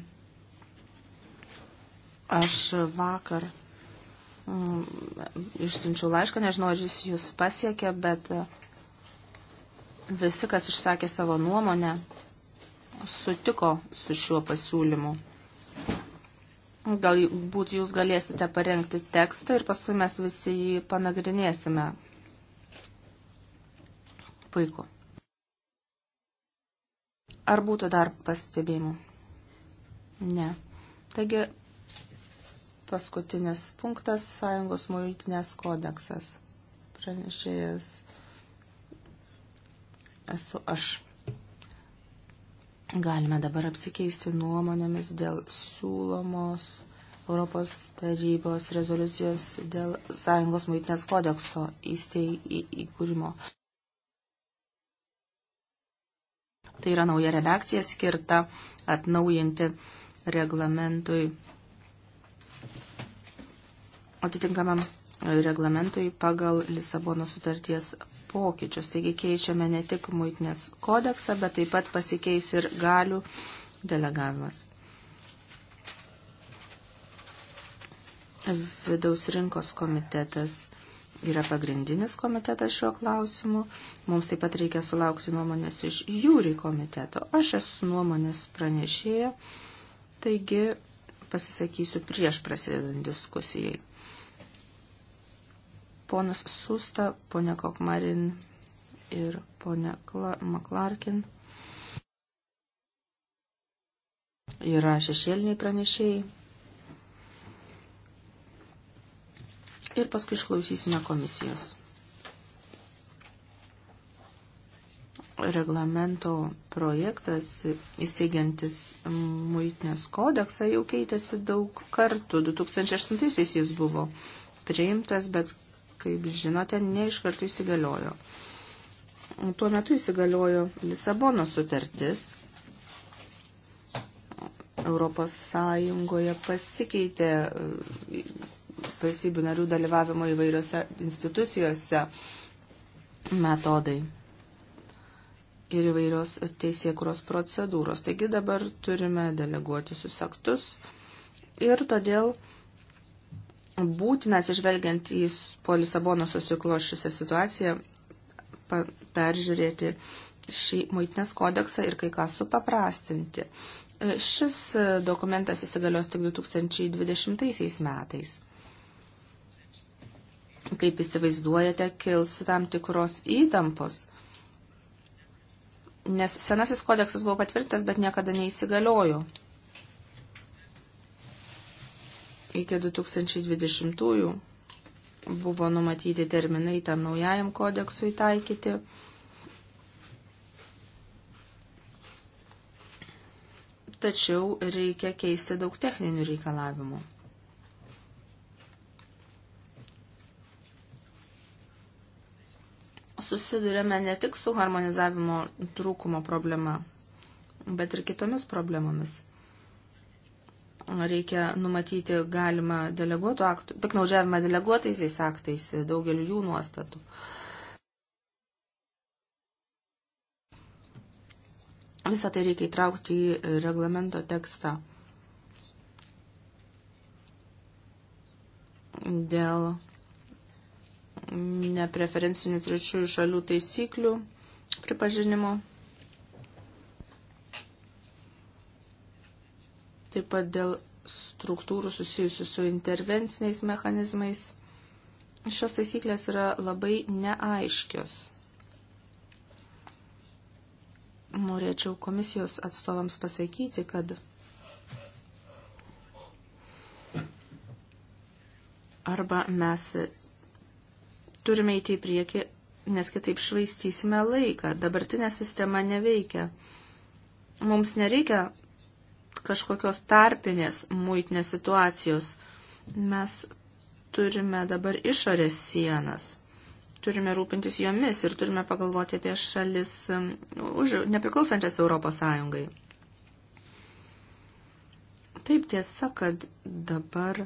Aš vakar mm, išsiunčiau laišką, nežinau, ar jis jūs pasiekė, bet e, visi, kas išsakė savo nuomonę, sutiko su šiuo pasiūlymu. Galbūt jūs galėsite parengti tekstą ir paskui mes visi jį panagrinėsime. Puiku. Ar būtų dar pastebėjimų? Ne. Taigi, paskutinis punktas – Sąjungos muitinės kodeksas. Pranešėjas esu aš. Galime dabar apsikeisti nuomonėmis dėl siūlomos Europos tarybos rezoliucijos dėl Sąjungos muitinės kodekso įsteigimo. Tai yra nauja redakcija skirta atnaujinti reglamentui, atitinkamam reglamentui pagal Lisabono sutarties pokyčius. Taigi keičiame ne tik muitinės kodeksą, bet taip pat pasikeis ir galių delegavimas. Vidaus rinkos komitetas yra pagrindinis komitetas šiuo klausimu. Mums taip pat reikia sulaukti nuomonės iš jūrį komiteto. Aš esu nuomonės pranešėja, taigi pasisakysiu prieš prasidedant diskusijai. Ponas Susta, ponė Kokmarin ir ponė Maklarkin yra šešėliniai pranešėjai. ir paskui išklausysime komisijos. Reglamento projektas įsteigiantis muitinės kodeksą jau keitėsi daug kartų. 2008 jis buvo priimtas, bet, kaip žinote, neiš kartų įsigaliojo. Tuo metu įsigaliojo Lisabono sutartis. Europos Sąjungoje pasikeitė valstybių narių dalyvavimo įvairiose institucijose metodai ir įvairios teisėkuros procedūros. Taigi dabar turime deleguoti susaktus ir todėl būtina atsižvelgiant į po Lisabono susiklošusią situaciją peržiūrėti šį muitinės kodeksą ir kai ką supaprastinti. Šis dokumentas įsigalios tik 2020 metais kaip įsivaizduojate, kils tam tikros įtampos. Nes senasis kodeksas buvo patvirtintas, bet niekada neįsigaliojo. Iki 2020 buvo numatyti terminai tam naujajam kodeksui taikyti. Tačiau reikia keisti daug techninių reikalavimų. susidurėme ne tik su harmonizavimo trūkumo problema, bet ir kitomis problemomis. Reikia numatyti galimą deleguotų aktų, piknaudžiavimą deleguotaisiais aktais daugeliu jų nuostatų. Visą tai reikia įtraukti į reglamento tekstą. Dėl nepreferencinių trečiųjų šalių taisyklių pripažinimo. Taip pat dėl struktūrų susijusių su intervenciniais mechanizmais. Šios taisyklės yra labai neaiškios. Norėčiau komisijos atstovams pasakyti, kad arba mes turime įti į priekį, nes kitaip švaistysime laiką. Dabartinė sistema neveikia. Mums nereikia kažkokios tarpinės muitinės situacijos. Mes turime dabar išorės sienas. Turime rūpintis jomis ir turime pagalvoti apie šalis um, už, nepriklausančias Europos Sąjungai. Taip tiesa, kad dabar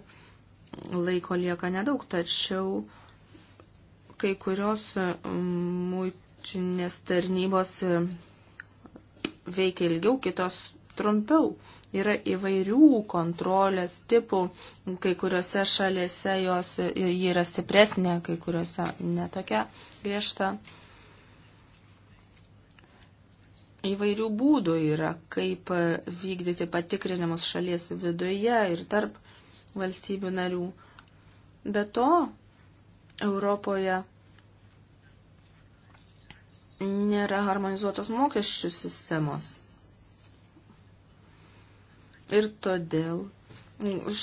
laiko lieka nedaug, tačiau kai kurios e, muitinės tarnybos e, veikia ilgiau, kitos trumpiau. Yra įvairių kontrolės tipų, kai kuriuose šalėse jos e, yra stipresnė, kai kuriuose netokia griežta. Įvairių būdų yra, kaip vykdyti patikrinimus šalies viduje ir tarp valstybių narių. Be to, Europoje nėra harmonizuotos mokesčių sistemos. Ir todėl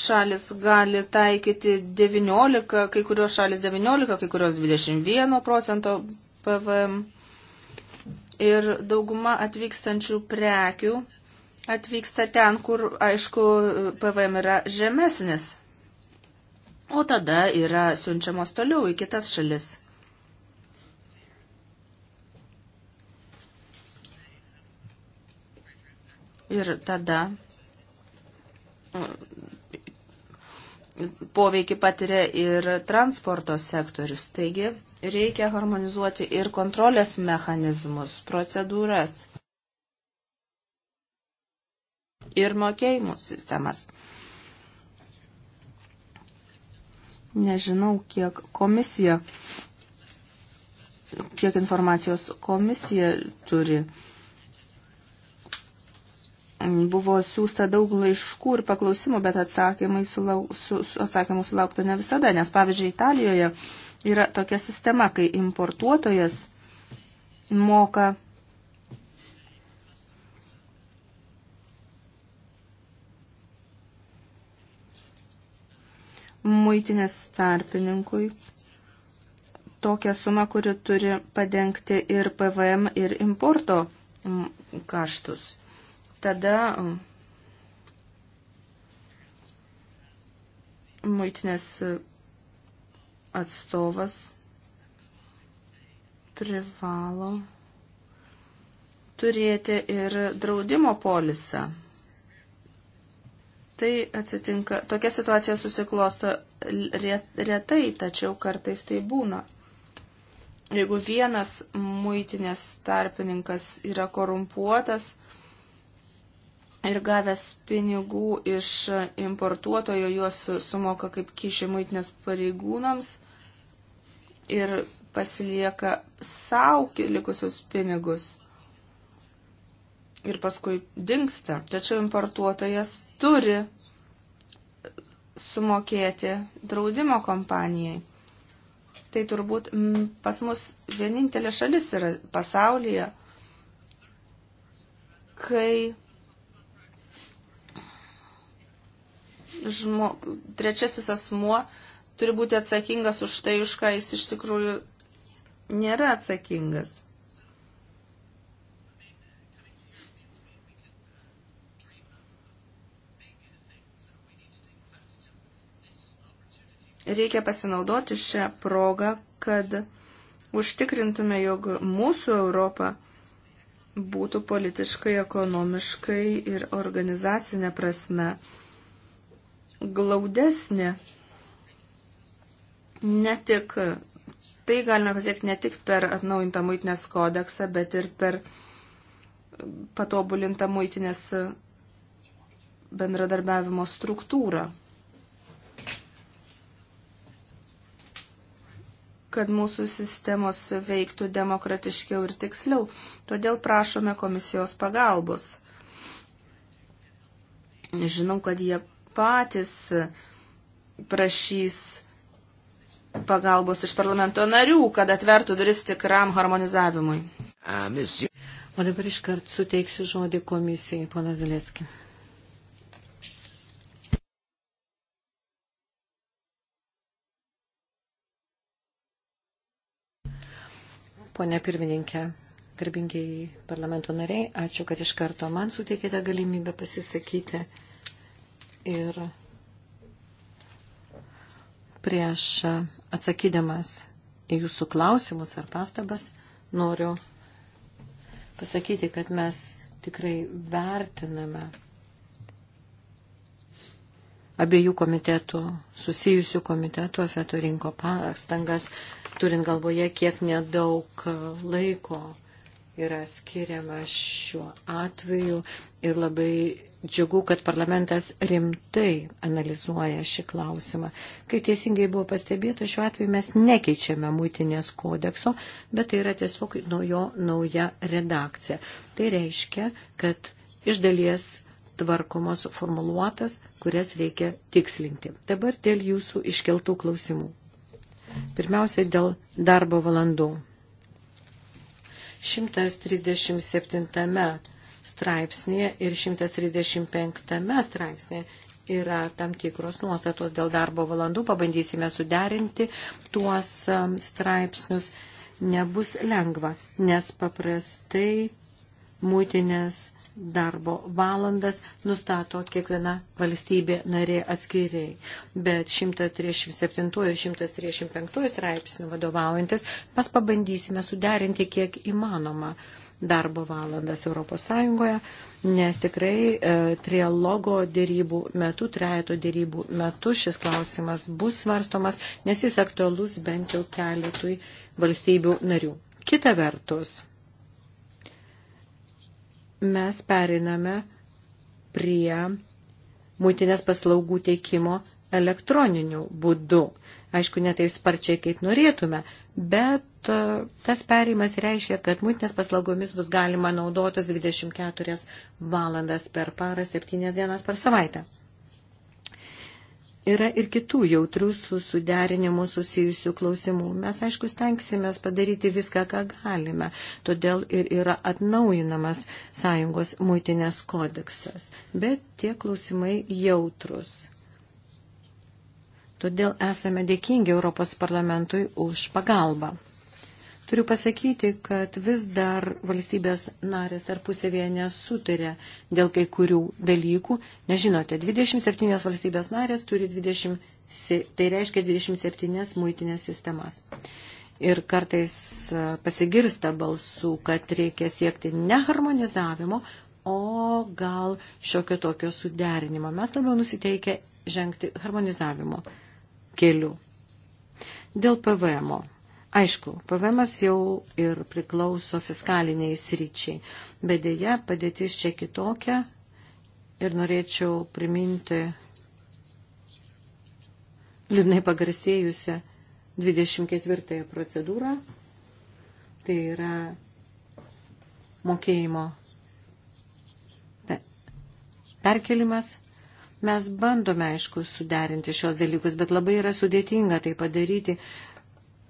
šalis gali taikyti 19, kai kurios šalis 19, kai kurios 21 procento PVM. Ir dauguma atvykstančių prekių atvyksta ten, kur, aišku, PVM yra žemesnis o tada yra siunčiamos toliau į kitas šalis. Ir tada mm, poveikį patiria ir transporto sektorius. Taigi reikia harmonizuoti ir kontrolės mechanizmus, procedūras ir mokėjimų sistemas. Nežinau, kiek komisija, kiek informacijos komisija turi. Buvo siūsta daug laiškų ir paklausimų, bet atsakymų sulauk, su, su, atsakymų sulaukta ne visada, nes pavyzdžiui, Italijoje yra tokia sistema, kai importuotojas moka muitinės tarpininkui tokią sumą, kuri turi padengti ir PVM, ir importo kaštus. Tada muitinės atstovas privalo turėti ir draudimo polisą. Tai atsitinka, tokia situacija susiklosto retai, tačiau kartais tai būna. Jeigu vienas muitinės tarpininkas yra korumpuotas ir gavęs pinigų iš importuotojo juos sumoka kaip kyšį muitinės pareigūnams ir pasilieka savo likusius pinigus ir paskui dinksta. Tačiau importuotojas turi sumokėti draudimo kompanijai. Tai turbūt m, pas mus vienintelė šalis yra pasaulyje, kai žmo, trečiasis asmuo turi būti atsakingas už tai, už ką jis iš tikrųjų nėra atsakingas. Reikia pasinaudoti šią progą, kad užtikrintume, jog mūsų Europa būtų politiškai, ekonomiškai ir organizacinė prasme glaudesnė. Ne tik, tai galime pasiekti ne tik per atnaujintą muitinės kodeksą, bet ir per patobulintą muitinės bendradarbiavimo struktūrą. kad mūsų sistemos veiktų demokratiškiau ir tiksliau. Todėl prašome komisijos pagalbos. Žinau, kad jie patys prašys pagalbos iš parlamento narių, kad atvertų duris tikram harmonizavimui. O dabar iškart suteiksiu žodį komisijai, ponas Zilėski. Pone pirmininkė, garbingiai parlamento nariai, ačiū, kad iš karto man suteikėte galimybę pasisakyti. Ir prieš atsakydamas į jūsų klausimus ar pastabas noriu pasakyti, kad mes tikrai vertiname abiejų komitetų, susijusių komitetų, afeto rinko pastangas turint galvoje, kiek nedaug laiko yra skiriama šiuo atveju ir labai džiugu, kad parlamentas rimtai analizuoja šį klausimą. Kai teisingai buvo pastebėta, šiuo atveju mes nekeičiame mūtinės kodekso, bet tai yra tiesiog jo nauja redakcija. Tai reiškia, kad iš dalies tvarkomos formuluotas, kurias reikia tikslinti. Dabar dėl jūsų iškeltų klausimų. Pirmiausiai dėl darbo valandų. 137 straipsnėje ir 135 straipsnėje yra tam tikros nuostatos dėl darbo valandų. Pabandysime suderinti tuos um, straipsnius. Nebus lengva, nes paprastai mūtinės darbo valandas nustato kiekviena valstybė narė atskiriai. Bet 137 ir 135 straipsnių vadovaujantis mes pabandysime suderinti kiek įmanoma darbo valandas Europos Sąjungoje, nes tikrai e, trialogo dėrybų metu, trejato dėrybų metu šis klausimas bus svarstomas, nes jis aktualus bent jau keletui valstybių narių. Kita vertus, mes periname prie muitinės paslaugų teikimo elektroniniu būdu. Aišku, ne taip sparčiai, kaip norėtume, bet e, tas perėjimas reiškia, kad muitinės paslaugomis bus galima naudotis 24 valandas per parą, 7 dienas per savaitę yra ir kitų jautrių su suderinimu susijusių klausimų. Mes, aišku, stengsime padaryti viską, ką galime. Todėl ir yra atnaujinamas Sąjungos muitinės kodeksas. Bet tie klausimai jautrus. Todėl esame dėkingi Europos parlamentui už pagalbą. Turiu pasakyti, kad vis dar valstybės narės tarpusavėje nesutarė dėl kai kurių dalykų. Nežinote, 27 valstybės narės turi 20, tai reiškia 27 muitinės sistemas. Ir kartais e, pasigirsta balsų, kad reikia siekti ne harmonizavimo, o gal šiokio tokio suderinimo. Mes labiau nusiteikę žengti harmonizavimo keliu. Dėl PVM. -o Aišku, PVM jau ir priklauso fiskaliniai sryčiai, bet dėja padėtis čia kitokia ir norėčiau priminti liūdnai pagarsėjusią 24 procedūrą, tai yra mokėjimo perkelimas. Mes bandome, aišku, suderinti šios dalykus, bet labai yra sudėtinga tai padaryti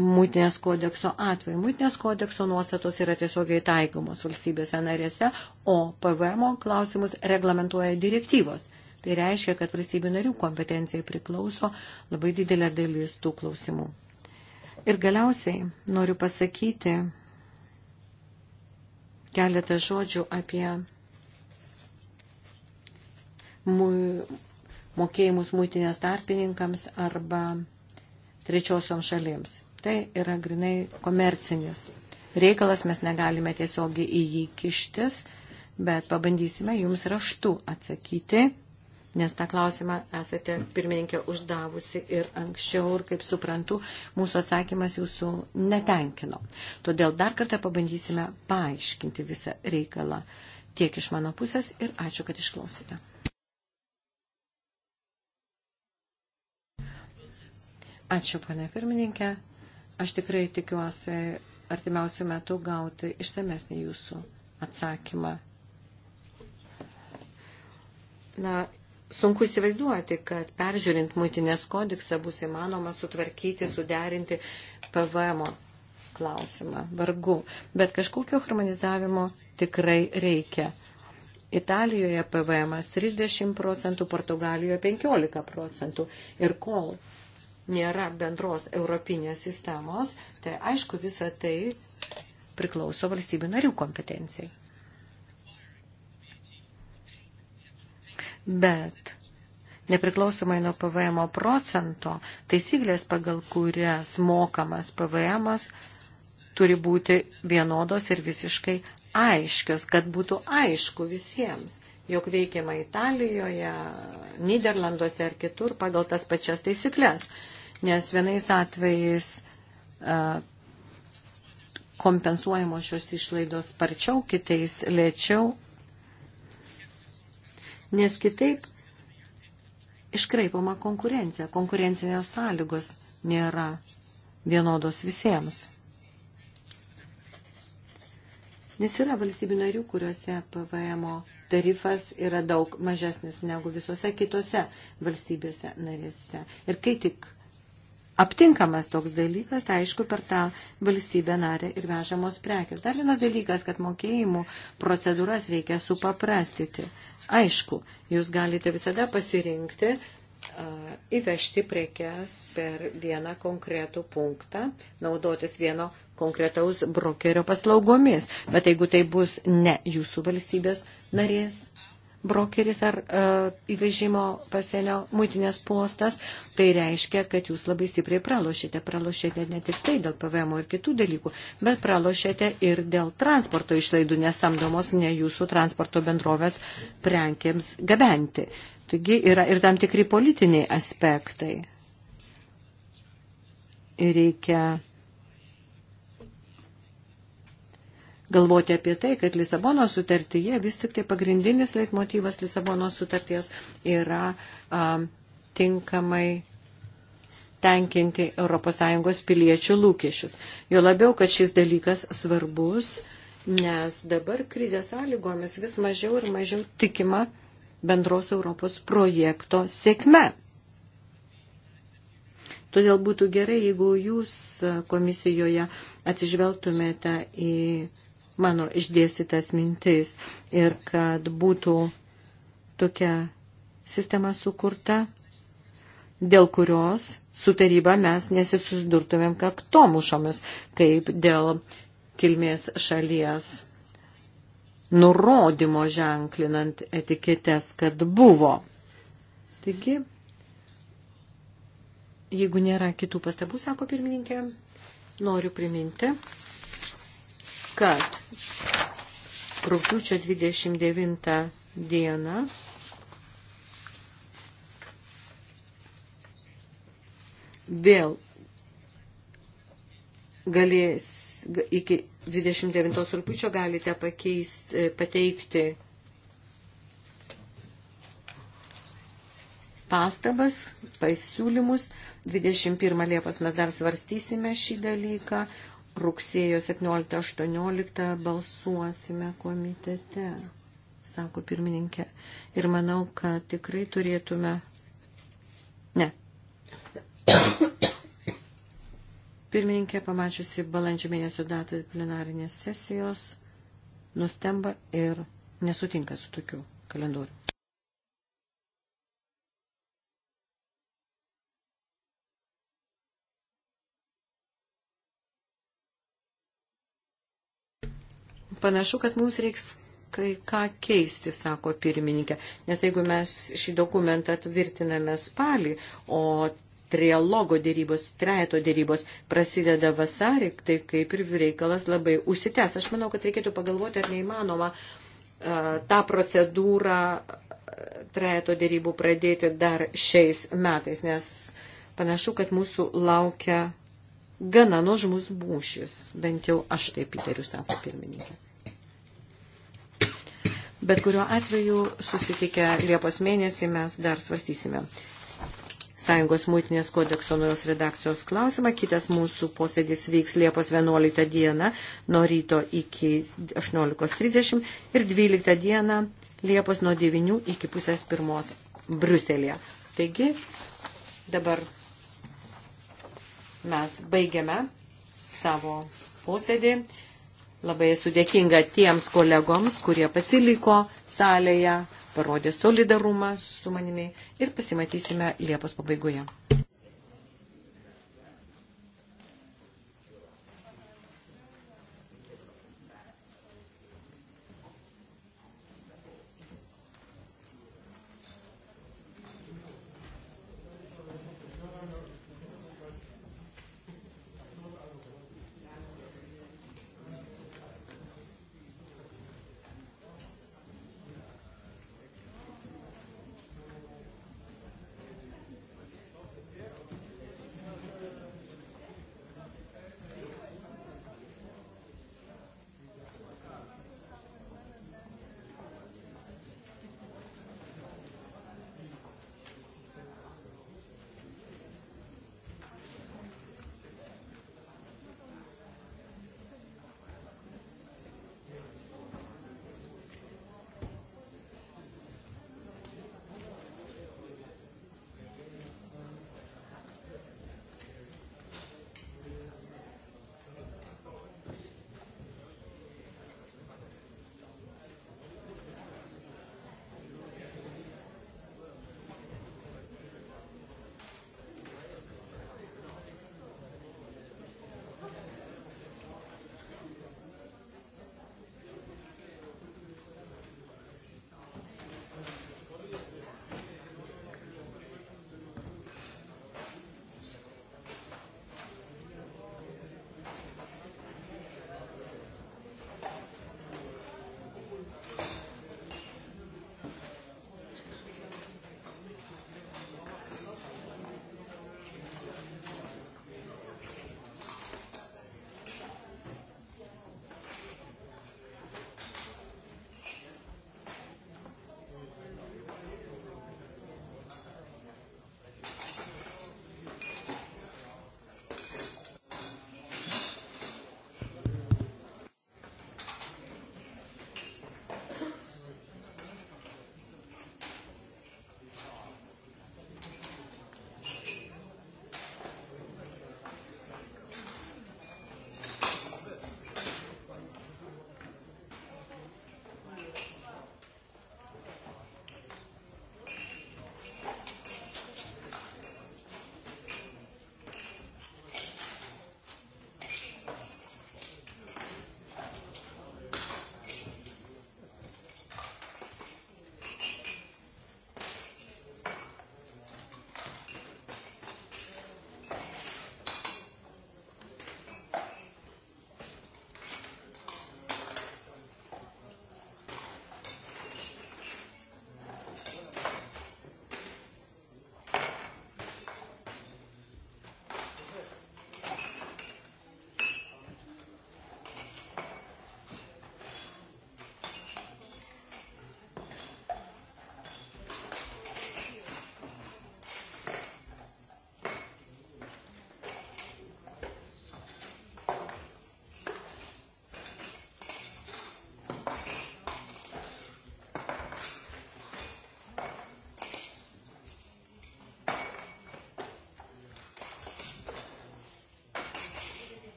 Mūtinės kodekso atveju. Mūtinės kodekso nuostatos yra tiesiogiai taikomos valstybėse narėse, o PVM klausimus reglamentuoja direktyvos. Tai reiškia, kad valstybių narių kompetencijai priklauso labai didelė dalis tų klausimų. Ir galiausiai noriu pasakyti keletą žodžių apie mokėjimus mūtinės tarpininkams arba trečiosioms šalims. Tai yra grinai komercinis reikalas, mes negalime tiesiogiai į jį kištis, bet pabandysime jums raštu atsakyti, nes tą klausimą esate pirmininkė uždavusi ir anksčiau, ir kaip suprantu, mūsų atsakymas jūsų netenkino. Todėl dar kartą pabandysime paaiškinti visą reikalą tiek iš mano pusės ir ačiū, kad išklausėte. Ačiū, pane pirmininkė. Aš tikrai tikiuosi artimiausių metų gauti išsamesnį jūsų atsakymą. Na, sunku įsivaizduoti, kad peržiūrint muitinės kodeksą bus įmanoma sutvarkyti, suderinti PVM klausimą. Vargu. Bet kažkokio harmonizavimo tikrai reikia. Italijoje PVM 30 procentų, Portugalijoje 15 procentų. Ir kol nėra bendros europinės sistemos, tai aišku visa tai priklauso valstybių narių kompetencijai. Bet nepriklausomai nuo PVM procento, taisyklės pagal kurias mokamas PVM turi būti vienodos ir visiškai aiškios, kad būtų aišku visiems, jog veikiama Italijoje, Niderlanduose ar kitur pagal tas pačias taisyklės nes vienais atvejais kompensuojamos šios išlaidos sparčiau, kitais lėčiau, nes kitaip iškraipama konkurencija, konkurencinės sąlygos nėra vienodos visiems. Nes yra valstybių narių, kuriuose PVM tarifas yra daug mažesnis negu visose kitose valstybėse narėse. Ir kai tik aptinkamas toks dalykas, tai aišku, per tą valstybę narę ir vežamos prekės. Dar vienas dalykas, kad mokėjimų procedūras reikia supaprastyti. Aišku, jūs galite visada pasirinkti uh, įvežti prekes per vieną konkretų punktą, naudotis vieno konkretaus brokerio paslaugomis. Bet jeigu tai bus ne jūsų valstybės narės brokeris ar uh, įvežimo pasienio muitinės postas, tai reiškia, kad jūs labai stipriai pralošėte. Pralošėte ne tik tai dėl PVM ir kitų dalykų, bet pralošėte ir dėl transporto išlaidų nesamdomos ne jūsų transporto bendrovės prekiams gabenti. Taigi yra ir tam tikri politiniai aspektai. Ir reikia galvoti apie tai, kad Lisabono sutartyje vis tik tai pagrindinis leitmotyvas Lisabono sutarties yra um, tinkamai tenkinti ES piliečių lūkesčius. Jo labiau, kad šis dalykas svarbus, nes dabar krizės sąlygomis vis mažiau ir mažiau tikima bendros Europos projekto sėkme. Todėl būtų gerai, jeigu jūs komisijoje atsižvelgtumėte į mano išdėstytas mintis ir kad būtų tokia sistema sukurta, dėl kurios su taryba mes nesusidurtumėm kaip tomušomis, kaip dėl kilmės šalies nurodymo ženklinant etiketės, kad buvo. Taigi, jeigu nėra kitų pastabų, sako pirmininkė, noriu priminti, kad rūpiučio 29 dieną vėl galės iki 29 rūpiučio galite pakeis, e, pateikti pastabas, pasiūlymus. 21 Liepos mes dar svarstysime šį dalyką, rugsėjo 17-18 balsuosime komitete, sako pirmininkė. Ir manau, kad tikrai turėtume. Ne. Pirmininkė, pamačiusi balandžio mėnesio datą plenarinės sesijos, nustemba ir nesutinka su tokiu kalendoriu. panašu, kad mums reiks kai ką keisti, sako pirmininkė. Nes jeigu mes šį dokumentą tvirtiname spalį, o trialogo dėrybos, trejato dėrybos prasideda vasarį, tai kaip ir reikalas labai užsitęs. Aš manau, kad reikėtų pagalvoti, ar neįmanoma uh, tą procedūrą uh, trejato dėrybų pradėti dar šiais metais, nes panašu, kad mūsų laukia gana nuožmus būšis, bent jau aš taip įtariu, sako pirmininkė. Bet kuriuo atveju susitikę Liepos mėnesį mes dar svarstysime. Sąjungos mūtinės kodekso naujos redakcijos klausimą. Kitas mūsų posėdis vyks Liepos 11 dieną nuo ryto iki 18.30 ir 12 dieną Liepos nuo 9 iki pusės pirmos Bruselėje. Taigi dabar mes baigiame savo posėdį. Labai esu dėkinga tiems kolegoms, kurie pasiliko salėje, parodė solidarumą su manimi ir pasimatysime Liepos pabaigoje.